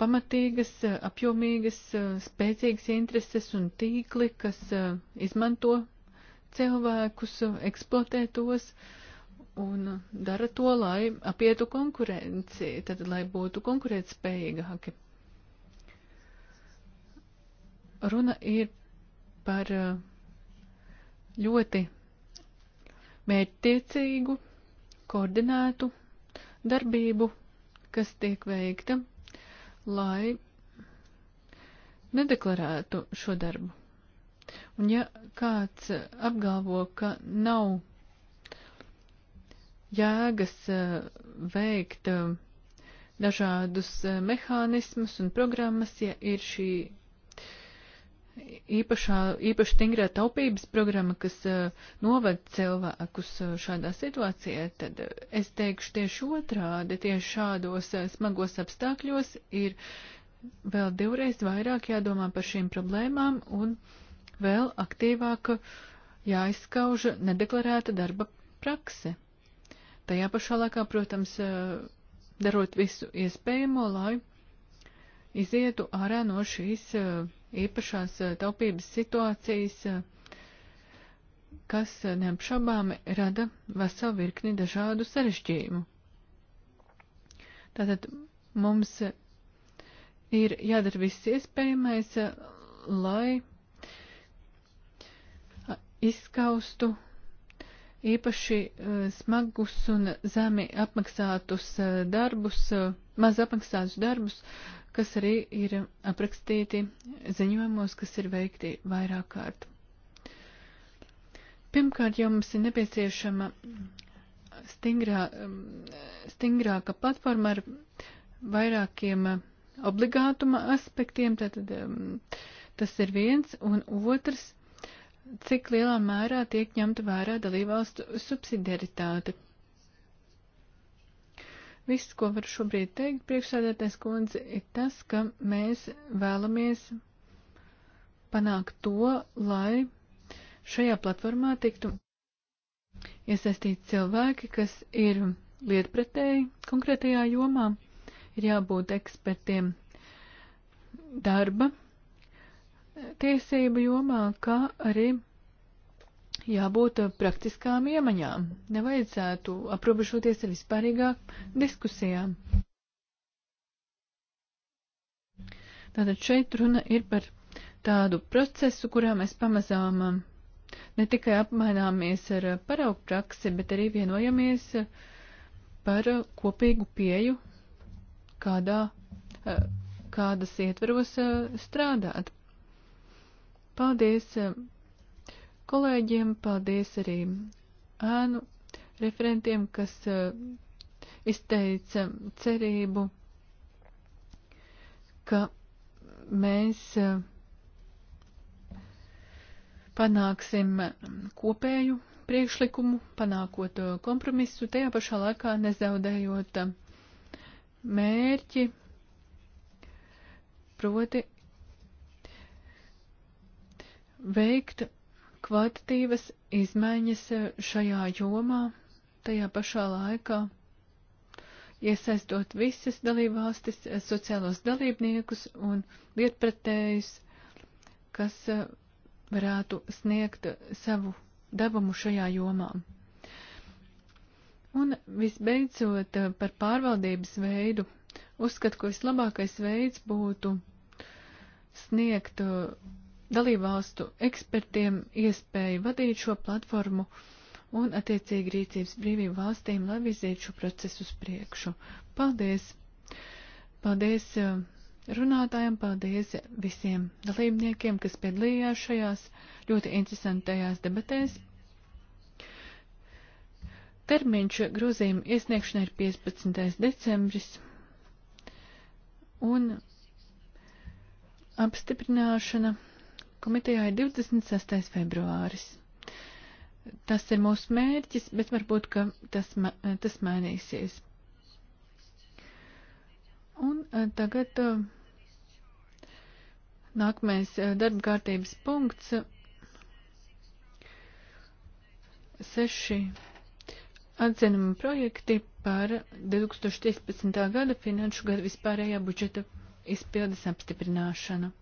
pamatīgas, eh, apjomīgas, eh, spēcīgas intereses un tīkli, kas izmanto cilvēkus, eksploatē tos un dara to, lai apietu konkurenci, tad lai būtu konkurētspējīgāki. Runa ir par eh, ļoti mērķtiecīgu, koordinētu darbību, kas tiek veikta, lai nedeklarētu šo darbu. Un ja kāds eh, apgalvo, ka nav jēgas eh, veikt dažādus mehānismus un programmas, ja ir šī īpašā, īpaši stingrā taupības programma, kas uh, noved cilvēkus uh, šādā situācijā, tad uh, es teikšu tieši otrādi, tieši šādos smagos apstākļos ir vēl divreiz vairāk jādomā par šīm problēmām un vēl aktīvāk jāizskauž nedeklarēta darba prakse. Tajā pašā laikā, protams, darot visu iespējamo, lai izietu ārā no šīs uh, īpašās eh, taupības situācijas, eh, kas eh, neapšaubāmi rada veselu virkni dažādu sarežģījumu. Tātad mums ir jādara viss iespējamais, lai izskaustu īpaši e, smagus un zemi apmaksātus e, darbus, e, maz apmaksātus darbus, kas arī ir aprakstīti ziņojumos, kas ir veikti vairāk kārt. Pirmkārt, jau mums ir nepieciešama stingrā, stingrāka platforma ar vairākiem obligātuma aspektiem, tātad tas ir viens, un otrs cik lielā mērā tiek ņemta vērā dalībvalstu subsidiaritāte. Viss, ko var šobrīd teikt, priekšsādātais kundze, ir tas, ka mēs vēlamies panākt to, lai šajā platformā tiktu iesaistīti cilvēki, kas ir lietpratēji konkrētajā jomā, ir jābūt ekspertiem darba tiesību jomā, kā arī jābūt praktiskām iemaņām. Nevajadzētu aprobežoties ar vispārīgāk diskusijām. Tātad šeit runa ir par tādu procesu, kurā mēs pamazām um, ne tikai apmaināmies ar paraugu praksi, bet arī vienojamies par kopīgu pieju, kādā, uh, kādas ietveros uh, strādāt. Paldies eh, kolēģiem, paldies arī ēnu referentiem, kas eh, izteica cerību, ka mēs eh, panāksim kopēju priekšlikumu, panākot kompromisu, tajā pašā laikā nezaudējot mērķi, proti veikt kvalitatīvas izmaiņas šajā jomā, tajā pašā laikā iesaistot visas dalībvalstis, sociālos dalībniekus un lietpratējus, kas eh, varētu sniegt savu devumu šajā jomā. Un visbeidzot eh, par pārvaldības veidu, uzskatu, ka vislabākais veids būtu sniegt eh, dalībvalstu ekspertiem iespēju vadīt šo platformu un attiecīgi rīcības brīvību valstīm, lai virzītu šo procesu uz priekšu. Paldies! Paldies eh, runātājiem, paldies visiem dalībniekiem, kas piedalījās šajās ļoti interesantajās debatēs. Termiņš grozījuma iesniegšanai ir 15. decembris un apstiprināšana komitejā ir 26. februāris. Tas ir mūsu mērķis, bet varbūt, ka tas, eh, tas mainīsies. Un eh, tagad eh, nākamais darba kārtības punkts. Seši atzinuma projekti par 2013. gada finanšu gada vispārējā budžeta izpildes apstiprināšanu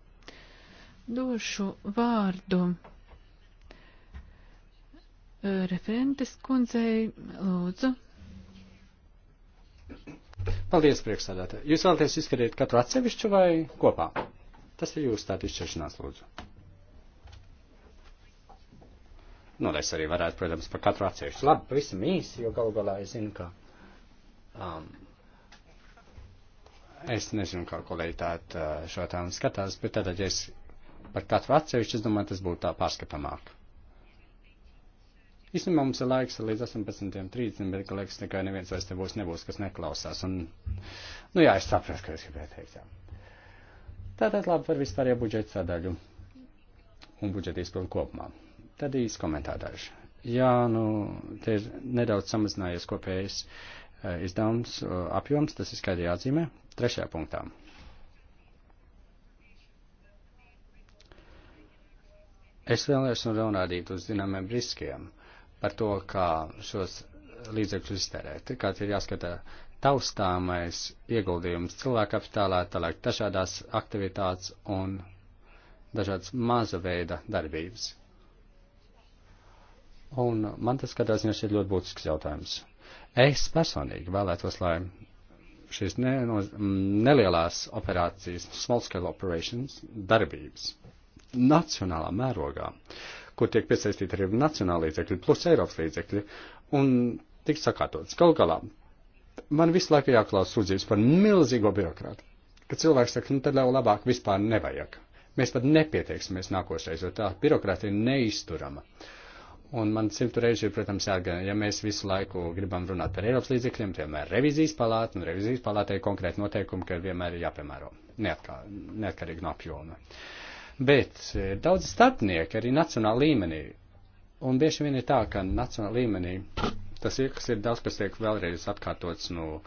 došu vārdu e, referentes kundzei lūdzu. Paldies, priekšsādātāji. Jūs vēlaties izskatīt katru atsevišķu vai kopā? Tas ir jūsu tāda izšķiršanās, lūdzu. Nu, es arī varētu, protams, par katru atsevišķu. Labi, pavisam īsi, jo galu galā es zinu, ka. Um, es nezinu, kā kolēģi tā šo tēmu skatās, bet tātad, ja es par katru atsevišķu, es domāju, tas būtu tā pārskatāmāk. Īstenībā mums ir laiks līdz 18.30, bet, ka liekas, tikai neviens vairs te būs, nebūs, kas neklausās. Un, nu jā, es sapratu, ka es gribēju teikt, jā. Tātad labi par vispārējo budžeta sadaļu un budžeta izpildu kopumā. Tad īsti komentāri daži. Jā, nu, te ir nedaudz samazinājies kopējais eh, izdevums eh, apjoms, tas ir skaidri jāatzīmē. Trešajā punktā Es vēlējos nu norādīt uz zināmiem riskiem par to, kā šos līdzekļus iztērēt. Kāds ir jāskatā taustāmais ieguldījums cilvēka kapitālā, tālāk dažādās aktivitātes un dažādas maza veida darbības. Un man tas katrā ziņā šķiet ļoti būtisks jautājums. Es personīgi vēlētos, lai šīs ne, no, nelielās operācijas, small scale operations, darbības, nacionālā mērogā, kur tiek piesaistīti arī nacionāla līdzekļi plus Eiropas līdzekļi, un tik sakārtots. Gal galā, man visu laiku jāklās sūdzības par milzīgo birokrātu, ka cilvēks saka, nu tad jau labāk vispār nevajag. Mēs pat nepieteiksimies nākošais, jo tā birokrātija neizturama. Un man simtu reizi ir, protams, jāatgādina, ja mēs visu laiku gribam runāt par Eiropas līdzekļiem, tad vienmēr revizijas palāta, un revizijas palātai konkrēti noteikumi, ka vienmēr ir jāpiemēro, neatkā, neatkarīgi no apjoma. Uh, bet e, ir daudz starpnieki arī nacionāla līmenī. Un bieži vien ir tā, ka nacionāla līmenī tas ir, kas ir daudz, kas tiek vēlreiz atkārtots, nu,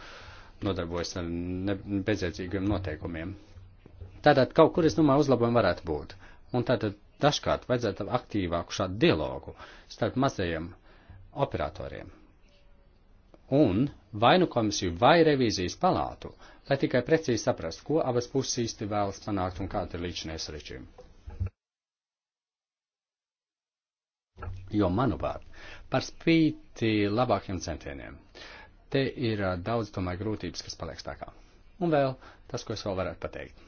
nodarbojas ar bezjēdzīgiem noteikumiem. Tātad kaut kur, es domāju, uzlabojumi varētu būt. Un tātad dažkārt vajadzētu aktīvāku šādu dialogu starp mazajiem operatoriem. Un vainu komisiju vai revīzijas palātu, lai tikai precīzi saprastu, ko abas puses īsti vēlas panākt un kāda ir līdzinies režīma. Jo, manuprāt, par spīti labākiem centieniem, te ir daudz, tomēr, grūtības, kas paliek spēkā. Un vēl tas, ko es vēl varētu pateikt.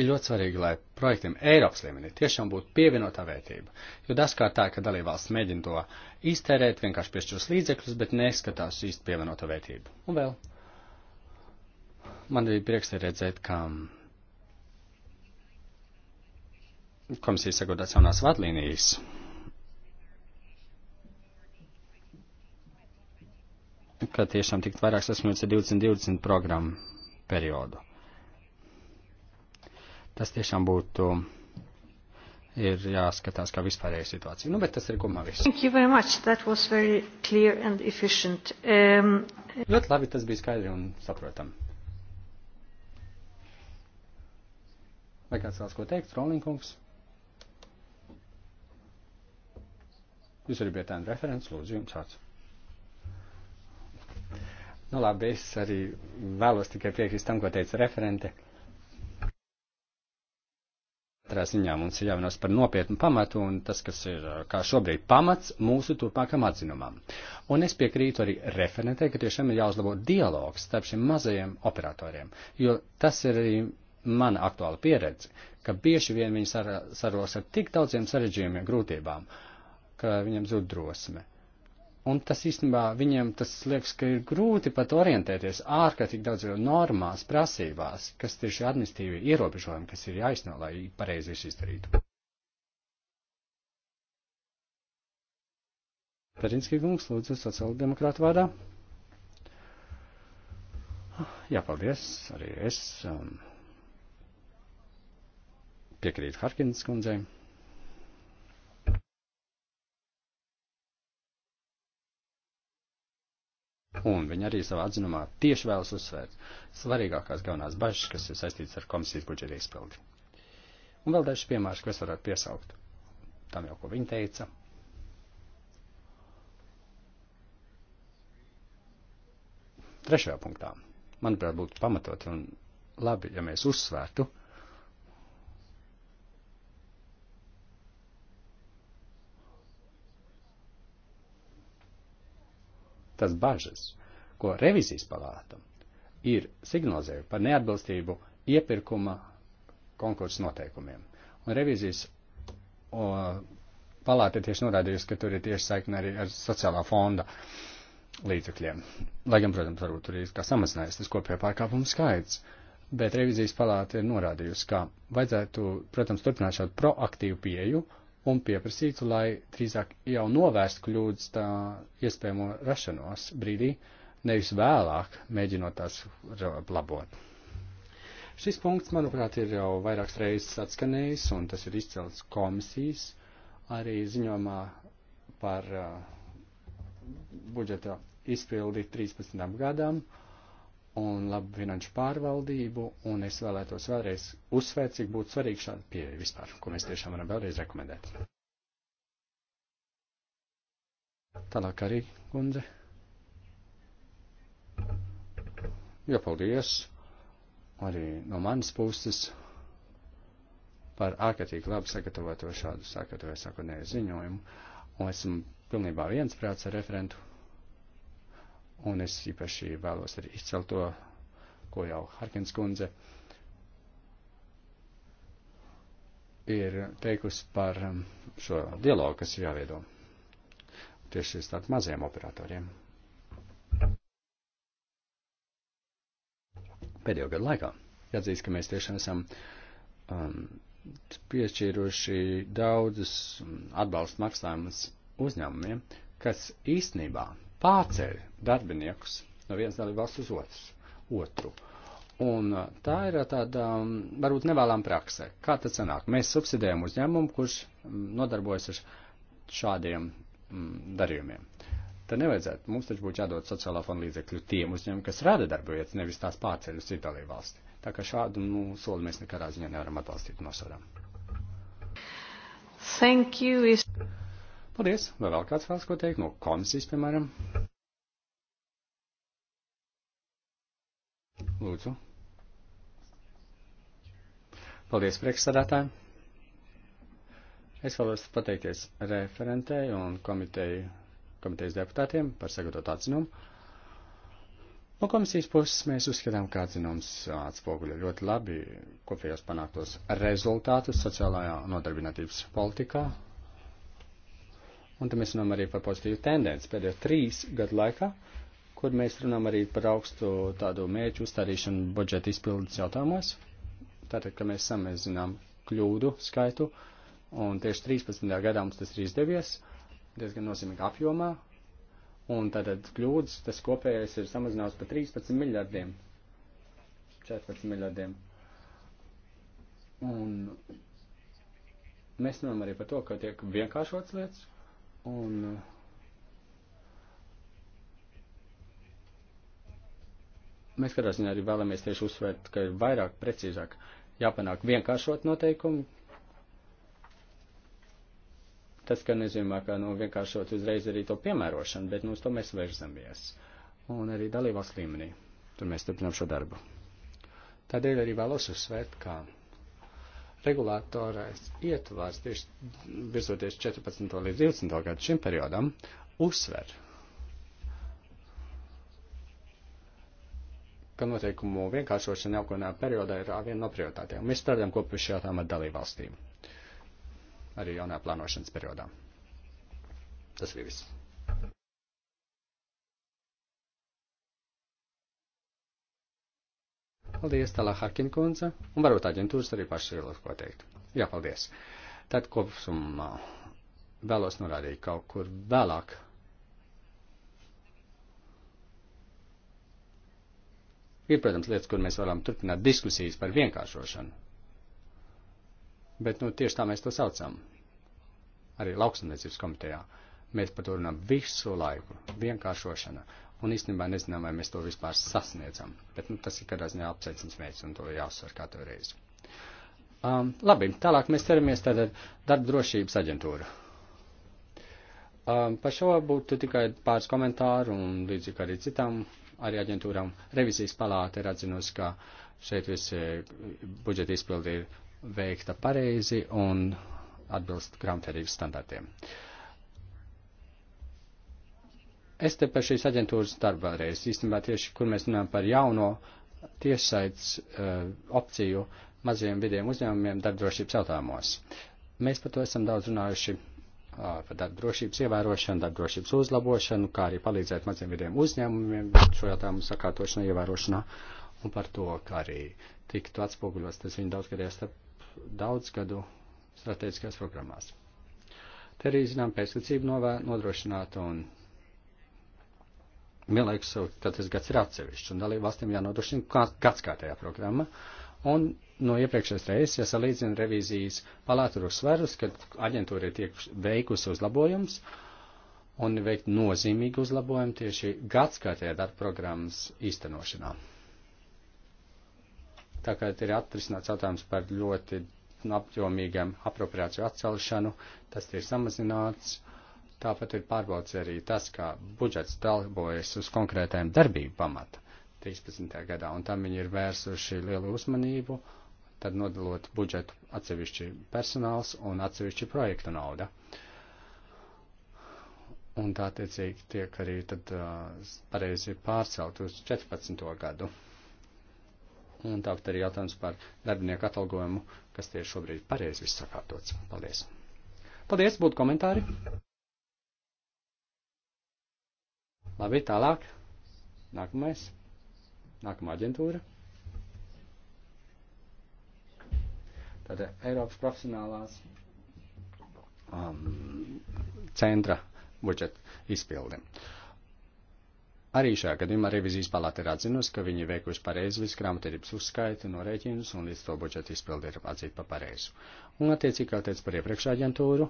Ir ļoti svarīgi, lai projektiem Eiropas līmenī tiešām būtu pievienotā vērtība, jo dažkārt tā, ka dalībvalsts mēģina to iztērēt, vienkārši piešķirs līdzekļus, bet neskatās īsti pievienoto vērtību. Un vēl man bija prieks redzēt, ka komisijas sagatavotas jaunās vadlīnijas. ka tiešām tikt vairāk sasniegts ar 2020 programmu periodu. Tas tiešām būtu ir jāskatās kā vispārējā situācija. Nu, bet tas ir kumā viss. Thank you very much. That was very clear and efficient. Um, Ļoti labi, tas bija skaidri un saprotam. Vai kāds vēlas ko teikt, Rolinkungs? Jūs arī bijat ēnu referents, lūdzu, jums tāds. Nu labi, es arī vēlos tikai piekrist tam, ko teica referente. Katrā ziņā mums ir jāvinos par nopietnu pamatu, un tas, kas ir uh, kā šobrīd pamats mūsu turpākam atzinumam. Un es piekrītu arī referentē, ka tiešām ir jāuzlabo dialogs starp šiem mazajiem operatoriem, jo tas ir arī mana aktuāla pieredze, ka bieži vien viņi saros ar tik daudziem sarežģījumiem, grūtībām. Uh, ka viņam zūd drosme. Un tas īstenībā viņiem tas liekas, ka ir grūti pat orientēties ārkārtīgi daudz normās, prasībās, kas ir šie administīvi ierobežojumi, kas ir jāizno, lai pareizi visu izdarītu. Perinski kungs, lūdzu, sociāldemokrāta vārdā. Jā, paldies, arī es um, piekrītu Harkins kundzei. Un viņi arī savā atzinumā tieši vēlas uzsvērt svarīgākās galvenās bažas, kas ir saistītas ar komisijas budžeta izpildi. Un vēl dažs piemērs, ko es varētu piesaukt. Tam jau, ko viņi teica. Trešajā punktā, manuprāt, būtu pamatot un labi, ja mēs uzsvērtu, tas bažas, ko revizijas palāta ir signalizējusi par neatbilstību iepirkuma konkursu noteikumiem. Un revizijas o, palāta ir tieši norādījusi, ka tur ir tieši saikne arī ar sociālā fonda līdzekļiem. Lai gan, protams, varbūt tur ir kā samazinājies tas kopējā pārkāpuma skaits. Bet revizijas palāta ir norādījusi, ka vajadzētu, protams, turpināt šādu proaktīvu pieju un pieprasītu, lai drīzāk jau novērstu kļūdas tā iespējamo rašanos brīdī, nevis vēlāk mēģinot tās labot. Šis punkts, manuprāt, ir jau vairākas reizes atskanējis, un tas ir izcelts komisijas arī ziņojumā par uh, budžeta izpildi 13 gadām. Uh, un labu finanšu pārvaldību, un es vēlētos vēlreiz uzsvērt, cik būtu svarīgi šāda pieeja vispār, ko mēs tiešām varam vēlreiz rekomendēt. Tālāk arī, kundze. Jā, paldies arī no manas puses par ārkārtīgi labi sagatavoto šādu sagatavoju sākotnēju ziņojumu, un esmu pilnībā viensprāts ar referentu Un es īpaši vēlos arī izcelt to, ko jau Harkins kundze ir teikusi par um, šo dialogu, kas ir jāveido tieši starp maziem operatoriem. Pēdējo gadu laikā jāatzīst, ka mēs tiešām esam um, piešķīruši daudzus um, atbalstu maksājumus uzņēmumiem, kas īstenībā pārceļ darbiniekus no vienas dalībvalsts uz otrs, otru. Un uh, tā ir uh, tāda, um, varbūt nevēlām praksē. Kā tad sanāk? Mēs subsidējam uzņēmumu, kurš mm, nodarbojas ar šādiem mm, darījumiem. Tad nevajadzētu. Mums taču būtu jādod sociālā fonda līdzekļu tiem uzņēmumiem, kas rada darba vietas, nevis tās pārceļ uz citu dalībvalsti. Tā kā šādu nu, soli mēs nekādā ziņā nevaram atbalstīt nosodām. Thank you. Is... Paldies! Vai vēl kāds vēlas ko teikt no komisijas, piemēram? Lūdzu. Paldies, priekšsādātāji! Es vēlos pateikties referentei un komiteju, komitejas deputātiem par sagatavotu atzinumu. No komisijas puses mēs uzskatām, ka atzinums atspoguļo ļoti labi kopējos panāktos rezultātus sociālajā nodarbinātības politikā Un tad mēs runājam arī par pozitīvu tendenci pēdējo trīs gadu laikā, kur mēs runājam arī par augstu tādu mērķu uzstādīšanu budžeta izpildes jautājumos. Tātad, ka mēs samazinām kļūdu skaitu, un tieši 13. gadā mums tas ir izdevies diezgan nozīmīgi apjomā, un tātad kļūdas, tas kopējais ir samazināts par 13 miljardiem, 14 miljardiem. Un mēs runājam arī par to, ka tiek vienkāršots lietas, Un uh, mēs katrā ziņā arī vēlamies tieši uzsvērt, ka ir vairāk precīzāk jāpanāk vienkāršot noteikumu. Tas, ka nezīmē, ka nu, vienkāršot uzreiz arī to piemērošanu, bet nu, uz to mēs vērzamies. Un arī dalībās līmenī. Tur mēs turpinām šo darbu. Tādēļ arī vēlos uzsvērt, ka. Kā regulātorais ietvars tieši virzoties 14. līdz 20. gadu šim periodam uzsver, ka noteikumu vienkāršošana jaunākajā periodā ir viena no prioritātēm. Mēs strādājam kopā šajā tām ar dalībvalstīm arī jaunā plānošanas periodā. Tas ir viss. Paldies, tālāk Harkina kundze, un varbūt aģentūras arī paši vēlas ko teikt. Jā, paldies. Tad kopsumā vēlos norādīt kaut kur vēlāk. Ir, protams, lietas, kur mēs varam turpināt diskusijas par vienkāršošanu. Bet, nu, tieši tā mēs to saucam. Arī lauksamniecības komitejā. Mēs par to runājam visu laiku. Vienkāršošana un īstenībā nezinām, vai mēs to vispār sasniedzam. Bet nu, tas ir kādā ziņā apsveicams mērķis, un to ir jāuzsver katru reizi. Um, labi, tālāk mēs ceramies tātad darba drošības aģentūru. Um, par šo būtu tikai pāris komentāru, un līdzīgi arī citām arī aģentūrām revizijas palāta ir atzinusi, ka šeit visi budžeta izpildi ir veikta pareizi un atbilst grāmatvedības standartiem. Uh, Es te par šīs aģentūras darbu vēlreiz, īstenībā tieši, kur mēs runājam par jauno tiešsaits uh, eh, opciju maziem vidiem uzņēmumiem darbdrošības jautājumos. Mēs par to esam daudz runājuši par darba drošības ievērošanu, darba drošības uzlabošanu, kā arī palīdzēt maziem vidiem uzņēmumiem šo jautājumu sakārtošanā, ievērošanā un par to, kā arī tiktu atspoguļots tas viņu daudzgadējās starp daudzgadu strateģiskajās programmās. Te arī, zinām, pēcticību nodrošināt un vienlaikus katrs gads ir atsevišķs, un dalību valstīm jānodrošina gadskārtējā programma. Un no iepriekšējās reizes, ja salīdzina revīzijas palātu uzsverus, kad aģentūra ir tiek veikusi uzlabojums un veikt nozīmīgu uzlabojumu tieši gadskārtējā darba programmas īstenošanā. Tā kā ir atrisināts jautājums par ļoti apjomīgiem apropriāciju atcelšanu, tas ir samazināts Tāpat ir pārbaudas arī tas, kā budžets darbojas uz konkrētēm darbību pamata 13. gadā, un tam viņi ir vērsuši lielu uzmanību, tad nodalot budžetu atsevišķi personāls un atsevišķi projektu nauda. Un tā tiecīgi tiek arī tad uh, pareizi pārcelt uz 14. gadu. Un tāpat arī jautājums par darbinieku atalgojumu, kas tieši šobrīd pareizi viss sakārtots. Paldies! Paldies, būtu komentāri! Labi, tālāk. Nākamais. Nākamā aģentūra. Tad Eiropas profesionālās um, centra budžeta izpildi. Arī šajā gadījumā revizijas palāta ir atzinusi, ka viņi veikuši pareizi visu grāmatvedības uzskaiti un norēķinus, un līdz to budžeta izpildi ir atzīta par pareizu. Un attiecīgi, kā teicu par iepriekšā aģentūru,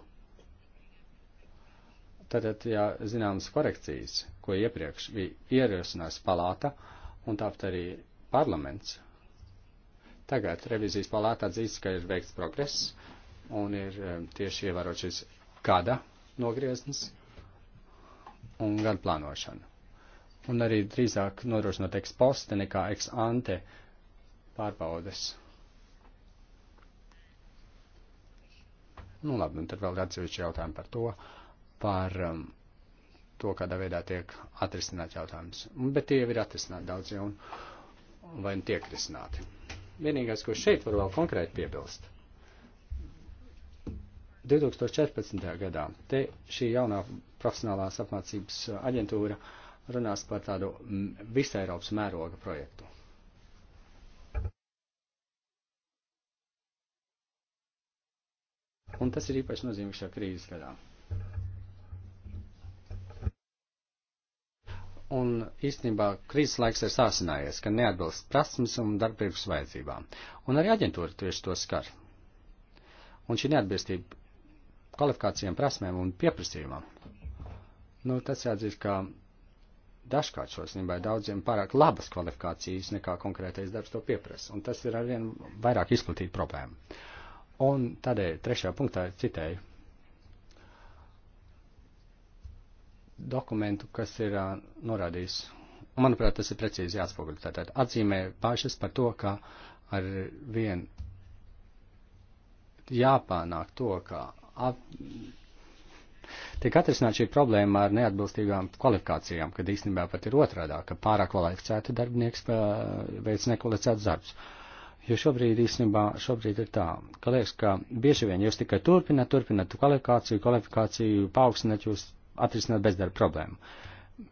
Tātad, ja zināmas korekcijas, ko iepriekš bija ierosinājis palāta un tāpat arī parlaments, tagad revizijas palāta atzīst, ka ir veikts progress un ir eh, tieši ievērot šis gada nogrieznis un gada plānošana. Un arī drīzāk nodrošinot ex poste nekā ex ante pārbaudes. Nu labi, un tad vēl atsevišķi jautājumi par to. Uh, par um, to, kādā veidā tiek atrisināt jautājums. Bet tie jau ir atrisināti daudz jau un vai nu tiek risināti. Vienīgais, ko šeit var vēl konkrēti piebilst. 2014. gadā te šī jaunā profesionālās apmācības aģentūra runās par tādu visai Eiropas mēroga projektu. Un tas ir īpaši nozīmīgs šajā krīzes gadā. Un īstenībā krīzes laiks ir sāsinājies, ka neatbilst prasmes un darbības vajadzībām. Un arī aģentūra tieši to skar. Un šī neatbilstība kvalifikācijām, prasmēm un pieprasījumam, nu, tas jāatzīst, ka dažkārt šos nībai daudziem pārāk labas kvalifikācijas nekā konkrētais darbs to pieprasa. Un tas ir arvien vairāk izplatīta problēma. Un tādēļ trešajā punktā citēju dokumentu, kas ir uh, norādījis. Manuprāt, tas ir precīzi jāatspoguļo. Tātad atzīmē pašas par to, ka ar vien jāpānāk to, ka ap... tiek atrisināt šī problēma ar neatbilstīgām kvalifikācijām, kad īstenībā pat ir otrādā, ka pārāk kvalificēti darbinieks veic nekvalificētus darbus. Jo šobrīd īstenībā šobrīd ir tā, ka liekas, ka bieži vien jūs tikai turpināt, turpināt kvalifikāciju, kvalifikāciju paaugstināt, jūs atrisināt bezdarba problēmu.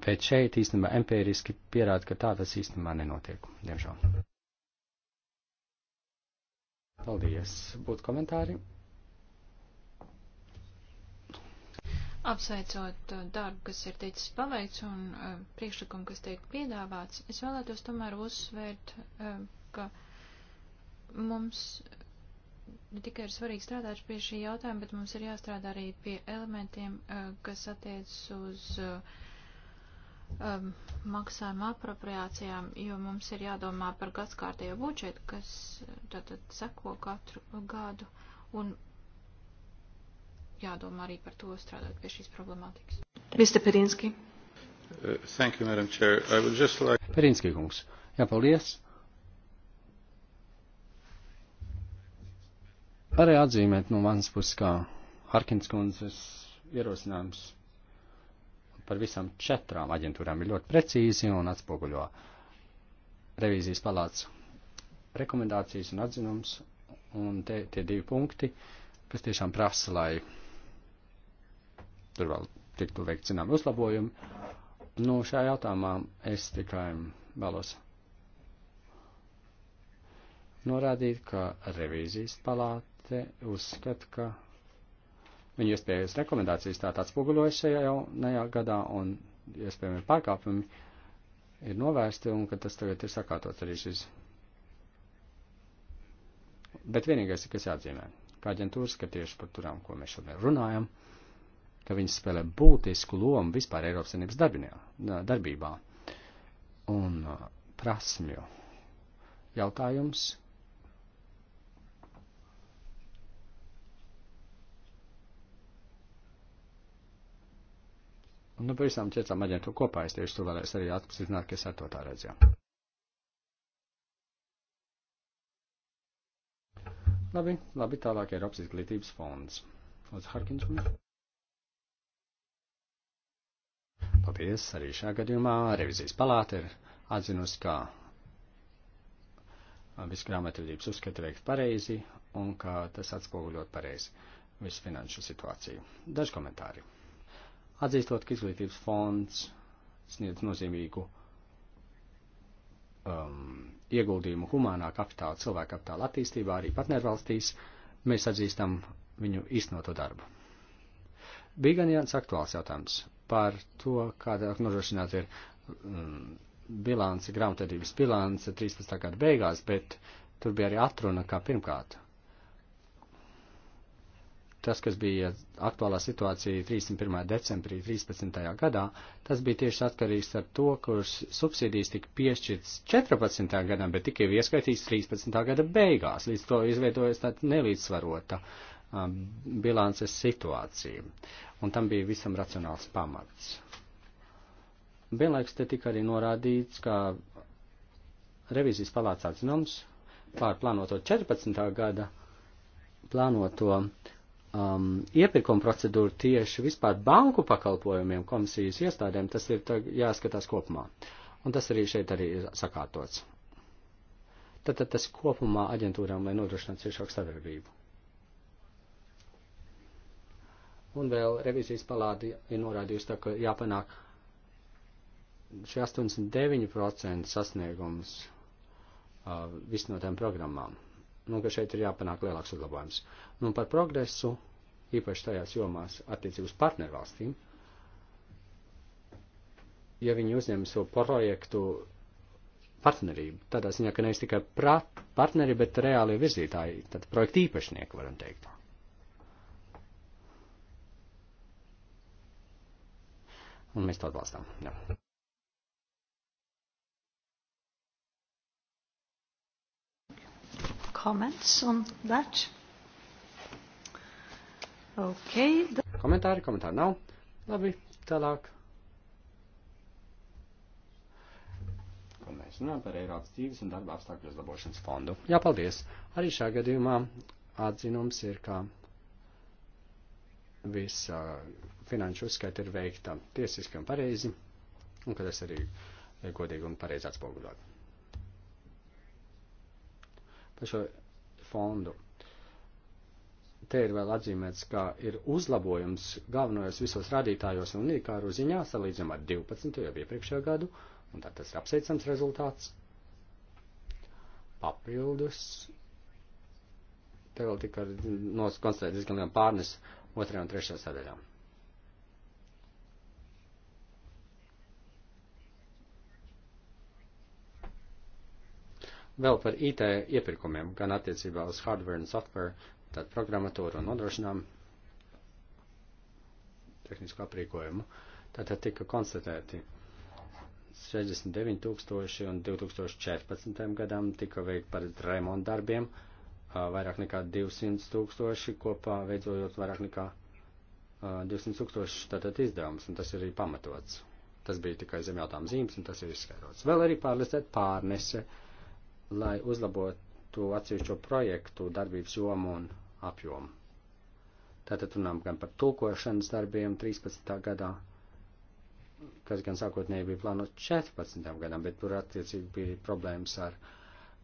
Bet šeit īstenībā empiriski pierāda, ka tā tas īstenībā nenotiek, diemžēl. Paldies. Būtu komentāri? Apsveicot uh, darbu, kas ir ticis paveikts un uh, priekšlikumu, kas tiek piedāvāts, es vēlētos tomēr uzsvērt, uh, ka mums ne tikai ir svarīgi strādāt pie šī jautājuma, bet mums ir jāstrādā arī pie elementiem, eh, kas attiecas uz eh, um, maksājuma apropriācijām, jo mums ir jādomā par gadskārtējo budžetu, kas eh, tātad seko katru gadu, un jādomā arī par to strādāt pie šīs problemātikas. Mr. Perinski. Uh, thank you, Madam Chair. I would just like... Perinski kungs. Jā, paldies. arī atzīmēt no manas puses, kā Harkins kundzes ierosinājums par visām četrām aģentūrām ir ļoti precīzi un atspoguļo revīzijas palāts rekomendācijas un atzinums, un te, tie divi punkti, kas tiešām prasa, lai tur vēl tiktu veikt zinām uzlabojumi. Nu, šajā jautājumā es tikai vēlos norādīt, ka revīzijas palāta te uzskata, ka viņu iespējas rekomendācijas tā atspoguļojas šajā jaunajā gadā un iespējami pārkāpumi ir novērsti un ka tas tagad ir sakārtots arī šis. Bet vienīgais, kas jāatzīmē, kā aģentūras, ka tieši par turām, ko mēs šodien runājam, ka viņas spēlē būtisku lomu vispār Eiropas Savienības darbībā un uh, prasmju jautājums Nu, par visām četrām aģentūru kopā es tieši to vēlēs arī atpazīstināt, ka es ar to tā redzēju. Labi, labi, tālāk Eiropas izglītības fonds. Lūdzu, Harkins un. Paldies, arī šā gadījumā revizijas palāta ir atzinusi, ka visu grāmatvedības uzskatu veikt pareizi un ka tas atspoguļot pareizi visu finanšu situāciju. Daži komentāri atzīstot, ka izglītības fonds sniedz nozīmīgu um, ieguldījumu humānā kapitāla, cilvēka kapitāla attīstībā, arī partnervalstīs, mēs atzīstam viņu īstenoto darbu. Bija gan viens aktuāls jautājums par to, kāda nodrošināt ir um, bilance, grāmatvedības bilance 13. gada beigās, bet tur bija arī atruna, kā pirmkārt tas, kas bija aktuālā situācija 31. decembrī 13. gadā, tas bija tieši atkarīgs ar to, kurš subsīdijas tika piešķirts 14. gadam, bet tikai ieskaitīts 13. gada beigās, līdz to izveidojas tāda nelīdzsvarota um, bilances situācija. Un tam bija visam racionāls pamats. Vienlaiks te tika arī norādīts, ka revizijas palāca atzinums pār plānoto 14. gada plānoto um, iepirkuma procedūru tieši vispār banku pakalpojumiem komisijas iestādēm, tas ir jāskatās kopumā. Un tas arī šeit arī ir sakārtots. Tad, tad tas kopumā aģentūrām, lai nodrošinātu ciešāku sadarbību. Un vēl revizijas palāta ir norādījusi, tā, ka jāpanāk šie 89% sasniegums uh, visnotēm programmām nu, ka šeit ir jāpanāk lielāks uzlabojums. Nu, par progresu, īpaši tajās jomās attiecības partnervalstīm, ja viņi uzņem savu projektu partnerību, tādā ziņā, ka nevis tikai partneri, bet reāli virzītāji, tad projekta īpašnieki, varam teikt. Un mēs to atbalstām. Jā. comments on that? Okay. The... Komentāri, komentāri nav. Labi, tālāk. Ko mēs runājam par Eiropas dzīves un darba apstākļu uzlabošanas fondu. Jā, paldies. Arī šajā gadījumā atzinums ir, ka visa finanšu uzskaita ir veikta tiesiski un pareizi, un ka tas arī godīgi un pareizi atspoguļot par šo fondu. Te ir vēl atzīmēts, ka ir uzlabojums galvenojos visos rādītājos un līkāru ziņā salīdzinām ar 12. jau iepriekšējā gadu, un tā tas ir apsveicams rezultāts. Papildus. Te vēl tika konstatēts diezgan liela pārnes otrajā un trešajā sadaļā. Vēl par IT iepirkumiem, gan attiecībā uz hardware un software, tad programmatūru un nodrošinām tehnisko aprīkojumu. Tātad tika konstatēti 69 tūkstoši un 2014. gadam tika veikt par remontu darbiem vairāk nekā 200 tūkstoši kopā veidojot vairāk nekā 200 tūkstoši tātad izdevums, un tas ir arī pamatots. Tas bija tikai zem jautājuma zīmes, un tas ir izskaidrots. Vēl arī pārlistēt pārnese. Uh, lai uzlabotu atsevišķo projektu darbības jomu un apjomu. Tātad runām gan par tulkošanas darbiem 13. gadā, kas gan sākotnēji bija plānots 14. gadam, bet tur attiecīgi bija problēmas ar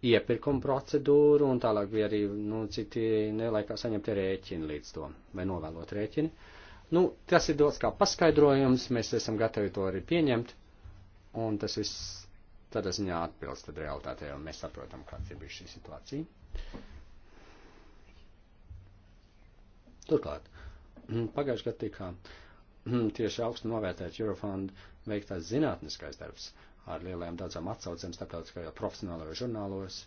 iepirkumu procedūru un tālāk bija arī, nu, citi nelaikā saņemti rēķini līdz to, vai novēlot rēķini. Nu, tas ir dots kā paskaidrojums, mēs esam gatavi to arī pieņemt, un tas viss tādā ziņā atbilst tad realitātei, un mēs saprotam, kāds ir bijis šī situācija. Turklāt, pagājušajā gadā tika hm, tieši augstu novērtēts Eurofond veiktās zinātniskais darbs ar lielajām daudzām atsaucēm starptautiskajā profesionālajā žurnālos.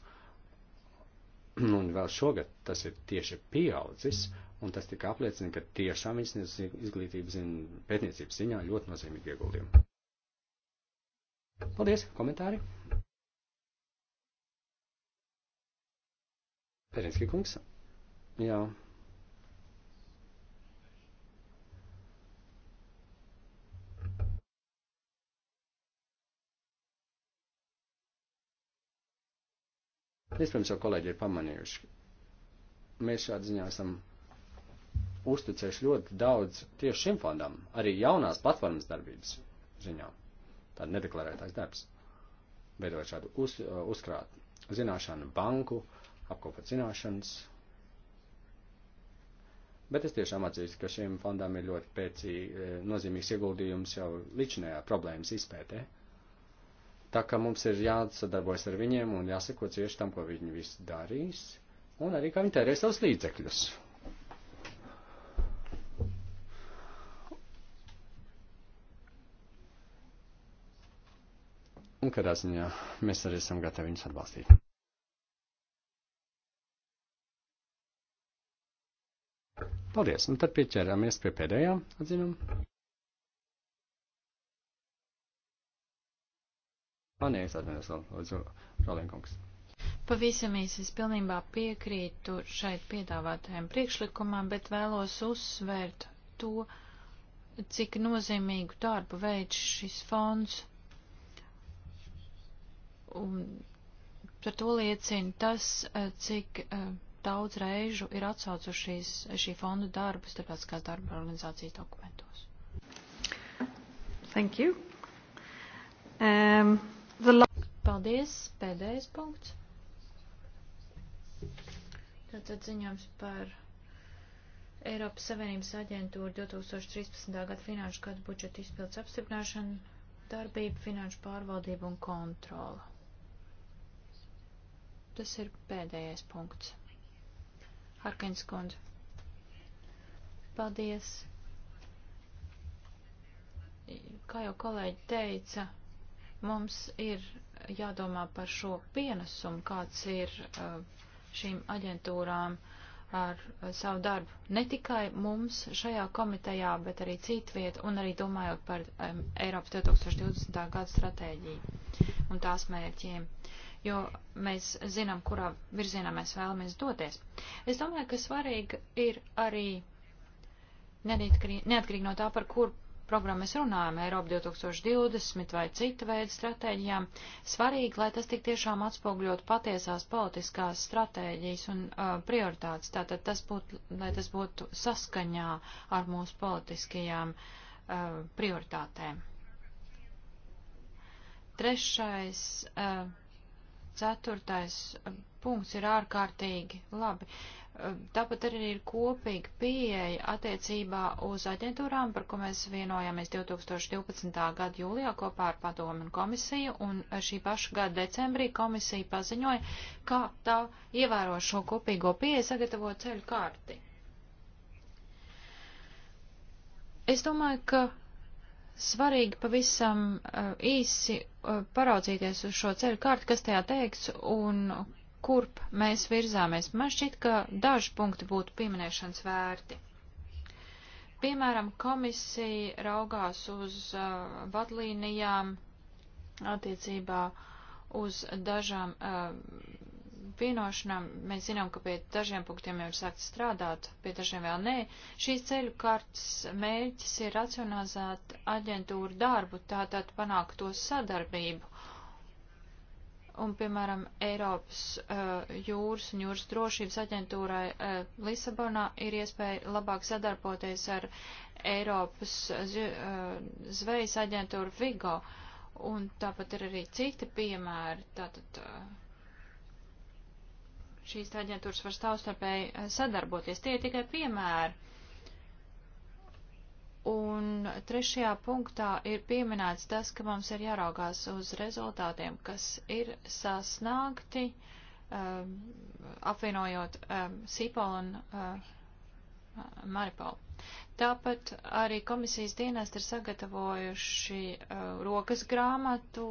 Un vēl šogad tas ir tieši pieaudzis, un tas tika apliecina, ka tiešām viņas izglītības un pētniecības ziņā ļoti nozīmīgi ieguldījumi. Paldies, komentāri! Perenski kungs. Jā. Iespējams, jau kolēģi ir pamanījuši. Mēs šādi ziņā esam uzticējuši ļoti daudz tieši šim fondam, arī jaunās platformas darbības ziņā tāda nedeklarētais darbs, veidojot šādu uz, uzkrāt zināšanu banku, apkopot zināšanas. Bet es tiešām atzīstu, ka šiem fondām ir ļoti pēcīgi, e, nozīmīgs ieguldījums jau līdzinējā problēmas izpētē. Tā kā mums ir jāsadarbojas ar viņiem un jāseko cieši tam, ko viņi visi darīs, un arī kā viņi tērē savus līdzekļus. Un kādā ziņā mēs arī esam gatavi viņus atbalstīt. Paldies, un tad pieķerāmies pie pēdējā atzinuma. Panēs atminas vēl, lūdzu, Rolinkungs. Pavisam īsi es pilnībā piekrītu šeit piedāvātajam priekšlikumam, bet vēlos uzsvērt to, cik nozīmīgu darbu veids šis fonds. Un par to liecina tas, eh, cik eh, daudz reižu ir atsaucušies šī fonda darbu starptautiskās darba organizācijas dokumentos. Thank you. Um, the... Paldies. Pēdējais punkts. Tātad ziņojums par Eiropas Savienības aģentūru 2013. gada finanšu gadu budžeta izpildes apstiprināšanu, darbību, finanšu pārvaldību un kontroli. Tas ir pēdējais punkts. Harkins kundze. Paldies. Kā jau kolēģi teica, mums ir jādomā par šo pienesumu, kāds ir uh, šīm aģentūrām ar uh, savu darbu. Ne tikai mums šajā komitejā, bet arī citviet, un arī domājot par um, Eiropas 2020. gada stratēģiju un tās mērķiem. Uh, jo mēs zinām, kurā virzienā mēs vēlamies doties. Es domāju, ka svarīgi ir arī neatkarīgi no tā, par kur programmu mēs runājam, Eiropa 2020 vai cita veida stratēģijām, svarīgi, lai tas tik tiešām atspogļot patiesās politiskās stratēģijas un uh, prioritātes. Tātad tas būtu, lai tas būtu saskaņā ar mūsu politiskajām uh, prioritātēm. Trešais. Uh, ceturtais um, punkts ir ārkārtīgi labi. Um, tāpat arī ir kopīga pieeja attiecībā uz aģentūrām, par ko mēs vienojāmies 2012. gada jūlijā kopā ar padomu un komisiju, un uh, šī paša gada decembrī komisija paziņoja, kā tā ievēro šo kopīgo pieeju sagatavo ceļu karti. Es domāju, ka svarīgi pavisam eh, īsi eh, paraudzīties uz šo ceļu kārtu, kas tajā teikts un kurp mēs virzāmies. Man šķiet, ka daži punkti būtu pieminēšanas vērti. Piemēram, komisija raugās uz uh, vadlīnijām attiecībā uz dažām uh, vienošanām. Mēs zinām, ka pie dažiem punktiem jau ir sākt strādāt, pie dažiem vēl nē. Šīs ceļu kartas mērķis ir racionalizēt aģentūru darbu, tātad panākt to sadarbību. Un, piemēram, Eiropas uh, jūras un jūras drošības aģentūrai uh, Lisabonā ir iespēja labāk sadarboties ar Eiropas uh, zvejas aģentūru Vigo. Uh, Un tāpat ir arī citi piemēri, tātad uh, šīs aģentūras var savstarpēji eh, sadarboties. Tie ir tikai piemēri. Un trešajā punktā ir pieminēts tas, ka mums ir jāraugās uz rezultātiem, kas ir sasnāgti, um, ehm, apvienojot um, ehm, Sīpolu un uh, ehm, Maripolu. Tāpat arī komisijas dienest ir sagatavojuši uh, rokas grāmatu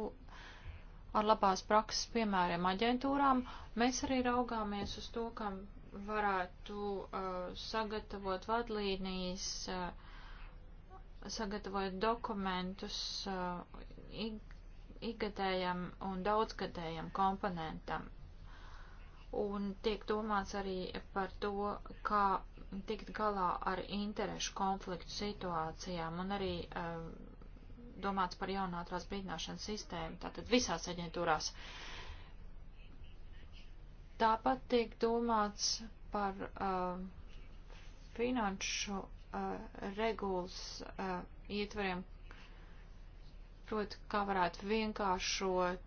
ar labās prakses piemēriem aģentūrām. Mēs arī raugāmies uz to, ka varētu uh, sagatavot vadlīnijas, uh, sagatavot dokumentus uh, ikgadējam un daudzgadējam komponentam. Un tiek domāts arī par to, kā tikt galā ar interešu konfliktu situācijām un arī uh, domāts par jaunu ātrās brīdināšanas sistēmu, tātad visās aģentūrās. Tāpat tiek domāts par uh, finanšu uh, regulas uh, ietvariem, proti, kā varētu vienkāršot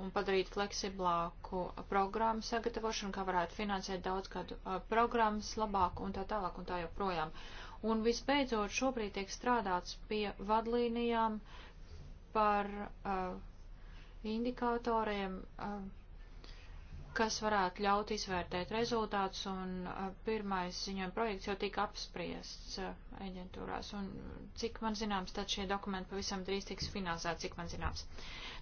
un padarīt fleksiblāku programmu sagatavošanu, kā varētu finansēt daudz kādu uh, programmas labāku un tā tālāk un tā joprojām. Uh, Un visbeidzot, šobrīd tiek strādāts pie vadlīnijām par uh, indikatoriem, uh, kas varētu ļaut izvērtēt rezultātus, un uh, pirmais ziņojuma projekts jau tika apspriests uh, aģentūrās, un cik man zināms, tad šie dokumenti pavisam drīz tiks finansēti, cik man zināms.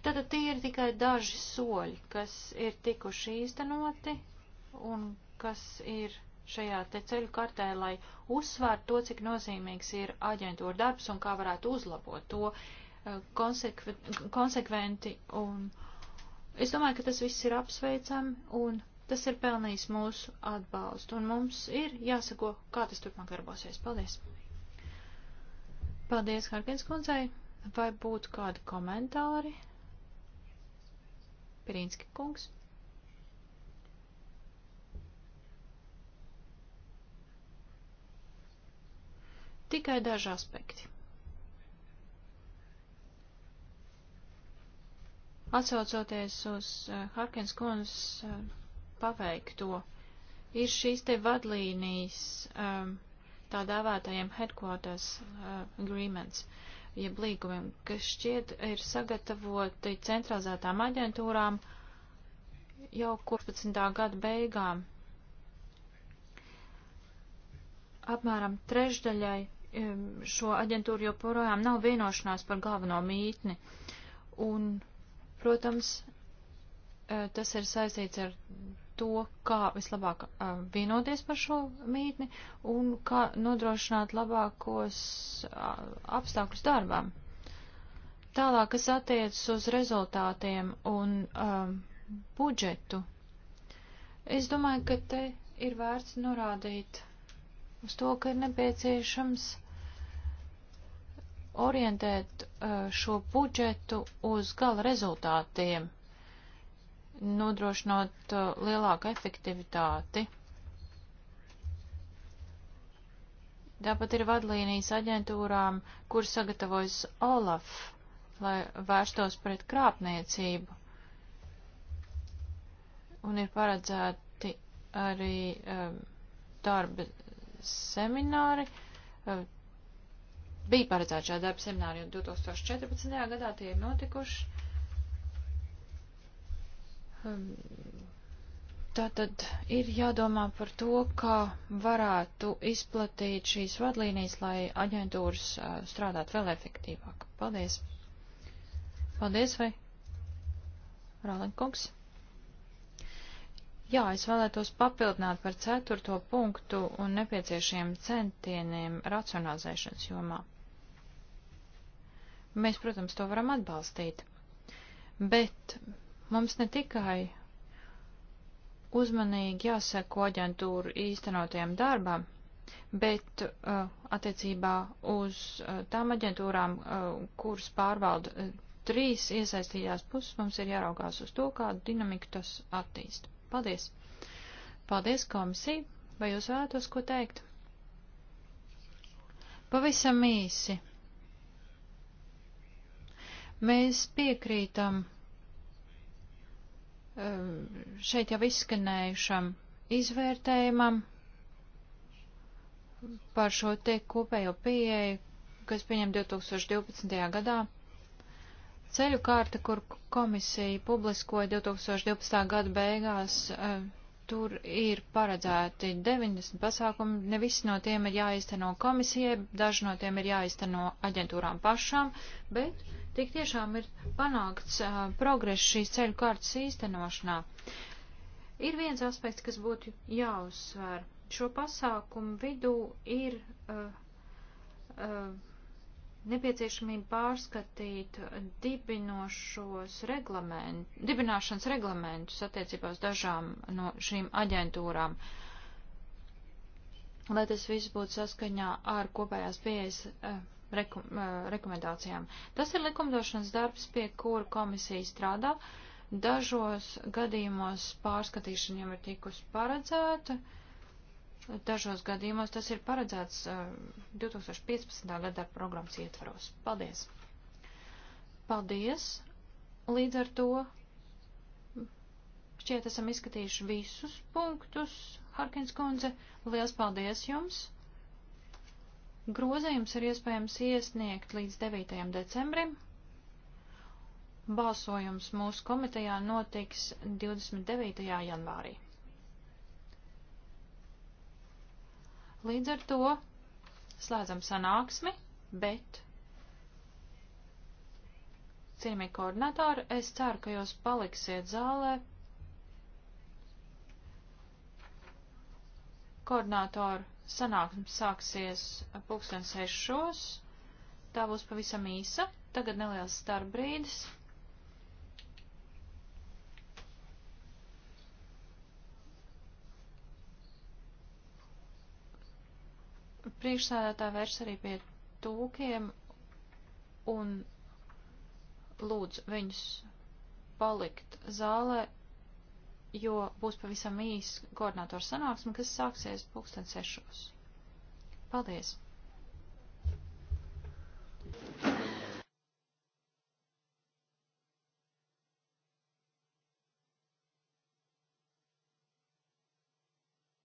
Tātad tie ir tikai daži soļi, kas ir tikuši īstenoti, un kas ir šajā te ceļu kartē, lai uzsvērtu to, cik nozīmīgs ir aģentūra darbs un kā varētu uzlabot to eh, konsekve, konsekventi. Un es domāju, ka tas viss ir apsveicami un tas ir pelnījis mūsu atbalstu. Un mums ir jāsako, kā tas turpmāk darbosies. Paldies! Paldies, Harkins kundzei! Vai būtu kādi komentāri? Pirīnski kungs. Tikai daži aspekti. Atsaucoties uz uh, Harkins kundzes uh, paveikto, ir šīs te vadlīnijas um, tā dēvētajiem headquarters uh, agreements, jeb līgumiem, kas šķiet ir sagatavoti centralizētām aģentūrām jau 14. gada beigām. Apmēram trešdaļai šo aģentūru joprojām nav vienošanās par galveno mītni. Un, protams, e, tas ir saistīts ar to, kā vislabāk e, vienoties par šo mītni un kā nodrošināt labākos apstākļus darbām. Tālāk, kas attiecas uz rezultātiem un um, budžetu, es domāju, ka te ir vērts norādīt uz to, ka ir nepieciešams orientēt uh, šo budžetu uz gala rezultātiem, nodrošinot uh, lielāku efektivitāti. Tāpat ir vadlīnijas aģentūrām, kur sagatavojas Olaf, lai vērstos pret krāpniecību. Un ir paredzēti arī um, darba semināri, um, bija paredzēti šādi darba semināri, un 2014. gadā tie ir notikuši. Um, tātad ir jādomā par to, kā varētu izplatīt šīs vadlīnijas, lai aģentūras uh, strādāt vēl efektīvāk. Paldies! Paldies, vai? Rālenkungs? Jā, es vēlētos papildināt par ceturto punktu un nepieciešiem centieniem racionalizēšanas jomā. Mēs, protams, to varam atbalstīt. Bet mums ne tikai uzmanīgi jāseko aģentūru īstenotajam darbam, bet uh, attiecībā uz uh, tām aģentūrām, uh, kuras pārvalda uh, trīs iesaistītās puses, mums ir jāraugās uz to, kādu dinamiku tas attīst. Paldies! Paldies, komisija! Vai jūs vēlētos ko teikt? Pavisam īsi. Mēs piekrītam eh, šeit jau izskanējušam izvērtējumam par šo te kopējo pieeju, kas pieņem 2012. gadā. Ceļu kārta, kur komisija publiskoja 2012. gada beigās, eh, tur ir paredzēti 90 pasākumi, ne visi no tiem ir jāizteno komisijai, daži no tiem ir jāizteno aģentūrām pašām, bet Tik tiešām ir panākts uh, progress šīs ceļu kārtas īstenošanā. Ir viens aspekts, kas būtu jāuzsver. Šo pasākumu vidū ir uh, uh, nepieciešamība pārskatīt dibinošos reglamentus, dibināšanas reglamentus attiecībā uz dažām no šīm aģentūrām, lai tas viss būtu saskaņā ar kopējās pieejas rekom, eh, rekomendācijām. Tas ir likumdošanas darbs, pie kura komisija strādā. Dažos gadījumos pārskatīšana jau ir tikusi paredzēta. Dažos gadījumos tas ir paredzēts 2015. Eh, gada programmas ietvaros. Paldies! Paldies! Līdz ar to šķiet esam izskatījuši visus punktus, Harkins kundze. Liels paldies jums! Grozījums ir iespējams iesniegt līdz 9. decembrim. Balsojums mūsu komitejā notiks 29. janvārī. Līdz ar to slēdzam sanāksmi, bet cienījamie koordinatori, es ceru, ka jūs paliksiet zālē. Koordinatori sanāksme sāksies pulksten sešos. Tā būs pavisam īsa. Tagad neliels starpbrīdis. Priekšsēdētāji vērs arī pie tūkiem un lūdz viņus palikt zālē jo būs pavisam īs koordinātors sanāksme, kas sāksies pulksten sešos. Paldies!